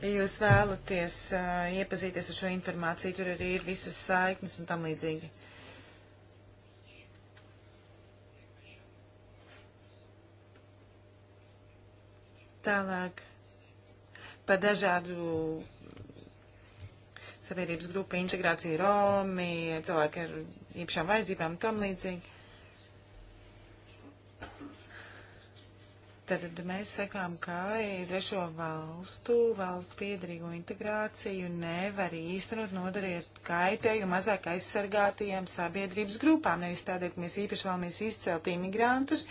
Ja jūs vēlaties uh, iepazīties ar šo informāciju, tur arī ir visas saiknes un tam līdzīgi. Tālāk par dažādu sabiedrības grupu integrāciju Romi, cilvēki ar īpašām vajadzībām un tam līdzīgi. Tad mēs sakām, ka trešo valstu, valstu piedarīgo integrāciju nevar īstenot nodariet kaitēju mazāk aizsargātajiem sabiedrības grupām. Nevis tādēļ, ka mēs īpaši vēlamies izcelt imigrantus,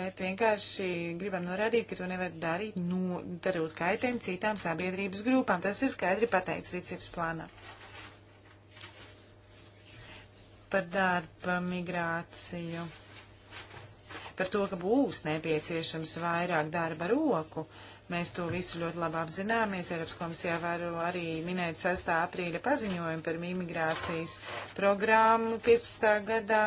bet vienkārši gribam norādīt, ka to nevar darīt, no, darot kaitējumu citām sabiedrības grupām. Tas ir skaidri pateikts rīcības plānā. Par darba migrāciju par to, ka būs nepieciešams vairāk darba roku. Mēs to visu ļoti labi apzināmies. Eiropas komisijā var arī minēt 6. aprīļa paziņojumu par imigrācijas programmu 15. gadā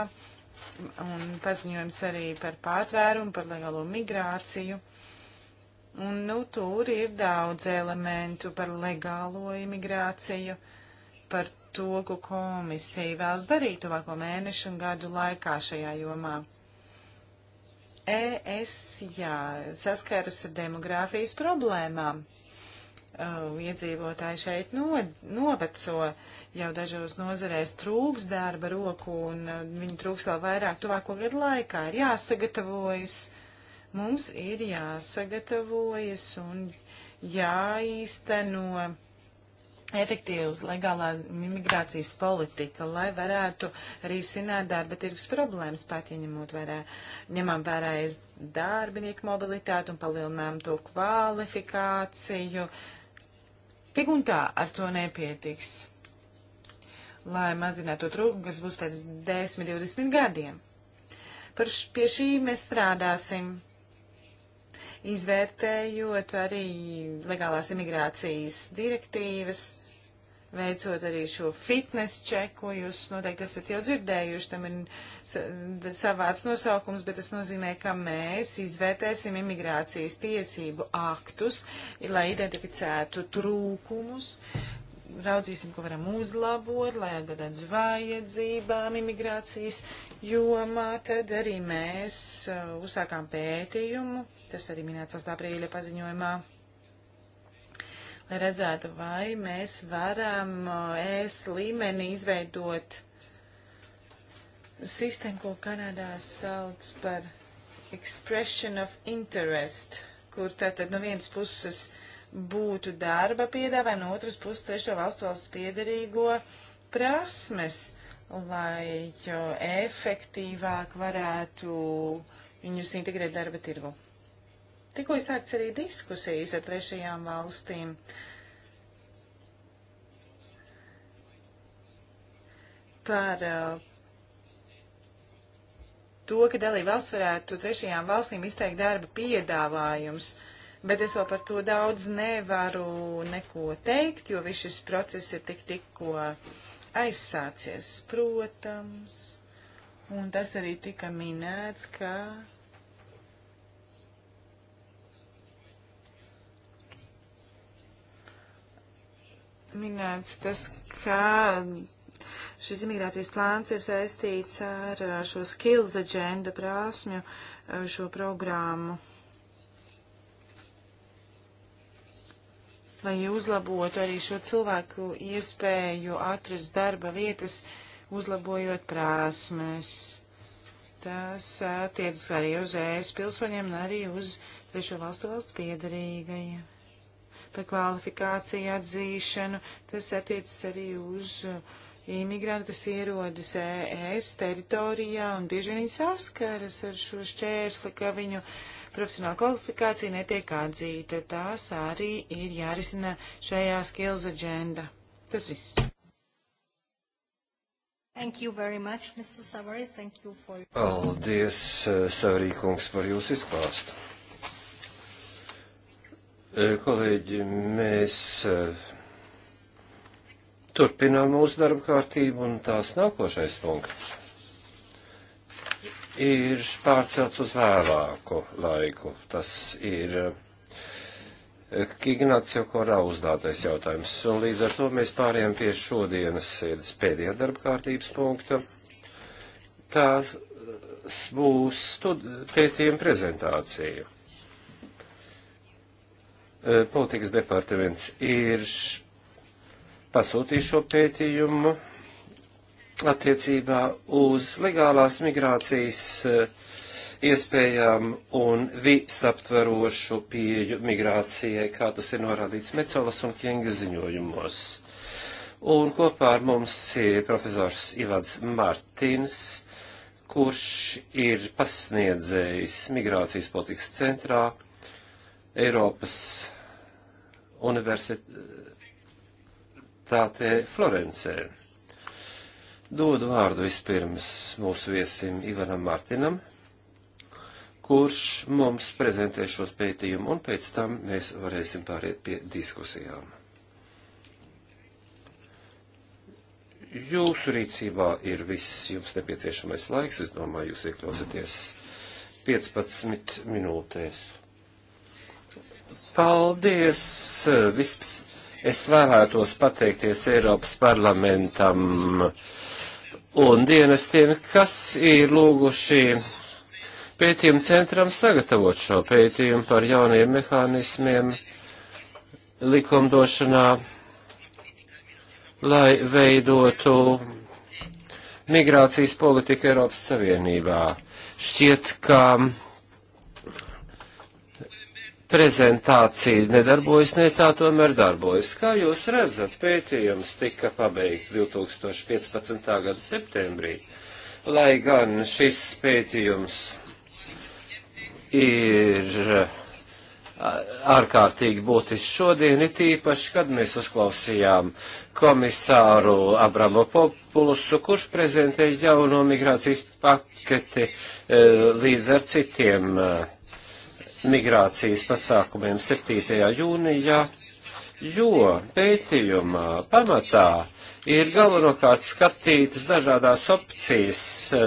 un paziņojums arī par pārtvērumu, par legālo migrāciju. Un, nu, tur ir daudz elementu par legālo imigrāciju, par to, ko komisija vēlas darīt tuvāko mēnešu un gadu laikā šajā jomā. ES jā, saskaras ar demogrāfijas problēmām. Uh, iedzīvotāji šeit no, noveco, jau dažos nozarēs trūks darba roku un uh, viņi trūks vēl vairāk tuvāko gadu laikā. Ir jāsagatavojas, mums ir jāsagatavojas un jāīsteno efektīvas legālā imigrācijas politika, lai varētu risināt darba tirgus problēmas, pat ja ņemot vērā, ņemam vērā es darbinieku mobilitāti un palielinām to kvalifikāciju. Tik un tā ar to nepietiks, lai mazinātu to trūkumu, kas būs pēc 10-20 gadiem. Par š, pie šī mēs strādāsim izvērtējot arī legālās imigrācijas direktīvas, veicot arī šo fitness čeku, jūs noteikti esat jau dzirdējuši, tam ir savāds nosaukums, bet tas nozīmē, ka mēs izvērtēsim imigrācijas tiesību aktus, lai identificētu trūkumus, raudzīsim, ko varam uzlabot, lai atbildētu uz vajadzībām imigrācijas jomā. Tad arī mēs uh, uzsākām pētījumu, tas arī minēts 8. aprīļa paziņojumā, lai redzētu, vai mēs varam uh, ES līmenī izveidot sistēmu, ko Kanādā sauc par expression of interest, kur tātad no vienas puses uh, būtu darba piedāvājumi, no otras puses trešo valstu valsts piedarīgo prasmes, lai efektīvāk varētu viņus integrēt darba tirgu. Tikko izsākts arī diskusijas ar trešajām valstīm. Par uh, to, ka dalība valsts varētu trešajām valstīm izteikt darba piedāvājums Bet es vēl par to daudz nevaru neko teikt, jo viss šis process ir tik tikko aizsācies, protams. Un tas arī tika minēts, ka minēts tas, ka šis imigrācijas plāns ir saistīts ar šo skills agenda prasmju šo programmu. lai uzlabotu arī šo cilvēku iespēju atrast darba vietas, uzlabojot prasmes. Tas attiecas arī uz ES pilsoņiem un arī uz trešo valstu valsts piedarīgajiem. Par kvalifikāciju atzīšanu tas attiecas arī uz uh, imigranti, kas ierodas ES teritorijā un bieži vien saskaras ar šo šķērsli, ka viņu profesionāla kvalifikācija netiek atzīta. Tās arī ir jārisina šajā skills agenda. Tas viss. Thank you very much, Mr. Savary. Thank you for... Paldies, eh, Savarī kungs, par jūsu izklāstu. Eh, kolēģi, mēs eh, turpinām mūsu darba kārtību un tās nākošais punkts ir pārcelts uz vēlāku laiku. Tas ir eh, Ignācio Korā uzdātais jautājums. Un līdz ar to mēs pārējām pie šodienas sēdes pēdējā darba kārtības punkta. Tās būs pētījuma prezentācija. Eh, politikas departaments ir pasūtījis šo pētījumu attiecībā uz legālās migrācijas eh, iespējām un visaptverošu pieeju migrācijai, kā tas ir norādīts Mecolas un Kinga ziņojumos. Un kopā ar mums ir profesors Ivans Martins, kurš ir pasniedzējis migrācijas politikas centrā Eiropas eh, universitātē Florencē. Dodu vārdu vispirms mūsu viesim Ivanam Martinam, kurš mums prezentē šos pētījumu, un pēc tam mēs varēsim pāriet pie diskusijām. Jūsu rīcībā ir viss jums nepieciešamais laiks, es domāju, jūs iekļausieties 15 minūtēs. Paldies! Viss Es vēlētos pateikties Eiropas parlamentam un dienestiem, kas ir lūguši pētījumu centram sagatavot šo pētījumu par jauniem mehānismiem likumdošanā, lai veidotu migrācijas politiku Eiropas Savienībā. Šķiet, ka prezentācija nedarbojas, ne tā tomēr darbojas. Kā jūs redzat, pētījums tika pabeigts 2015. gada septembrī, lai gan šis pētījums ir ārkārtīgi būtisks šodien, it īpaši, kad mēs uzklausījām komisāru Abramu Populusu, kurš prezentēja jauno migrācijas paketi e, līdz ar citiem uh, migrācijas pasākumiem 7. jūnijā, jo pētījumā pamatā ir galvenokārt skatītas dažādās opcijas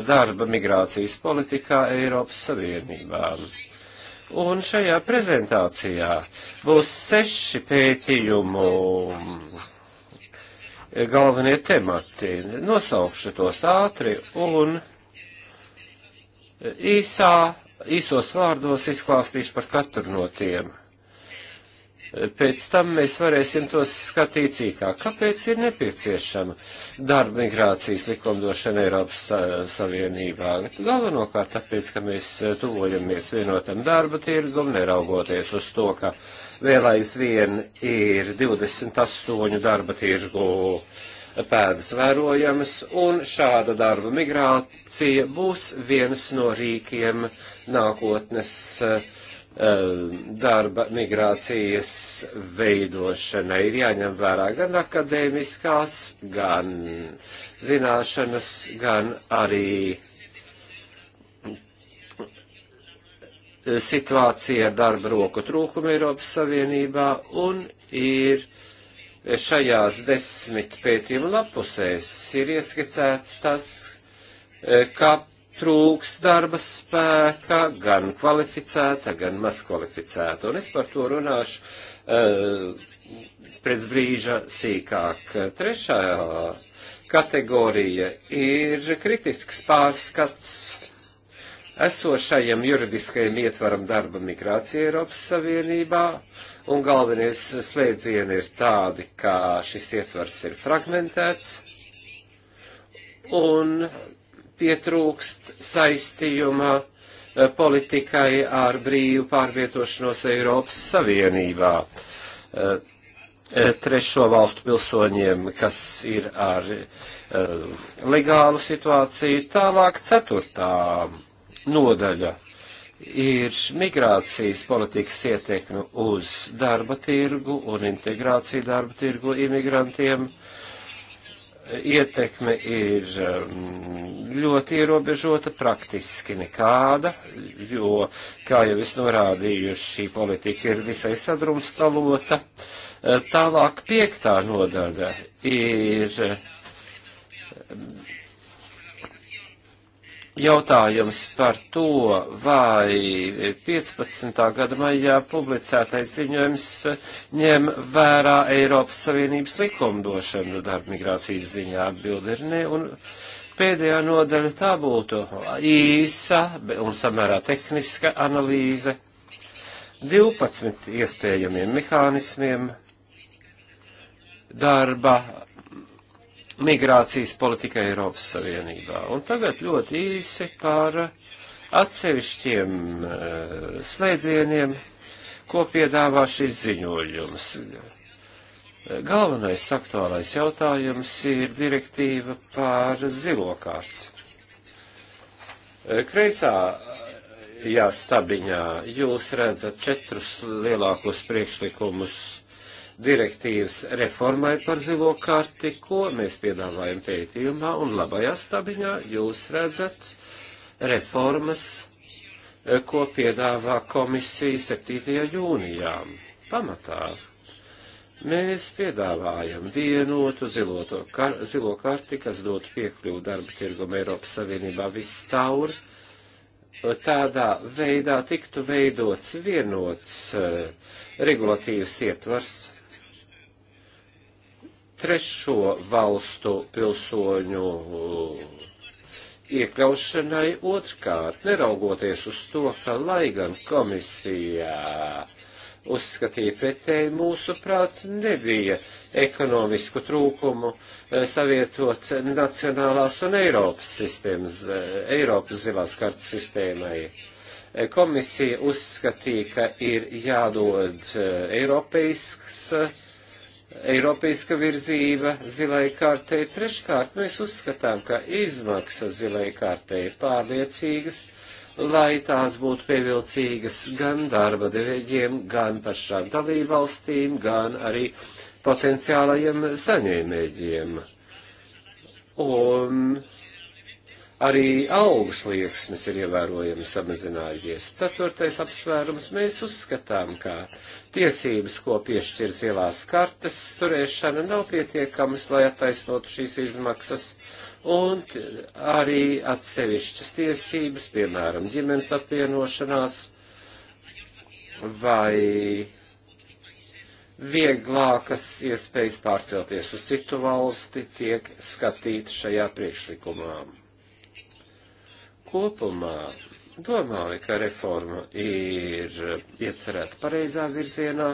darba migrācijas politikā Eiropas Savienībā. Un šajā prezentācijā būs seši pētījumu galvenie temati. Nosaukšu tos ātri un īsā īsos vārdos izklāstīšu par katru no tiem. Pēc tam mēs varēsim tos skatīt cīkāk. Kāpēc ir nepieciešama darba migrācijas likumdošana Eiropas Savienībā? Galvenokārt tāpēc, ka mēs eh, tuvojamies vienotam darba tirgum, neraugoties uz to, ka vēl aizvien ir 28 darba tirgu uh, pēdas vērojamas, un šāda darba migrācija būs viens no rīkiem nākotnes eh, darba migrācijas veidošanai. Ir jāņem vērā gan akadēmiskās, gan zināšanas, gan arī situācija ar darba roku trūkumu Eiropas Savienībā un ir šajās desmit pētījuma lapusēs ir ieskicēts tas, e, kā trūks darba spēka, gan kvalificēta, gan mazkvalificēta. Un es par to runāšu uh, pēc brīža sīkāk. Trešā kategorija ir kritisks pārskats esošajam juridiskajam ietvaram darba migrācija Eiropas Savienībā. Uh, un galvenies slēdzieni ir tādi, kā šis ietvars ir fragmentēts, un pietrūkst saistījuma eh, politikai ar brīvu pārvietošanos Eiropas Savienībā eh, eh, trešo valstu pilsoņiem, kas ir ar legālu situāciju. Tālāk ceturtā nodaļa ir migrācijas politikas ietekme uz darba tirgu un integrāciju darba tirgu imigrantiem. Ietekme ir um, ļoti ierobežota, praktiski nekāda, jo, kā jau es norādīju, šī politika ir visai sadrumstalota. Uh, tālāk piektā nodaļa ir um, jautājums par to, vai 15. gada maijā publicētais ziņojums ņem vērā Eiropas Savienības likumdošanu darba migrācijas ziņā atbildi ir ne. Un, Pēdējā nodaļa tā būtu īsa un samērā tehniska analīze 12 iespējamiem mehānismiem darba migrācijas politika Eiropas Savienībā. Un tagad ļoti īsi par atsevišķiem eh, slēdzieniem, ko piedāvā šis ziņojums. Galvenais aktuālais jautājums ir direktīva par zilo kārtu. Eh, kreisā eh, jā, stabiņā jūs redzat četrus lielākos priekšlikumus direktīvas reformai par zilo karti, ko mēs piedāvājam pētījumā, un labajā stabiņā jūs redzat reformas, eh, ko piedāvā komisija 7. jūnijā. Pamatā Mēs piedāvājam vienotu ziloto, kar, zilo karti, kas dotu piekļuvu darba tirgumu Eiropas Savienībā viscaur. Tādā veidā tiktu veidots vienots uh, regulatīvs ietvars trešo valstu pilsoņu uh, iekļaušanai otrkārt, neraugoties uz to, ka lai gan komisijā uzskatīja pretēji, mūsu prāts nebija ekonomisku trūkumu uh, savietot nacionālās un Eiropas sistēmas, uh, Eiropas zilās kartas sistēmai. Komisija uzskatīja, ka ir jādod Eiropeisks Eiropeiska virzība zilai kārtei. Treškārt, mēs uzskatām, ka izmaksas zilai kārtei ir pārliecīgas, lai tās būtu pievilcīgas gan darba devēģiem, gan pašām dalībvalstīm, gan arī potenciālajiem saņēmēģiem. Un Arī algas liekas ir ievērojami samazinājies. Ceturtais apsvērums mēs uzskatām, ka tiesības, ko piešķir zilās kartes, turēšana nav pietiekamas, lai attaisnotu šīs izmaksas, un arī atsevišķas tiesības, piemēram, ģimenes apvienošanās vai vieglākas iespējas pārcelties uz citu valsti, tiek skatīt šajā priekšlikumā. Kopumā domāju, ka reforma ir iecerēta pareizā virzienā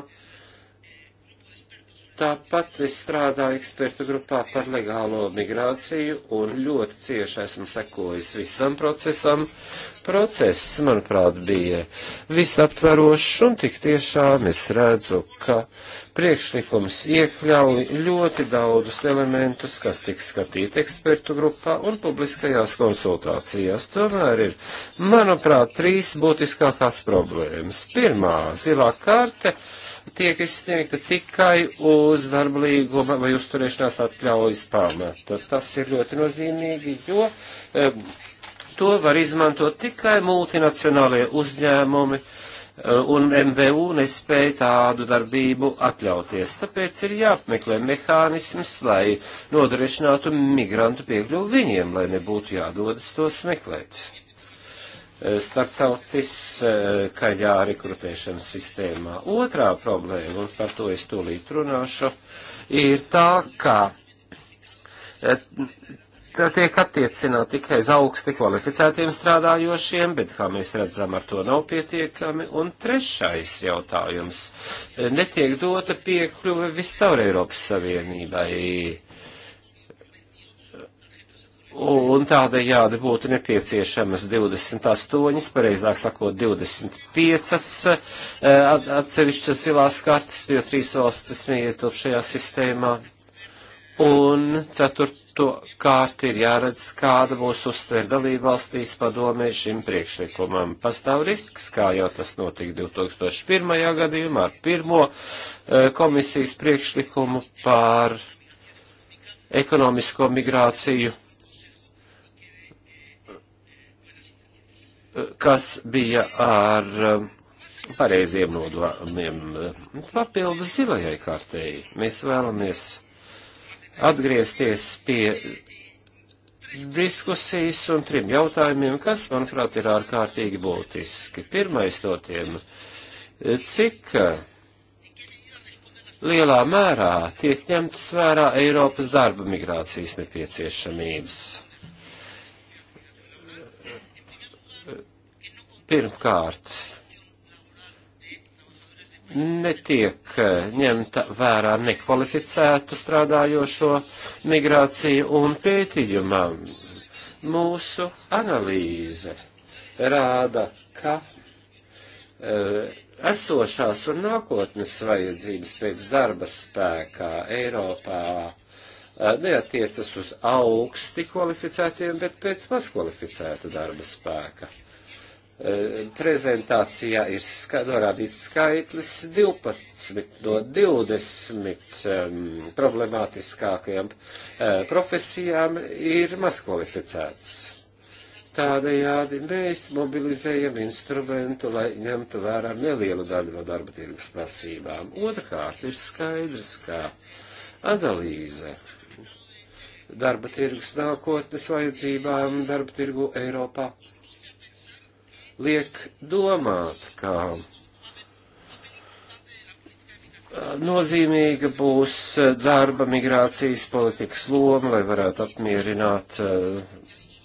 Tāpat es strādāju ekspertu grupā par legālo migrāciju un ļoti cieši esmu sekojis visam procesam. Process, manuprāt, bija visaptverošs un tik tiešām es redzu, ka priekšlikums iekļauj ļoti daudzus elementus, kas tiks skatīt ekspertu grupā un publiskajās konsultācijās. Tomēr ir, manuprāt, trīs būtiskākās problēmas. Pirmā, zilā karte tiek izsniegta tikai uz darba līguma vai uzturēšanās atļaujas pamata. Tas ir ļoti nozīmīgi, jo e, to var izmantot tikai multinacionālie uzņēmumi e, un MVU nespēja tādu darbību atļauties. Tāpēc ir jāapmeklē mehānisms, lai nodrošinātu migrantu piekļuvu viņiem, lai nebūtu jādodas to smeklēt starptautiskajā eh, rekrutēšanas sistēmā. Otrā problēma, un par to es tūlīt runāšu, ir tā, ka eh, tā tiek attiecināta tikai uz augsti kvalificētiem strādājošiem, bet, kā mēs redzam, ar to nav pietiekami. Un trešais jautājums. Eh, netiek dota piekļuve viscaur Eiropas Savienībai Un tādējādi būtu nepieciešamas 28, pareizāk sakot, 25 eh, atsevišķas zilās kartes, jo trīs valstis neietilp šajā sistēmā. Un ceturto kārti ir jāredz, kāda būs uztver dalībvalstīs padomē šim priekšlikumam. Pastāv risks, kā jau tas notika 2001. gadījumā ar pirmo eh, komisijas priekšlikumu par ekonomisko migrāciju kas bija ar um, pareiziem nodomiem. Papildus zilajai kārtēji mēs vēlamies atgriezties pie diskusijas un trim jautājumiem, kas, manuprāt, ir ārkārtīgi būtiski. Pirmais no tiem, cik lielā mērā tiek ņemtas vērā Eiropas darba migrācijas nepieciešamības Pirmkārt, netiek eh, ņemta vērā nekvalificētu strādājošo migrāciju un pētījumā. Mūsu analīze rāda, ka uh, esošās un nākotnes vajadzības pēc darba spēkā Eiropā eh, neatiecas uz augsti kvalificētiem, bet pēc mazkvalificēta darba spēka. Eh, prezentācijā ir ska norādīts skaitlis 12 no 20 um, problemātiskākajām uh, profesijām ir mazkvalificēts. Tādējādi mēs mobilizējam instrumentu, lai ņemtu vērā nelielu daļu no darba tirgus prasībām. Otrkārt, ir skaidrs, ka analīze darba tirgus nākotnes vajadzībām darba tirgu Eiropā liek domāt, ka nozīmīga būs darba migrācijas politikas loma, lai varētu apmierināt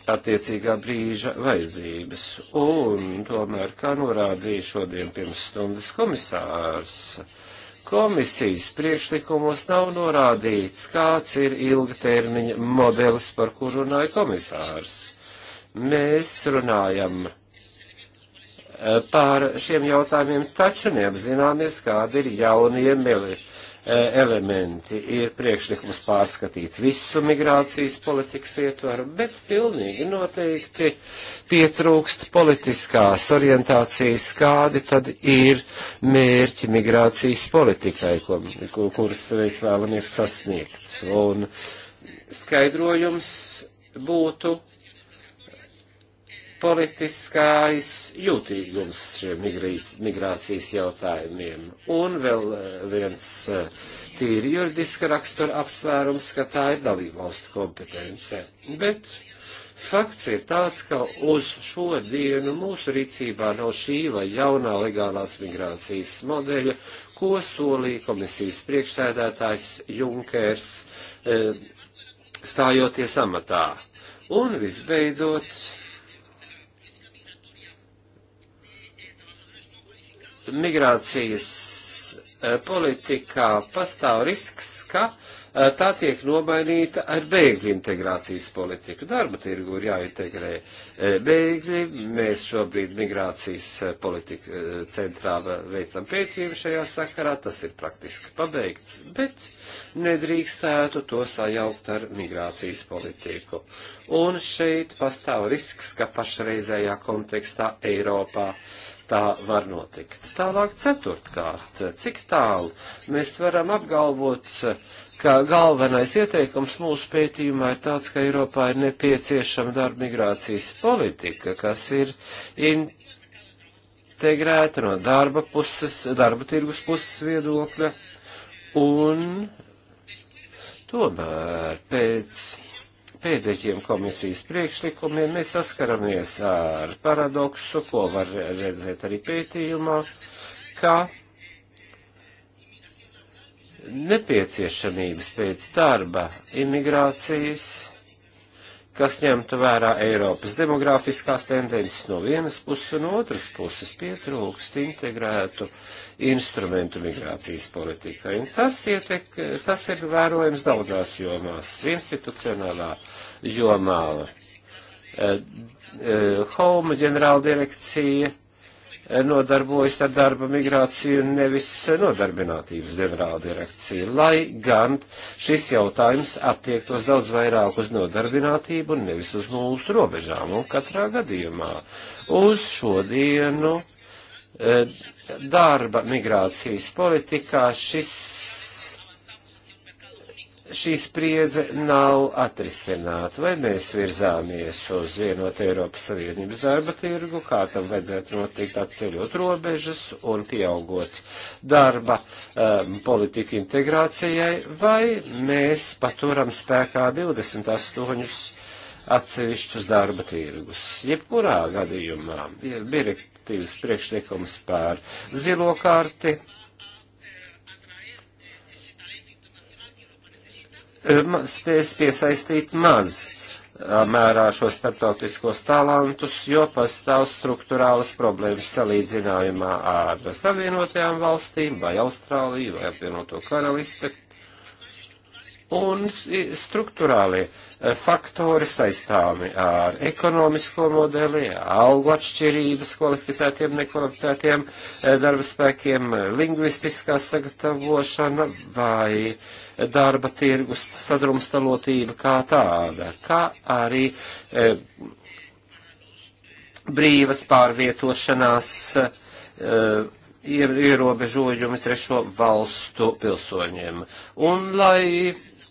attiecīgā brīža vajadzības. Un tomēr, kā norādīja šodien pirms stundas komisārs, komisijas priekšlikumos nav norādīts, kāds ir ilgtermiņa modelis, par kuru runāja komisārs. Mēs runājam pār šiem jautājumiem, taču neapzināmies, kādi ir jaunie meli e, elementi. Ir priekšlikums pārskatīt visu migrācijas politikas ietvaru, bet pilnīgi noteikti pietrūkst politiskās orientācijas, kādi tad ir mērķi migrācijas politikai, ko, kur, kuras mēs vēlamies sasniegt. Un skaidrojums būtu politiskais jūtīgums šiem migrācijas jautājumiem. Un vēl eh, viens eh, tīri juridiska rakstura apsvērums, ka tā ir dalībvalstu kompetence. Bet fakts ir tāds, ka uz šo dienu mūsu rīcībā nav šī vai jaunā legālās migrācijas modeļa, ko solīja komisijas priekšsēdētājs Junkers eh, stājoties amatā. Un visbeidzot, migrācijas eh, politikā pastāv risks, ka eh, tā tiek nomainīta ar bēgļu integrācijas politiku. Darba tirgu ir jāintegrē eh, bēgļi. Mēs šobrīd migrācijas politika centrā veicam pētījumu šajā sakarā. Tas ir praktiski pabeigts, bet nedrīkstētu to sajaukt ar migrācijas politiku. Un šeit pastāv risks, ka pašreizējā kontekstā Eiropā uh, tā var notikt. Tālāk ceturtkārt, cik tālu mēs varam apgalvot, ka galvenais ieteikums mūsu pētījumā ir tāds, ka Eiropā ir nepieciešama darba migrācijas politika, kas ir integrēta no darba puses, darba tirgus puses viedokļa, un tomēr pēc pēdējiem komisijas priekšlikumiem mēs saskaramies ar paradoksu, ko var redzēt arī pētījumā, ka nepieciešamības pēc darba imigrācijas kas ņemtu vērā Eiropas demografiskās tendences no vienas puses un otras puses pietrūkst integrētu instrumentu migrācijas politikai. Un tas, ietek, tas ir vērojams daudzās jomās, institucionālā jomā. E, eh, e, eh, Home ģenerāla direkcija nodarbojas ar darba migrāciju un nevis nodarbinātības ģenerāla direkcija, lai gan šis jautājums attiektos daudz vairāk uz nodarbinātību un nevis uz mūsu robežām un katrā gadījumā uz šodienu eh, darba migrācijas politikā šis šī spriedze nav atrisināta, vai mēs virzāmies uz vienotu Eiropas Savienības darba tirgu, kā tam vajadzētu notikt atceļot robežas un pieaugot darba um, politiku integrācijai, vai mēs paturam spēkā 28 atsevišķus darba tirgus. Jebkurā gadījumā direktīvas priekšlikums pār zilo karti E, spēs piesaistīt maz e, mērā šo starptautiskos talantus, jo pastāv struktūrālas problēmas salīdzinājumā ar Savienotajām valstīm vai Austrāliju vai apvienoto karalisti. Un struktūrālie uh, faktori saistāmi ar ekonomisko modeli, algu atšķirības kvalificētiem, nekvalificētiem eh, darba spēkiem, lingvistiskā sagatavošana vai darba tirgus sadrumstalotība kā tāda, kā arī e, brīvas pārvietošanās e, ierobežojumi trešo valstu pilsoņiem. Un lai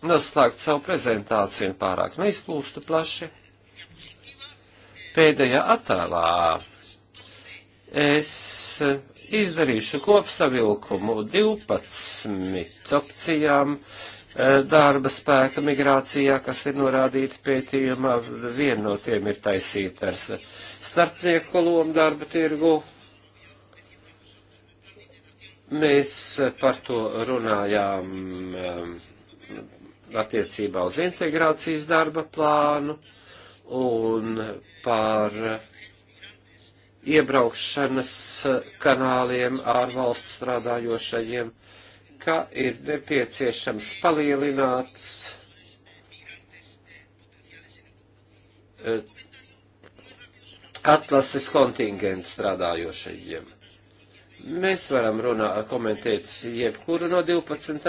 noslēgt savu prezentāciju un pārāk neizplūstu plaši. Pēdējā attēlā es izdarīšu kopsavilkumu 12 opcijām eh, darba spēka migrācijā, kas ir norādīta pētījumā. Viena no tiem ir taisīta ar starpnieku lomu darba tirgu. Mēs par to runājām ehm, attiecībā uz integrācijas darba plānu un par iebraukšanas kanāliem ārvalstu strādājošajiem, ka ir nepieciešams palielināt eh, atlases kontingentu strādājošajiem. Mēs varam runā, komentēt jebkuru no 12.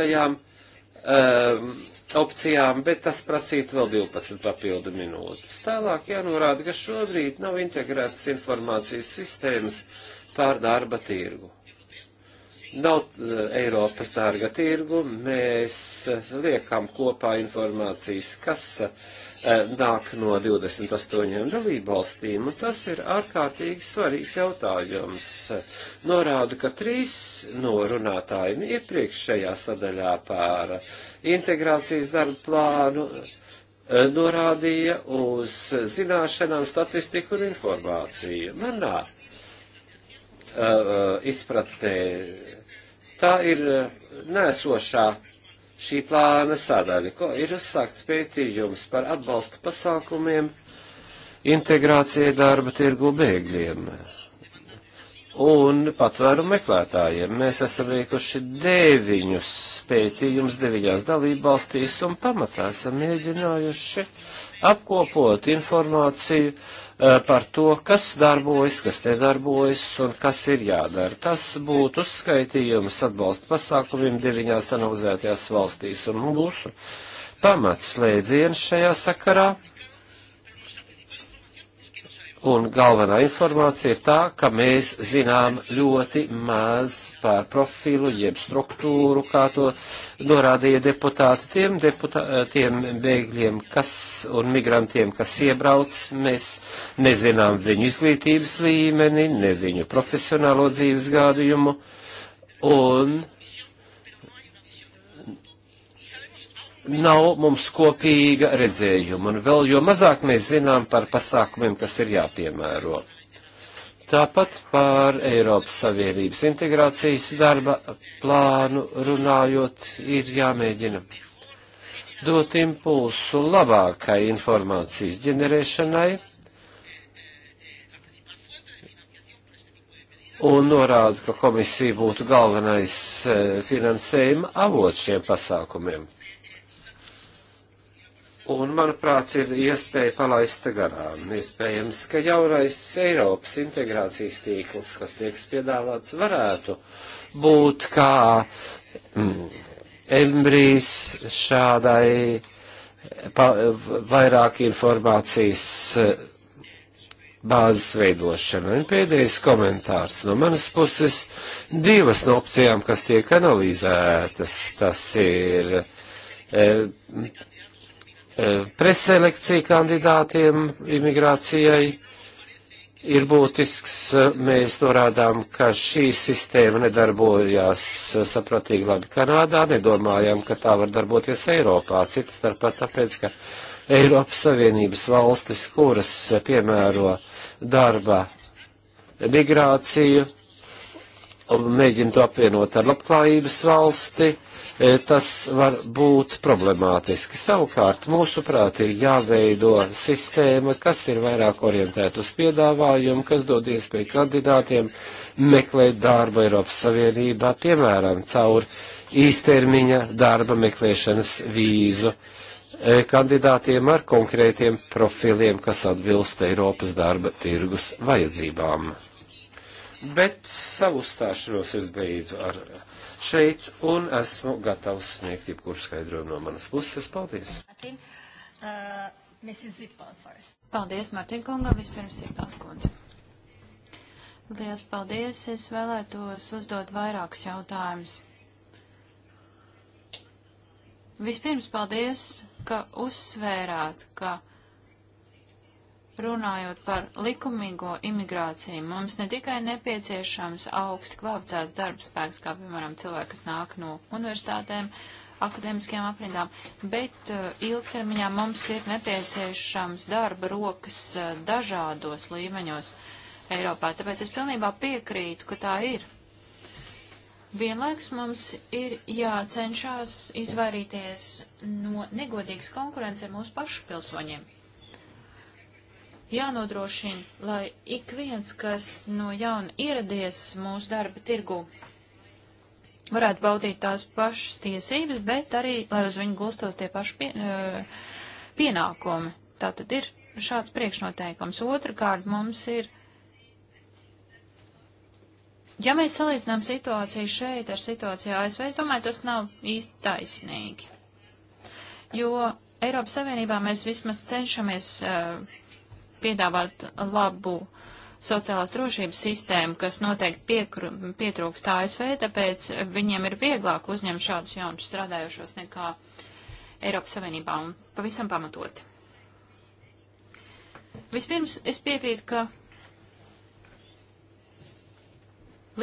Um, opcijām, bet tas prasītu vēl 12 papildu minūtes. Tālāk jānorāda, ka šobrīd nav integrētas informācijas sistēmas pār darba tirgu. Nav eh, Eiropas tārga tirgu, mēs eh, liekam kopā informācijas, kas eh, nāk no 28 dalībvalstīm, un tas ir ārkārtīgi svarīgs jautājums. Norādu, ka trīs no runātājiem iepriekšējā sadaļā pār integrācijas darba plānu norādīja uz zināšanām, statistiku un informāciju. Manā uh, izpratnē Tā ir eh, nesošā šī plāna sadaļa, ko ir uzsākts pētījums par atbalsta pasākumiem integrācijai darba tirgu bēgļiem un patvērumu meklētājiem. Mēs esam veikuši deviņus pētījumus deviņās dalībvalstīs un pamatā esam mēģinājuši uh, apkopot informāciju eh, par to, kas darbojas, kas nedarbojas un kas ir jādara. Tas būtu uzskaitījums atbalsta pasākumiem deviņās analizētajās valstīs un mūsu pamats slēdziens šajā sakarā Un galvenā informācija ir tā, ka mēs zinām ļoti maz par profilu, jeb struktūru, kā to norādīja deputāti tiem, deputā, tiem bēgļiem kas, un migrantiem, kas iebrauc. Mēs nezinām viņu izglītības līmeni, ne viņu profesionālo dzīves gādījumu. Un nav mums kopīga redzējuma, un vēl jo mazāk mēs zinām par pasākumiem, kas ir jāpiemēro. Tāpat par Eiropas Savienības integrācijas darba plānu runājot, ir jāmēģina dot impulsu labākai informācijas ģenerēšanai un norāda, ka komisija būtu galvenais eh, finansējuma avots šiem pasākumiem. Un, manuprāt, ir iespēja palaista garām. Iespējams, ka jaunais Eiropas integrācijas tīkls, kas tiek piedāvāts, varētu būt kā mm, embrijs šādai pa, vairāk informācijas eh, bāzes veidošana. Un pēdējais komentārs no manas puses - divas no opcijām, kas tiek analizētas. Tas ir e, E, preselekcija kandidātiem imigrācijai ir būtisks. E, mēs norādām, ka šī sistēma nedarbojās e, sapratīgi labi Kanādā, nedomājām, ka tā var darboties Eiropā. Citas starpā tāpēc, ka Eiropas Savienības valstis, kuras piemēro darba migrāciju, mēģina to apvienot ar labklājības valsti, E, tas var būt problemātiski. Savukārt, mūsuprāt, ir jāveido sistēma, kas ir vairāk orientēta uz piedāvājumu, kas dod iespēju kandidātiem meklēt darbu Eiropas Savienībā, piemēram, caur īstermiņa darba meklēšanas vīzu e, kandidātiem ar konkrētiem profiliem, kas atbilst Eiropas darba tirgus vajadzībām. Bet savu stāšanos es beidzu ar šeit un esmu gatavs sniegt jebkuru skaidrojumu no manas puses. Paldies! Martin, uh, paldies, Martin Konga, vispirms ir paskundze. Lielas paldies! Es vēlētos uzdot vairākus jautājumus. Vispirms paldies, ka uzsvērāt, ka runājot par likumīgo imigrāciju, mums ne tikai nepieciešams augsti kvalificēts darbspēks, kā piemēram cilvēki, kas nāk no universitātēm, akadēmiskajām aprindām, bet uh, ilgtermiņā mums ir nepieciešams darba rokas uh, dažādos līmeņos Eiropā. Tāpēc es pilnībā piekrītu, ka tā ir. Vienlaiks mums ir jācenšas izvairīties no negodīgas konkurences ar mūsu pašu pilsoņiem jānodrošina, lai ik viens, kas no jauna ieradies mūsu darba tirgu, varētu baudīt tās pašas tiesības, bet arī, lai uz viņu gulstos tie paši pie, pienākumi. Tā tad ir šāds priekšnoteikums. Otrakārt, mums ir, ja mēs salīdzinām situāciju šeit ar situāciju ASV, es domāju, tas nav īsti taisnīgi. Jo Eiropas Savienībā mēs vismaz cenšamies uh, piedāvāt labu sociālās drošības sistēmu, kas noteikti piekru, pietrūkst ASV, tāpēc viņiem ir vieglāk uzņemt šādus jaunus strādājošos nekā Eiropas Savienībā un pavisam pamatoti. Vispirms es piekrītu, ka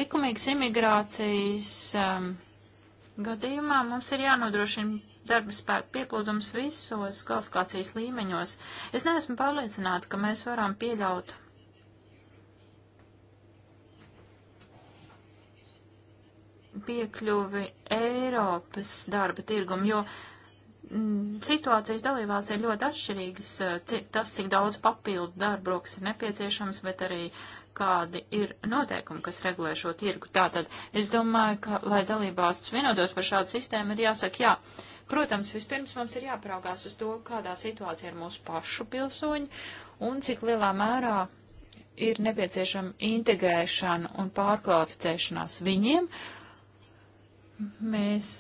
likumīgas imigrācijas um, gadījumā mums ir jānodrošina darba spēku pieplūdums visos kvalifikācijas līmeņos. Es neesmu pārliecināta, ka mēs varam pieļaut. piekļuvi Eiropas darba tirgumu, jo mm, situācijas dalībās ir ļoti atšķirīgas, eh, tas, cik daudz papildu darba rokas ir nepieciešams, bet arī kādi ir noteikumi, kas regulē šo tirgu. Tātad es domāju, ka, lai dalībās vienotos par šādu sistēmu, ir jāsaka, jā, Protams, vispirms mums ir jāpraugās uz to, kādā situācijā ir mūsu pašu pilsoņi un cik lielā mērā ir nepieciešama integrēšana un pārkvalificēšanās viņiem. Mēs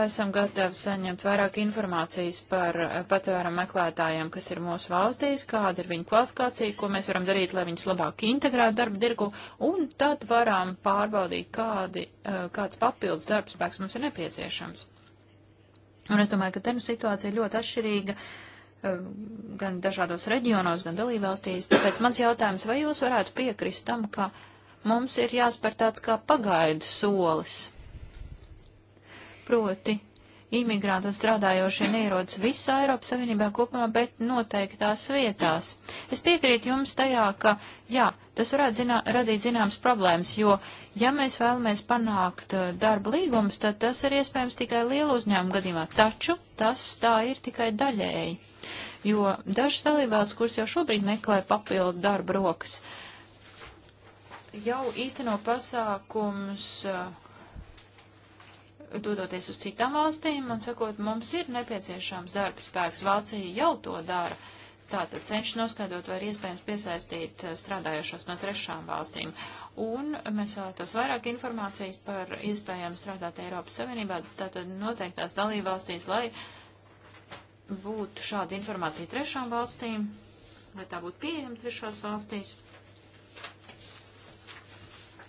esam gatavi saņemt vairāk informācijas par patvēra meklētājiem, kas ir mūsu valstīs, kāda ir viņu kvalifikācija, ko mēs varam darīt, lai viņus labāk integrētu darba dirgu, un tad varam pārbaudīt, kādi, kāds papildus darbspēks mums ir nepieciešams. Un es domāju, ka te nu situācija ir ļoti atšķirīga eh, gan dažādos reģionos, gan dalībvalstīs. Tāpēc mans jautājums, vai jūs varētu piekrist tam, ka mums ir jāspēr tāds kā pagaidu solis? Proti, imigrantu strādājošie neierodas visā Eiropas Savienībā kopumā, bet noteiktās vietās. Es piekrītu jums tajā, ka, jā, tas varētu zinā, radīt zināmas problēmas, jo Ja mēs vēlamies panākt uh, darba līgumus, tad tas ir iespējams tikai lielu uzņēmumu gadījumā, taču tas tā ir tikai daļēji, jo dažas dalībās, kuras jau šobrīd meklē papildu darba rokas, jau īsteno pasākums uh, dodoties uz citām valstīm un sakot, mums ir nepieciešams darba spēks, Vācija jau to dara. Uh, Tātad cenšas noskaidrot, vai ir iespējams piesaistīt eh, strādājušos no trešām valstīm. Un mēs vēlētos vairāk informācijas par iespējām strādāt Eiropas Savienībā, tātad noteiktās dalībvalstīs, lai būtu šāda informācija trešām valstīm, lai tā būtu pieejama trešās valstīs.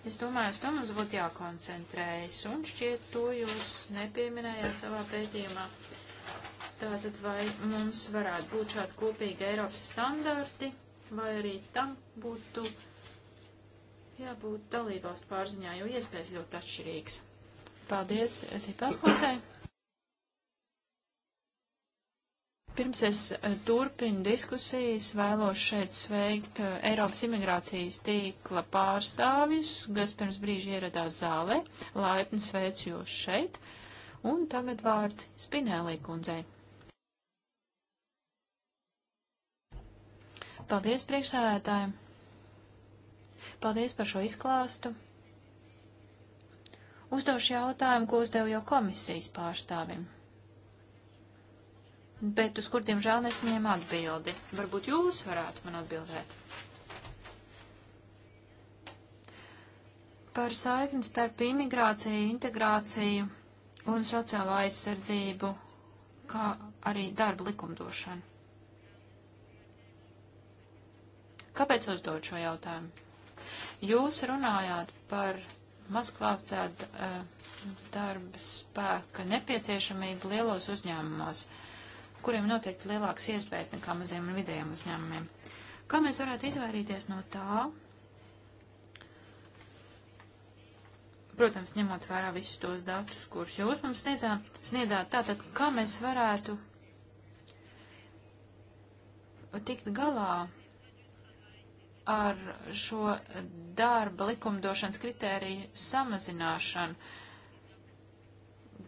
Es domāju, uz to mums būtu jākoncentrējas, un šķiet, to jūs nepieminējāt savā pētījumā. Uh, Tātad vai mums varētu būt šādi kopīgi Eiropas standarti, vai arī tam būtu jābūt dalībvalstu pārziņā, jo iespējas ļoti atšķirīgas. Paldies Zipas kundzei. Pirms es eh, turpinu diskusijas, vēlos šeit sveikt eh, Eiropas imigrācijas tīkla pārstāvjus, kas pirms brīža ieradās zālē. Laipni sveicu jūs šeit. Un tagad vārds Spinēlī kundzei. Paldies priekšsēdētājiem. Paldies par šo izklāstu. Uzdošu jautājumu, ko uzdevu jau komisijas pārstāvim. Bet uz kur, diemžēl, nesaņēmu atbildi. Varbūt jūs varētu man atbildēt. Par saikni starp imigrāciju, integrāciju un sociālo aizsardzību, kā arī darba likumdošanu. Kāpēc uzdod šo jautājumu? Jūs runājāt par mazkvalificētu uh, eh, darba spēka nepieciešamību lielos uzņēmumos, kuriem noteikti lielāks iespējas nekā maziem un vidējiem uzņēmumiem. Kā mēs varētu izvairīties no tā, protams, ņemot vērā visus tos datus, kurus jūs mums sniedzā, sniedzāt, tātad kā mēs varētu tikt galā ar šo darba likumdošanas kritēriju samazināšanu.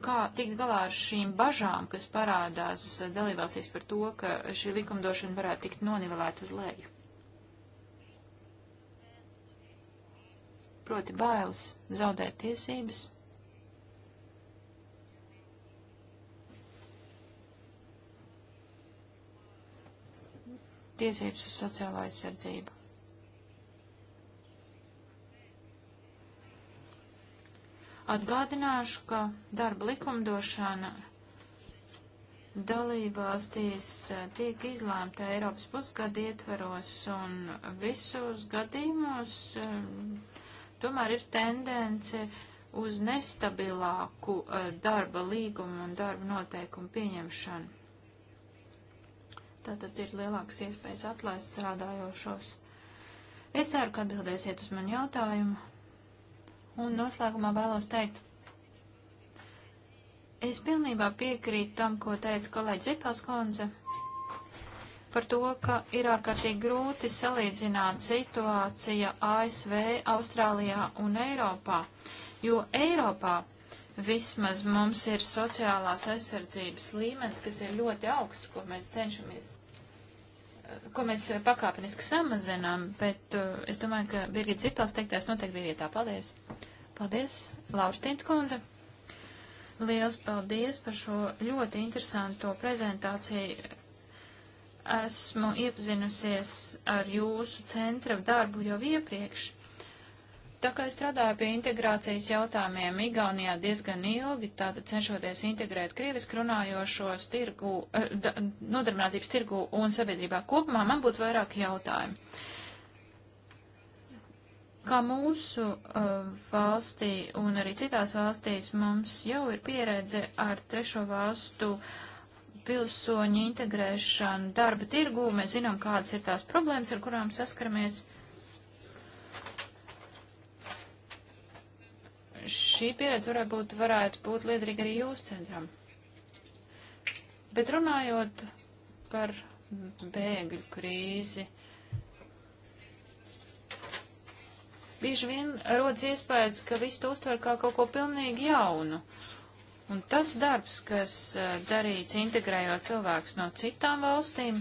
Kā tikt galā ar šīm bažām, kas parādās dalībvalstīs par to, ka šī likumdošana varētu tikt nonivelēta uz leju? Proti bailes zaudēt tiesības. Tiesības uz sociālo aizsardzību. Atgādināšu, ka darba likumdošana dalībvalstīs eh, tiek izlēmta Eiropas pusgada ietveros un visos gadījumos eh, tomēr ir tendence uz nestabilāku eh, darba līgumu un darba noteikumu pieņemšanu. Tātad ir lielāks iespējas atlaist strādājošos. Es ceru, ka atbildēsiet uz manu jautājumu. Un noslēgumā vēlos teikt, es pilnībā piekrītu tam, ko teica kolēģis Zipels kundze par to, ka ir ārkārtīgi grūti salīdzināt situācija ASV, Austrālijā un Eiropā, jo Eiropā vismaz mums ir sociālās aizsardzības līmenis, kas ir ļoti augsts, ko mēs cenšamies ko mēs pakāpeniski samazinām, bet uh, es domāju, ka Birgit Zipels teiktais noteikti bija vietā. Paldies! Paldies, Laurstins kundze! Liels paldies par šo ļoti interesanto prezentāciju. Esmu iepazinusies ar jūsu centra darbu jau iepriekš, Tā kā es strādāju pie integrācijas jautājumiem Igaunijā diezgan ilgi, tātad cenšoties integrēt krieviski runājošos tirgu, eh, da, nodarbinātības tirgu un sabiedrībā kopumā, man būtu vairāk jautājumu. Kā mūsu uh, valstī un arī citās valstīs mums jau ir pieredze ar trešo valstu pilsoņu integrēšanu darba tirgu, mēs zinām, kādas ir tās problēmas, ar kurām saskaramies. Uh, šī pieredze varētu būt, varētu būt liederīga arī jūsu centram. Bet runājot par bēgļu krīzi, bieži vien rodas iespējas, ka viss to uztver kā kaut ko pilnīgi jaunu. Un tas darbs, kas eh, darīts integrējot cilvēkus no citām valstīm,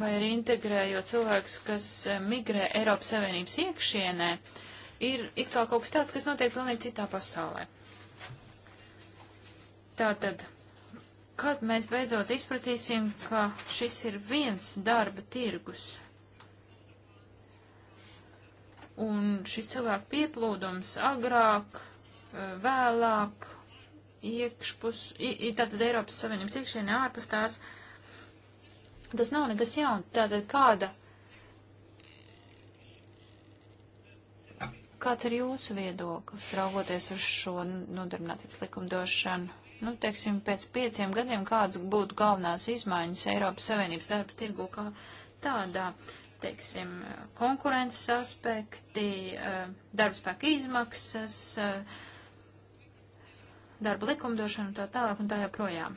vai arī integrējot cilvēkus, kas eh, migrē Eiropas Savienības iekšienē, uh, ir it kā kaut kas tāds, kas notiek pilnīgi citā pasaulē. Tātad, kad mēs beidzot izpratīsim, ka šis ir viens darba tirgus, un šis cilvēku pieplūdums agrāk, eh, vēlāk, iekšpus, tātad Eiropas Savienības iekšienē ārpus tās, tas nav nekas jauns. Tātad kāda Kāds ir jūsu viedoklis, raugoties uz šo nodarbinātības likumdošanu? Nu, teiksim, pēc pieciem gadiem kādas būtu galvenās izmaiņas Eiropas Savienības darba tirgu kā tādā, teiksim, konkurences aspekti, eh, darbspēka izmaksas, eh, darba likumdošana un tā tālāk un tā joprojām.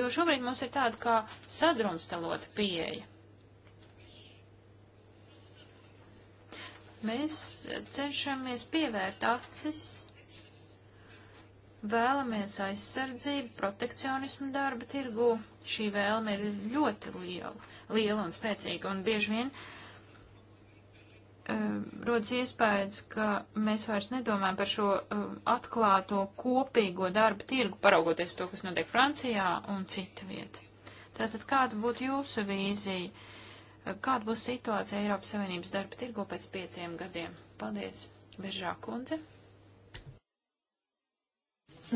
Jo šobrīd mums ir tāda kā sadrumstalota pieeja. Mēs cenšamies pievērt acis, vēlamies aizsardzību, protekcionismu darba tirgu. Šī vēlme ir ļoti liela, liela un spēcīga, un bieži vien um, rodas iespējas, ka mēs vairs nedomājam par šo um, atklāto kopīgo darba tirgu, paraugoties to, kas notiek Francijā un citu vietu. Tātad kāda būtu jūsu vīzija? Kāda būs situācija Eiropas Savienības darba tirgu pēc pieciem gadiem? Paldies, Beržā kundze.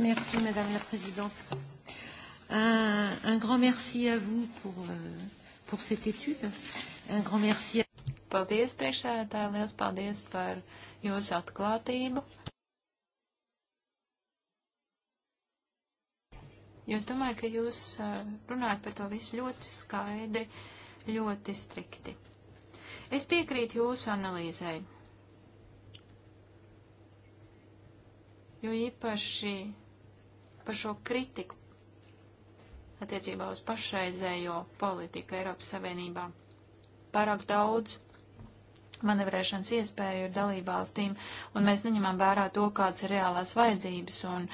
Merci, Madame la Présidente. Un, un grand merci à vous pour, euh, pour cette étude. Un grand merci. À... Paldies, priekšsēdētāji, liels paldies par jūsu atklātību. Jo es domāju, ka jūs uh, runājat par to visu ļoti skaidri. Uh, ļoti strikti. Es piekrītu jūsu analīzai, jo īpaši par šo kritiku attiecībā uz pašreizējo politiku Eiropas Savienībā. Pārāk daudz manevrēšanas iespēju ir dalībvalstīm, un mēs neņemam vērā to, kādas ir reālās vajadzības. Un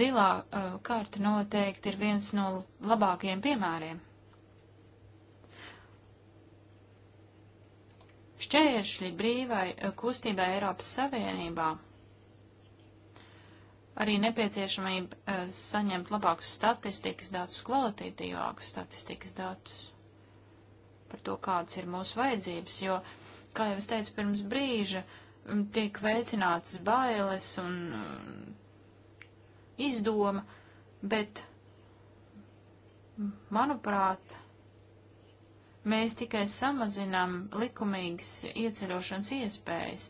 zilā uh, kārta noteikti ir viens no labākajiem piemēriem. šķēršļi brīvai eh, kustībai Eiropas Savienībā, arī nepieciešamība eh, saņemt labākus statistikas datus, kvalitatīvākus statistikas datus par to, kādas ir mūsu vajadzības, jo, kā jau es teicu pirms brīža, tiek veicinātas bailes un izdoma, bet, manuprāt, Mēs tikai samazinām likumīgas ieceļošanas iespējas.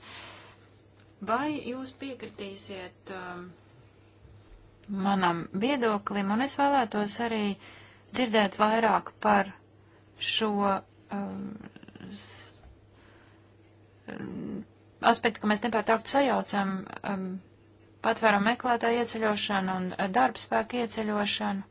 Vai jūs piekritīsiet um, manam viedoklim, un es vēlētos arī dzirdēt vairāk par šo um, aspektu, ka mēs nepārtraukti sajaucam um, patvērumu meklētāju ieceļošanu un uh, darbspēku ieceļošanu.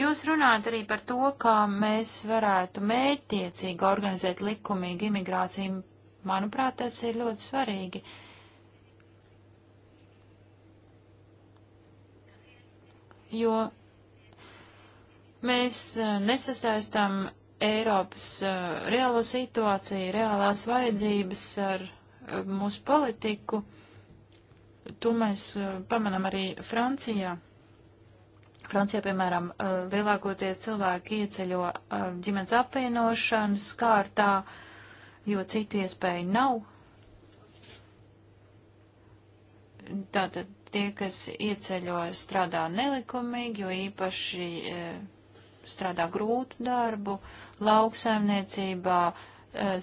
Jūs runājat arī par to, kā mēs varētu mētiecīgi organizēt likumīgu imigrāciju. Manuprāt, tas ir ļoti svarīgi. Jo mēs eh, nesasaistām Eiropas uh, reālo situāciju, reālās vajadzības ar uh, mūsu politiku. To mēs uh, pamanām arī Francijā. Francijā, piemēram, eh, lielākoties cilvēki ieceļo eh, ģimenes apvienošanas kārtā, jo citu iespēju nav. Tātad tie, kas ieceļo, strādā nelikumīgi, jo īpaši eh, strādā grūtu darbu, lauksaimniecībā,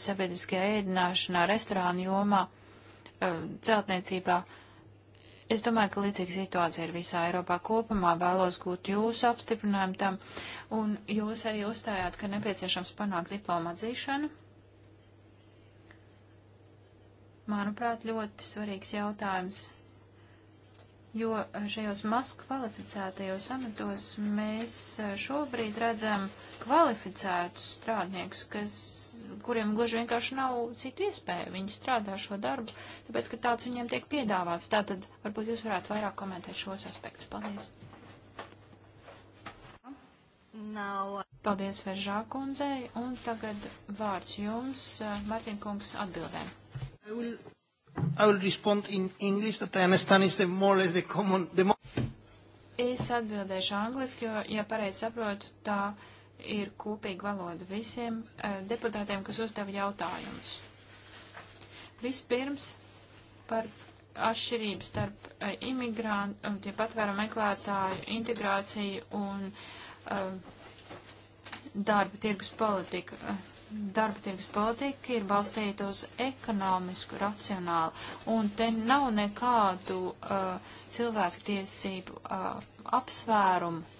sabiedriskajā ēdināšanā, restorānu jomā, celtniecībā. Uh, Es domāju, ka līdzīga situācija ir visā Eiropā kopumā. Vēlos gūt jūsu apstiprinājumu tam, un jūs arī uzstājāt, ka nepieciešams panākt diplomu atzīšanu. Manuprāt, ļoti svarīgs jautājums, jo šajos maz kvalificētajos amatos mēs šobrīd redzam kvalificētus strādniekus, kas kuriem gluži vienkārši nav citu iespēju. Viņi strādā šo darbu, tāpēc, ka tāds viņiem tiek piedāvāts. Tātad, varbūt jūs varētu vairāk komentēt šos aspektus. Paldies. Nav. Paldies Veržā kundzei, un tagad vārds jums, eh, Martin kungs, atbildēm. I will, I will respond in English that I understand is the more or less the common... The more... Es atbildēšu angliski, jo, ja pareizi saprotu, tā ir kopīga valoda visiem uh, deputātiem, kas uzdeva jautājumus. Vispirms par atšķirību starp uh, eh, imigrantu, tie patvēru meklētāju integrāciju un uh, darba tirgus politiku. Darba tirgus politika ir balstīta uz ekonomisku racionālu, un te nav nekādu uh, cilvēku tiesību uh, apsvērumu. Uh,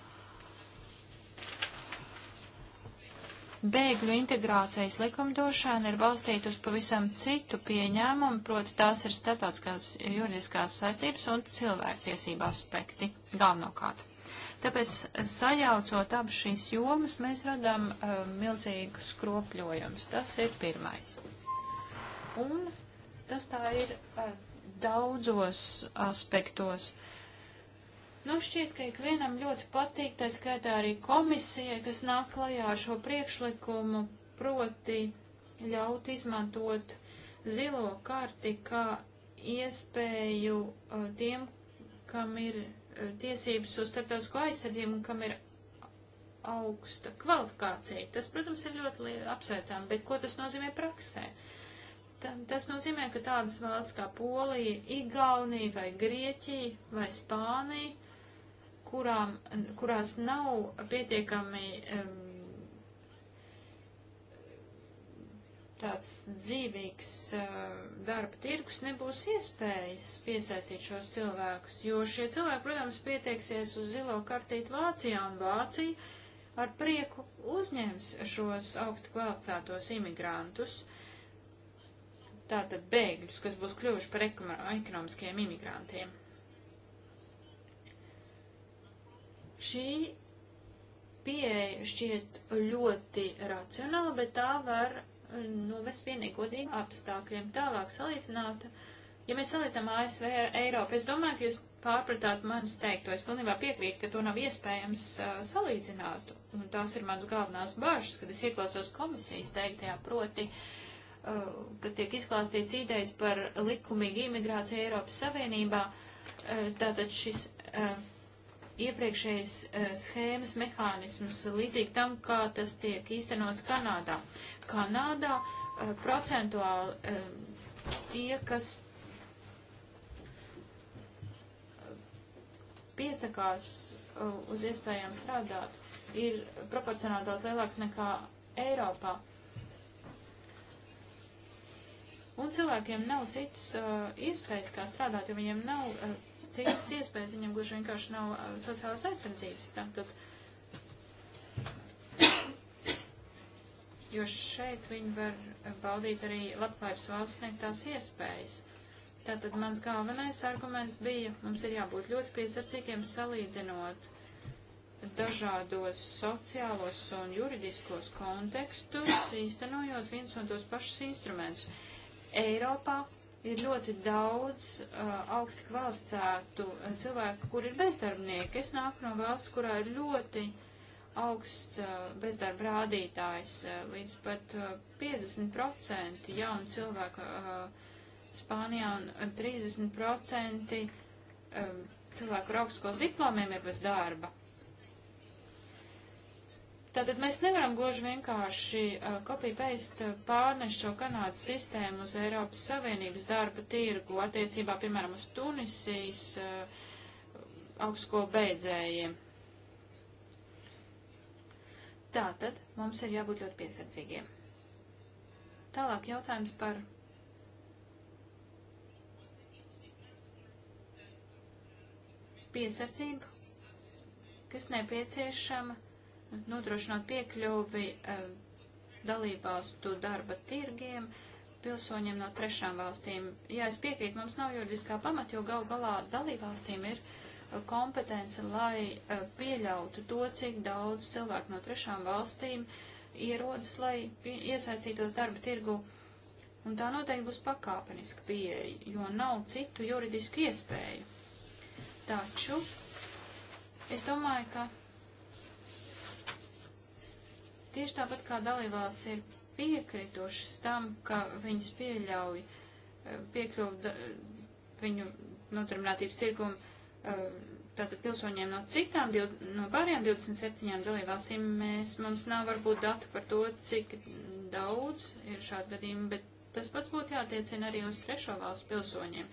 bēgļu integrācijas likumdošana ir balstīta uz pavisam citu pieņēmumu, proti tās ir starptautiskās juridiskās saistības un cilvēktiesība aspekti galvenokārt. Tāpēc sajaucot abas šīs jomas, mēs radām uh, eh, milzīgu skropļojumus. Tas ir pirmais. Un tas tā ir uh, daudzos aspektos. Nu, šķiet, ka ikvienam ļoti patīk, tā skaitā arī komisijai, kas nāk klajā ar šo priekšlikumu, proti ļaut izmantot zilo karti kā iespēju uh, tiem, kam ir uh, tiesības uz starptautisko aizsardzību un kam ir augsta kvalifikācija. Tas, protams, ir ļoti apsveicami, bet ko tas nozīmē praksē? T tas nozīmē, ka tādas valsts kā Polija, Igaunija vai Grieķija vai Spānija kurām, kurās nav pietiekami um, tāds dzīvīgs uh, darba tirkus, nebūs iespējas piesaistīt šos cilvēkus, jo šie cilvēki, protams, pieteiksies uz zilo kartīti Vācijā, un Vācija ar prieku uzņems šos augstu kvalificētos imigrantus, tātad bēgļus, kas būs kļuvuši par ekonomiskiem imigrantiem. Šī pieeja šķiet ļoti racionāla, bet tā var eh, novest pie negodīgiem apstākļiem. Tālāk salīdzināt, ja mēs salīdzinām ASV ar Eiropu, es domāju, ka jūs pārpratāt manis teikto. Es pilnībā piekrītu, ka to nav iespējams uh, salīdzināt. Un tās ir mans galvenās bažas, kad es ieklausos komisijas teiktajā proti, uh, kad tiek izklāstīts idejas par likumīgu imigrāciju Eiropas Savienībā. Uh, tātad šis. Uh, iepriekšējas uh, eh, schēmas mehānismus, līdzīgi tam, kā tas tiek īstenots Kanādā. Kanādā uh, procentuāli uh, tie, kas piesakās uh, uz iespējām strādāt, ir proporcionāli daudz lielāks nekā Eiropā. Un cilvēkiem nav citas uh, iespējas, kā strādāt, jo viņiem nav uh, citas iespējas, viņam gluži vienkārši nav uh, sociālās aizsardzības. Tātad, jo šeit viņi var baudīt arī labklājības valsts sniegtās iespējas. Tātad mans galvenais arguments bija, mums ir jābūt ļoti piesardzīgiem salīdzinot dažādos sociālos un juridiskos kontekstus, īstenojot viens un tos pašus instrumentus. Eiropā ir ļoti daudz uh, augsti kvalificētu uh, cilvēku, kur ir bezdarbnieki. Es nāku no valsts, kurā ir ļoti augsts uh, bezdarba rādītājs, uh, līdz pat uh, 50% jaunu cilvēku uh, Spānijā un 30% uh, um, cilvēku ar augstskos diplomiem ir bez darba. Tātad mēs nevaram gluži vienkārši kopīpēst uh, uh, pārnest šo Kanādas sistēmu uz Eiropas Savienības darba tirgu attiecībā, piemēram, uz Tunisijas uh, augstsko beidzējiem. Tātad mums ir jābūt ļoti piesardzīgiem. Tālāk jautājums par. Piesardzību, kas nepieciešama nodrošināt piekļuvi eh, dalībvalstu darba tirgiem pilsoņiem no trešām valstīm. Jā, es piekrītu, mums nav juridiskā pamata, jo gal galā dalībvalstīm ir eh, kompetence, lai eh, pieļautu to, cik daudz cilvēku no trešām valstīm ierodas, lai iesaistītos darba tirgu. Un tā noteikti būs pakāpeniska pieeja, jo nav citu juridisku iespēju. Taču es domāju, ka Tieši tāpat kā dalībās ir piekritušas tam, ka viņas pieļauj eh, piekļuvu da, viņu nodarbinātības tirgumu eh, tātad pilsoņiem no citām, div, no pārējām 27 dalībvalstīm, mēs, mums nav varbūt datu par to, cik daudz ir šādu gadījumu, bet tas pats būtu jātiecina arī uz trešo valstu pilsoņiem.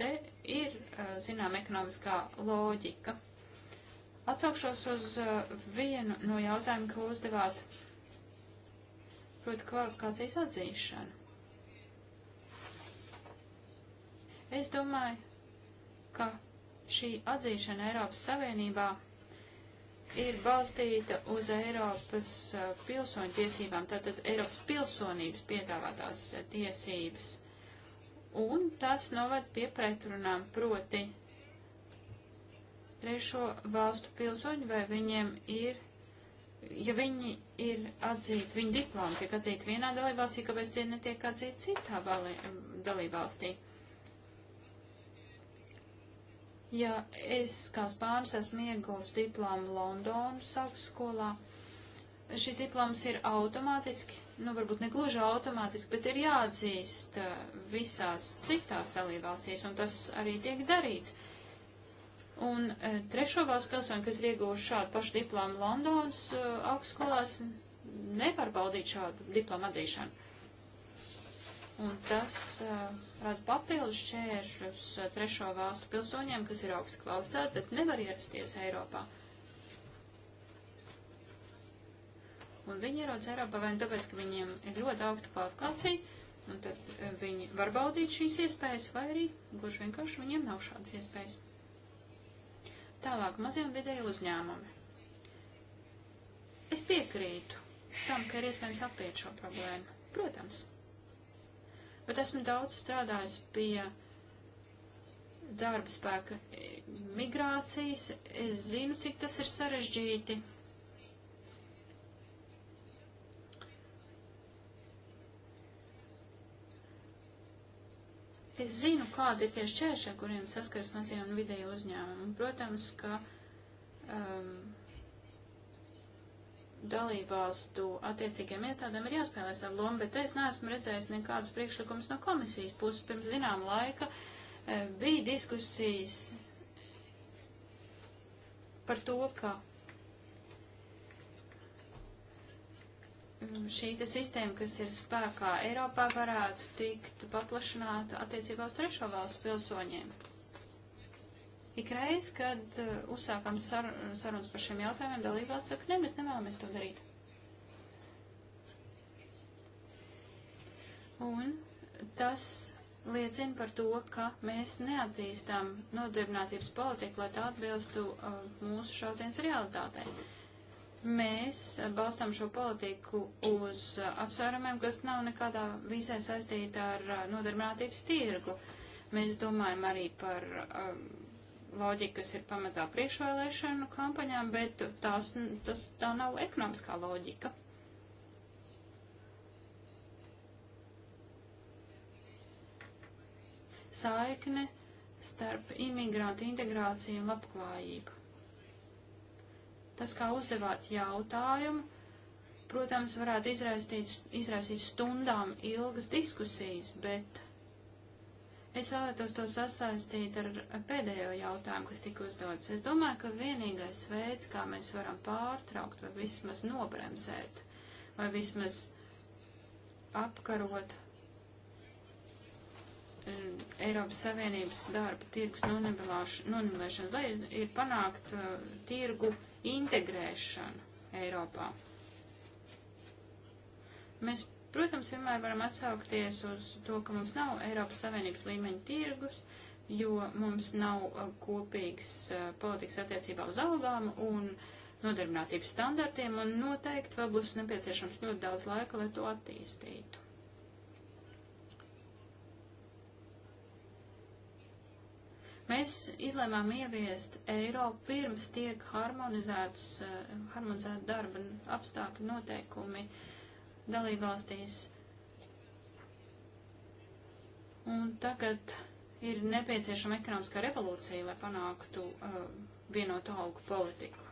Te ir, eh, zinām, ekonomiskā loģika. Atsaukšos uz uh, vienu no jautājumiem, ko uzdevāt, proti kvalifikācijas atzīšana. Es domāju, ka šī atzīšana Eiropas Savienībā ir balstīta uz Eiropas uh, pilsoņu tiesībām, tātad Eiropas pilsonības piedāvātās uh, tiesības. Un tas novad pie pretrunām, proti trešo valstu pilsoņi, vai viņiem ir, ja viņi ir atzīti, viņu diplomi tiek atzīti vienā dalībvalstī, kāpēc tie netiek atzīti citā dalībvalstī? Ja es kā spānis esmu ieguvis diplomu Londonas augstskolā, šis diploms ir automātiski, nu varbūt ne gluži automātiski, bet ir jāatzīst uh, visās citās dalībvalstīs, un tas arī tiek darīts. Un e, trešo valstu pilsoņi, kas ir ieguvuši šādu pašu diplomu Londonas e, augstskolās, nevar baudīt šādu diplomu atzīšanu. Un tas e, rada papildus šķēršļus e, trešo valstu pilsoņiem, kas ir augsti kvalificēti, bet nevar ierasties Eiropā. Un viņi ierodas Eiropā vai tāpēc, ka viņiem ir ļoti augsta kvalifikācija, un tad e, viņi var baudīt šīs iespējas, vai arī gluži vienkārši viņiem nav šādas iespējas. Tālāk mazie un vidēji uzņēmumi. Es piekrītu tam, ka ir iespējams apiet šo problēmu. Protams. Bet esmu daudz strādājis pie darba spēka migrācijas. Es zinu, cik tas ir sarežģīti Es zinu, kādi ir tie šķēršļi, kuriem saskars mazie un vidēji uzņēmumi. Un, protams, ka um, dalībvalstu attiecīgiem iestādēm ir jāspēlē savu lomu, bet es neesmu redzējis nekādus priekšlikumus no komisijas puses. Pirms zinām laika e, bija diskusijas par to, ka Mm, šī sistēma, kas ir spēkā Eiropā, varētu tikt paplašināta attiecībā uz trešo valstu pilsoņiem. Ikreiz, kad uh, uzsākam sar sarunas par šiem jautājumiem, dalībvalsts saka, ne, mēs nevēlamies to darīt. Un tas liecina par to, ka mēs neattīstām nodarbinātības politiku, lai tā atbilstu uh, mūsu šodienas realitātei. Mēs balstām šo politiku uz apsvērumiem, kas nav nekādā visai saistīta ar uh, nodarbinātības tirgu. Mēs domājam arī par um, loģiku, kas ir pamatā priekšvēlēšanu kampaņām, bet tās, tas, tā nav ekonomiskā loģika. Saikne starp imigrantu integrāciju un labklājību. Tas, kā uzdevāt jautājumu, protams, varētu izraisīt, izraisīt stundām ilgas diskusijas, bet es vēlētos to sasaistīt ar pēdējo jautājumu, kas tika uzdots. Es domāju, ka vienīgais veids, kā mēs varam pārtraukt vai vismaz nobremzēt vai vismaz apkarot mm, Eiropas Savienības darba tirgus nonimulēšanas, lai ir panākt uh, tirgu integrēšana Eiropā. Mēs, protams, vienmēr varam atsaukties uz to, ka mums nav Eiropas Savienības līmeņa tirgus, jo mums nav uh, kopīgas uh, politikas attiecībā uz algām un nodarbinātības standartiem, un noteikti vēl būs nepieciešams ļoti daudz laika, lai to attīstītu. Mēs izlēmām ieviest eiro pirms tiek harmonizēts, eh, harmonizēta darba apstākļu noteikumi dalībvalstīs. Un tagad ir nepieciešama ekonomiskā revolūcija, lai panāktu uh, vienotu algu politiku.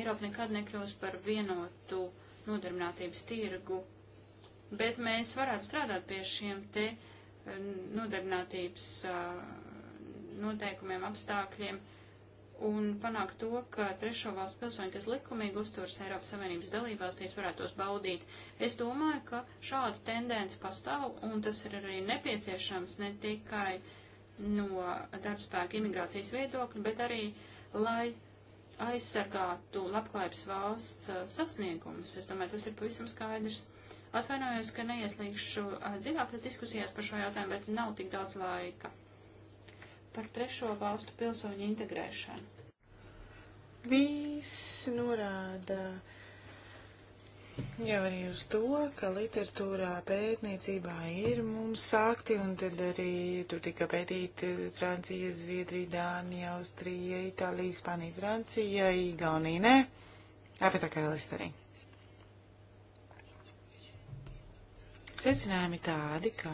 Eiropa nekad nekļūs par vienotu nodarbinātības tirgu, bet mēs varētu strādāt pie šiem te uh, nodarbinātības noteikumiem, apstākļiem un panākt to, ka trešo valstu pilsoņi, kas likumīgi uzturas Eiropas Savienības dalībvalstīs, varētu tos baudīt. Es domāju, ka šāda tendence pastāv un tas ir arī nepieciešams ne tikai no darbspēka imigrācijas viedokļa, bet arī, lai aizsargātu labklājības valsts sasniegumus. Es domāju, tas ir pavisam skaidrs. Atvainojos, ka neieslīgšu dziļākas diskusijās par šo jautājumu, bet nav tik daudz laika. Par trešo valstu pilsoņu integrēšanu. Viss norāda jau arī uz to, ka literatūrā pētniecībā ir mums fakti, un tad arī tur tika pētīti Francija, Zviedrija, Dānija, Austrija, Itālija, Spānija, Francija, Igaunija, ne? Apetā karalist arī. Secinājumi tādi, ka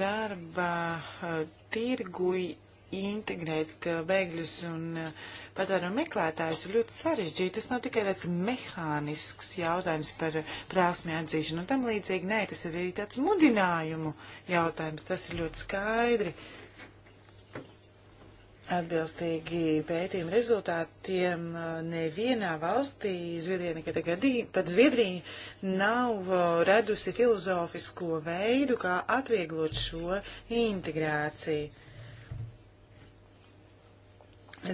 darba eh, tirgu integrēt eh, bēgļus un eh, patvērumu meklētājus ir ļoti sarežģīti. Tas nav tikai tāds mehānisks jautājums par prasmi atzīšanu un tam līdzīgi. Nē, tas ir arī tāds mudinājumu jautājums. Tas ir ļoti skaidri. Uh, Atbilstīgi pētījuma rezultātiem uh, nevienā valstī, Zviedrija nekad tagad, pat Zviedrija nav uh, redusi filozofisko veidu, kā atvieglot šo integrāciju.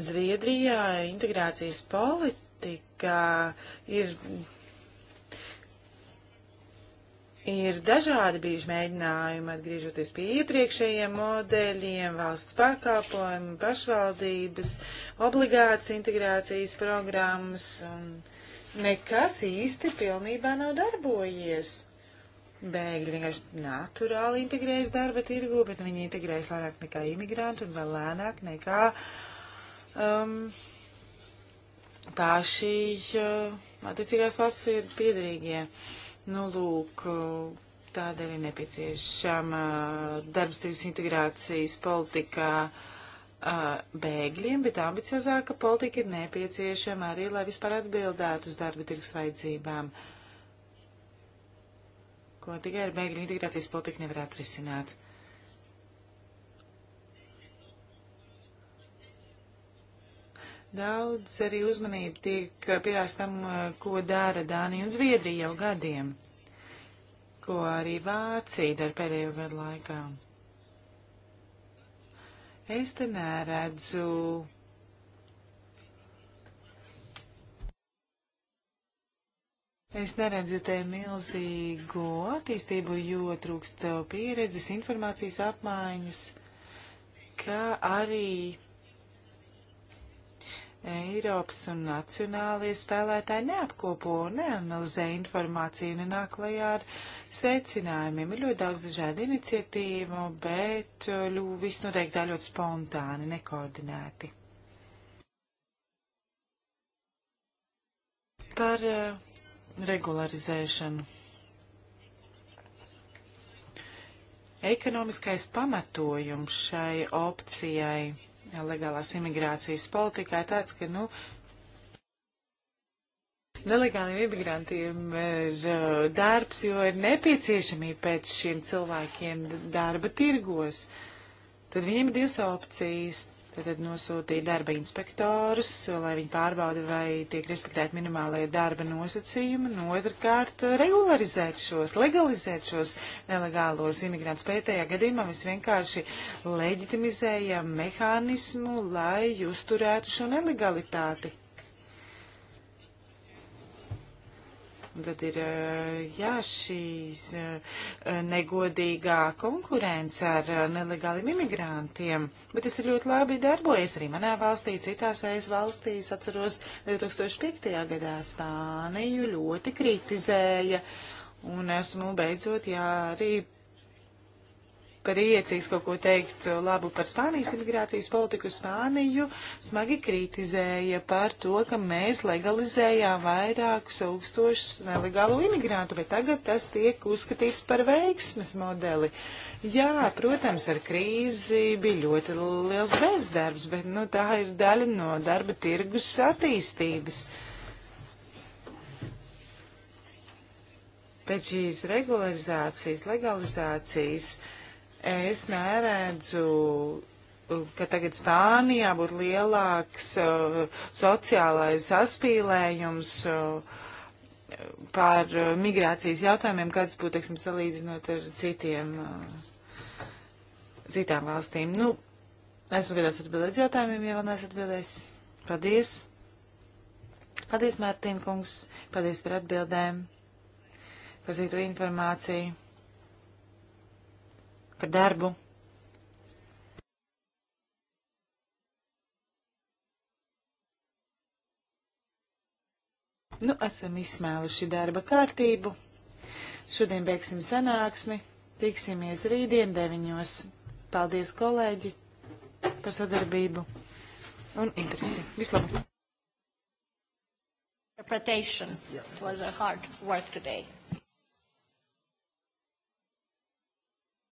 Zviedrijā integrācijas politika ir Ir dažādi bijuši mēģinājumi atgriežoties pie iepriekšējiem modeļiem, valsts pakalpojumu, pašvaldības, obligātas integrācijas programmas, un nekas īsti pilnībā nav darbojies. Bēgļi vienkārši naturāli integrējas darba tirgu, bet viņi integrējas lēnāk nekā imigranti un vēl lēnāk nekā um, paši uh, attiecīgās valsts piedarīgie. Uh, Nu, lūk, tādēļ ir nepieciešama darbas tirgus integrācijas politikā bēgļiem, bet ambiciozāka politika ir nepieciešama arī, lai vispār atbildētu uz darba tirgus vajadzībām, ko tikai ar bēgļu integrācijas politiku nevarētu risināt. Daudz arī uzmanība tiek pievērsta tam, eh, ko dara Dānija un Zviedrija jau gadiem, ko arī Vācija dara pēdējo gadu laikā. Es te neredzu Es neredzu te milzīgu attīstību, jo trūkst pieredzes, informācijas apmaiņas, kā arī Eiropas un nacionālie spēlētāji neapkopo un neanalizē informāciju, nenāk lajā ar secinājumiem. Ir ļoti daudz dažādu iniciatīvu, bet uh, viss notiek tā ļoti spontāni, nekoordinēti. Par uh, regularizēšanu. Ekonomiskais pamatojums šai opcijai legālās imigrācijas politikā ir tāds, ka, nu, nelegāliem imigrantiem ir uh, darbs, jo ir nepieciešamība pēc šiem cilvēkiem darba tirgos. Tad viņiem ir divas opcijas Tad nosūtīja darba inspektorus, lai viņi pārbauda, vai tiek respektēti minimālajie darba nosacījumi, un otrkārt regularizēt šos, legalizēt šos nelegālos imigrantus. Pētējā gadījumā mēs vienkārši leģitimizējam mehānismu, lai uzturētu šo nelegalitāti. Un tad ir, eh, jā, šīs eh, negodīgā konkurence ar eh, nelegāliem imigrantiem, bet tas ir ļoti labi darbojies arī manā valstī, citās ES valstīs. Atceros, 2005. gadā Spāniju ļoti kritizēja. Un esmu beidzot, jā, arī priecīgs kaut ko teikt labu par Spānijas imigrācijas politiku. Spāniju smagi kritizēja par to, ka mēs legalizējām vairākus ilgstošus nelegālu imigrantu, bet tagad tas tiek uzskatīts par veiksmes modeli. Jā, protams, ar krīzi bija ļoti liels bezdarbs, bet nu, tā ir daļa no darba tirgus attīstības. Pēc šīs regularizācijas, legalizācijas, uh, Es neredzu ka tagad Spānijā būtu lielāks uh, sociālais saspīlējums uh, par uh, migrācijas jautājumiem, kāds būtu, teiksim, salīdzinot ar citiem, uh, citām valstīm. Nu, esmu gatavs atbildēt jautājumiem, ja vēl neesat atbildējis. Paldies! Paldies, Mārtiņ kungs! Paldies par atbildēm, par zīto informāciju! par darbu. Nu, esam izsmēluši darba kārtību. Šodien beigsim sanāksmi. Tiksimies rītdien deviņos. Paldies, kolēģi, par sadarbību un interesi. Vislabāk! Interpretation. It was a hard work today.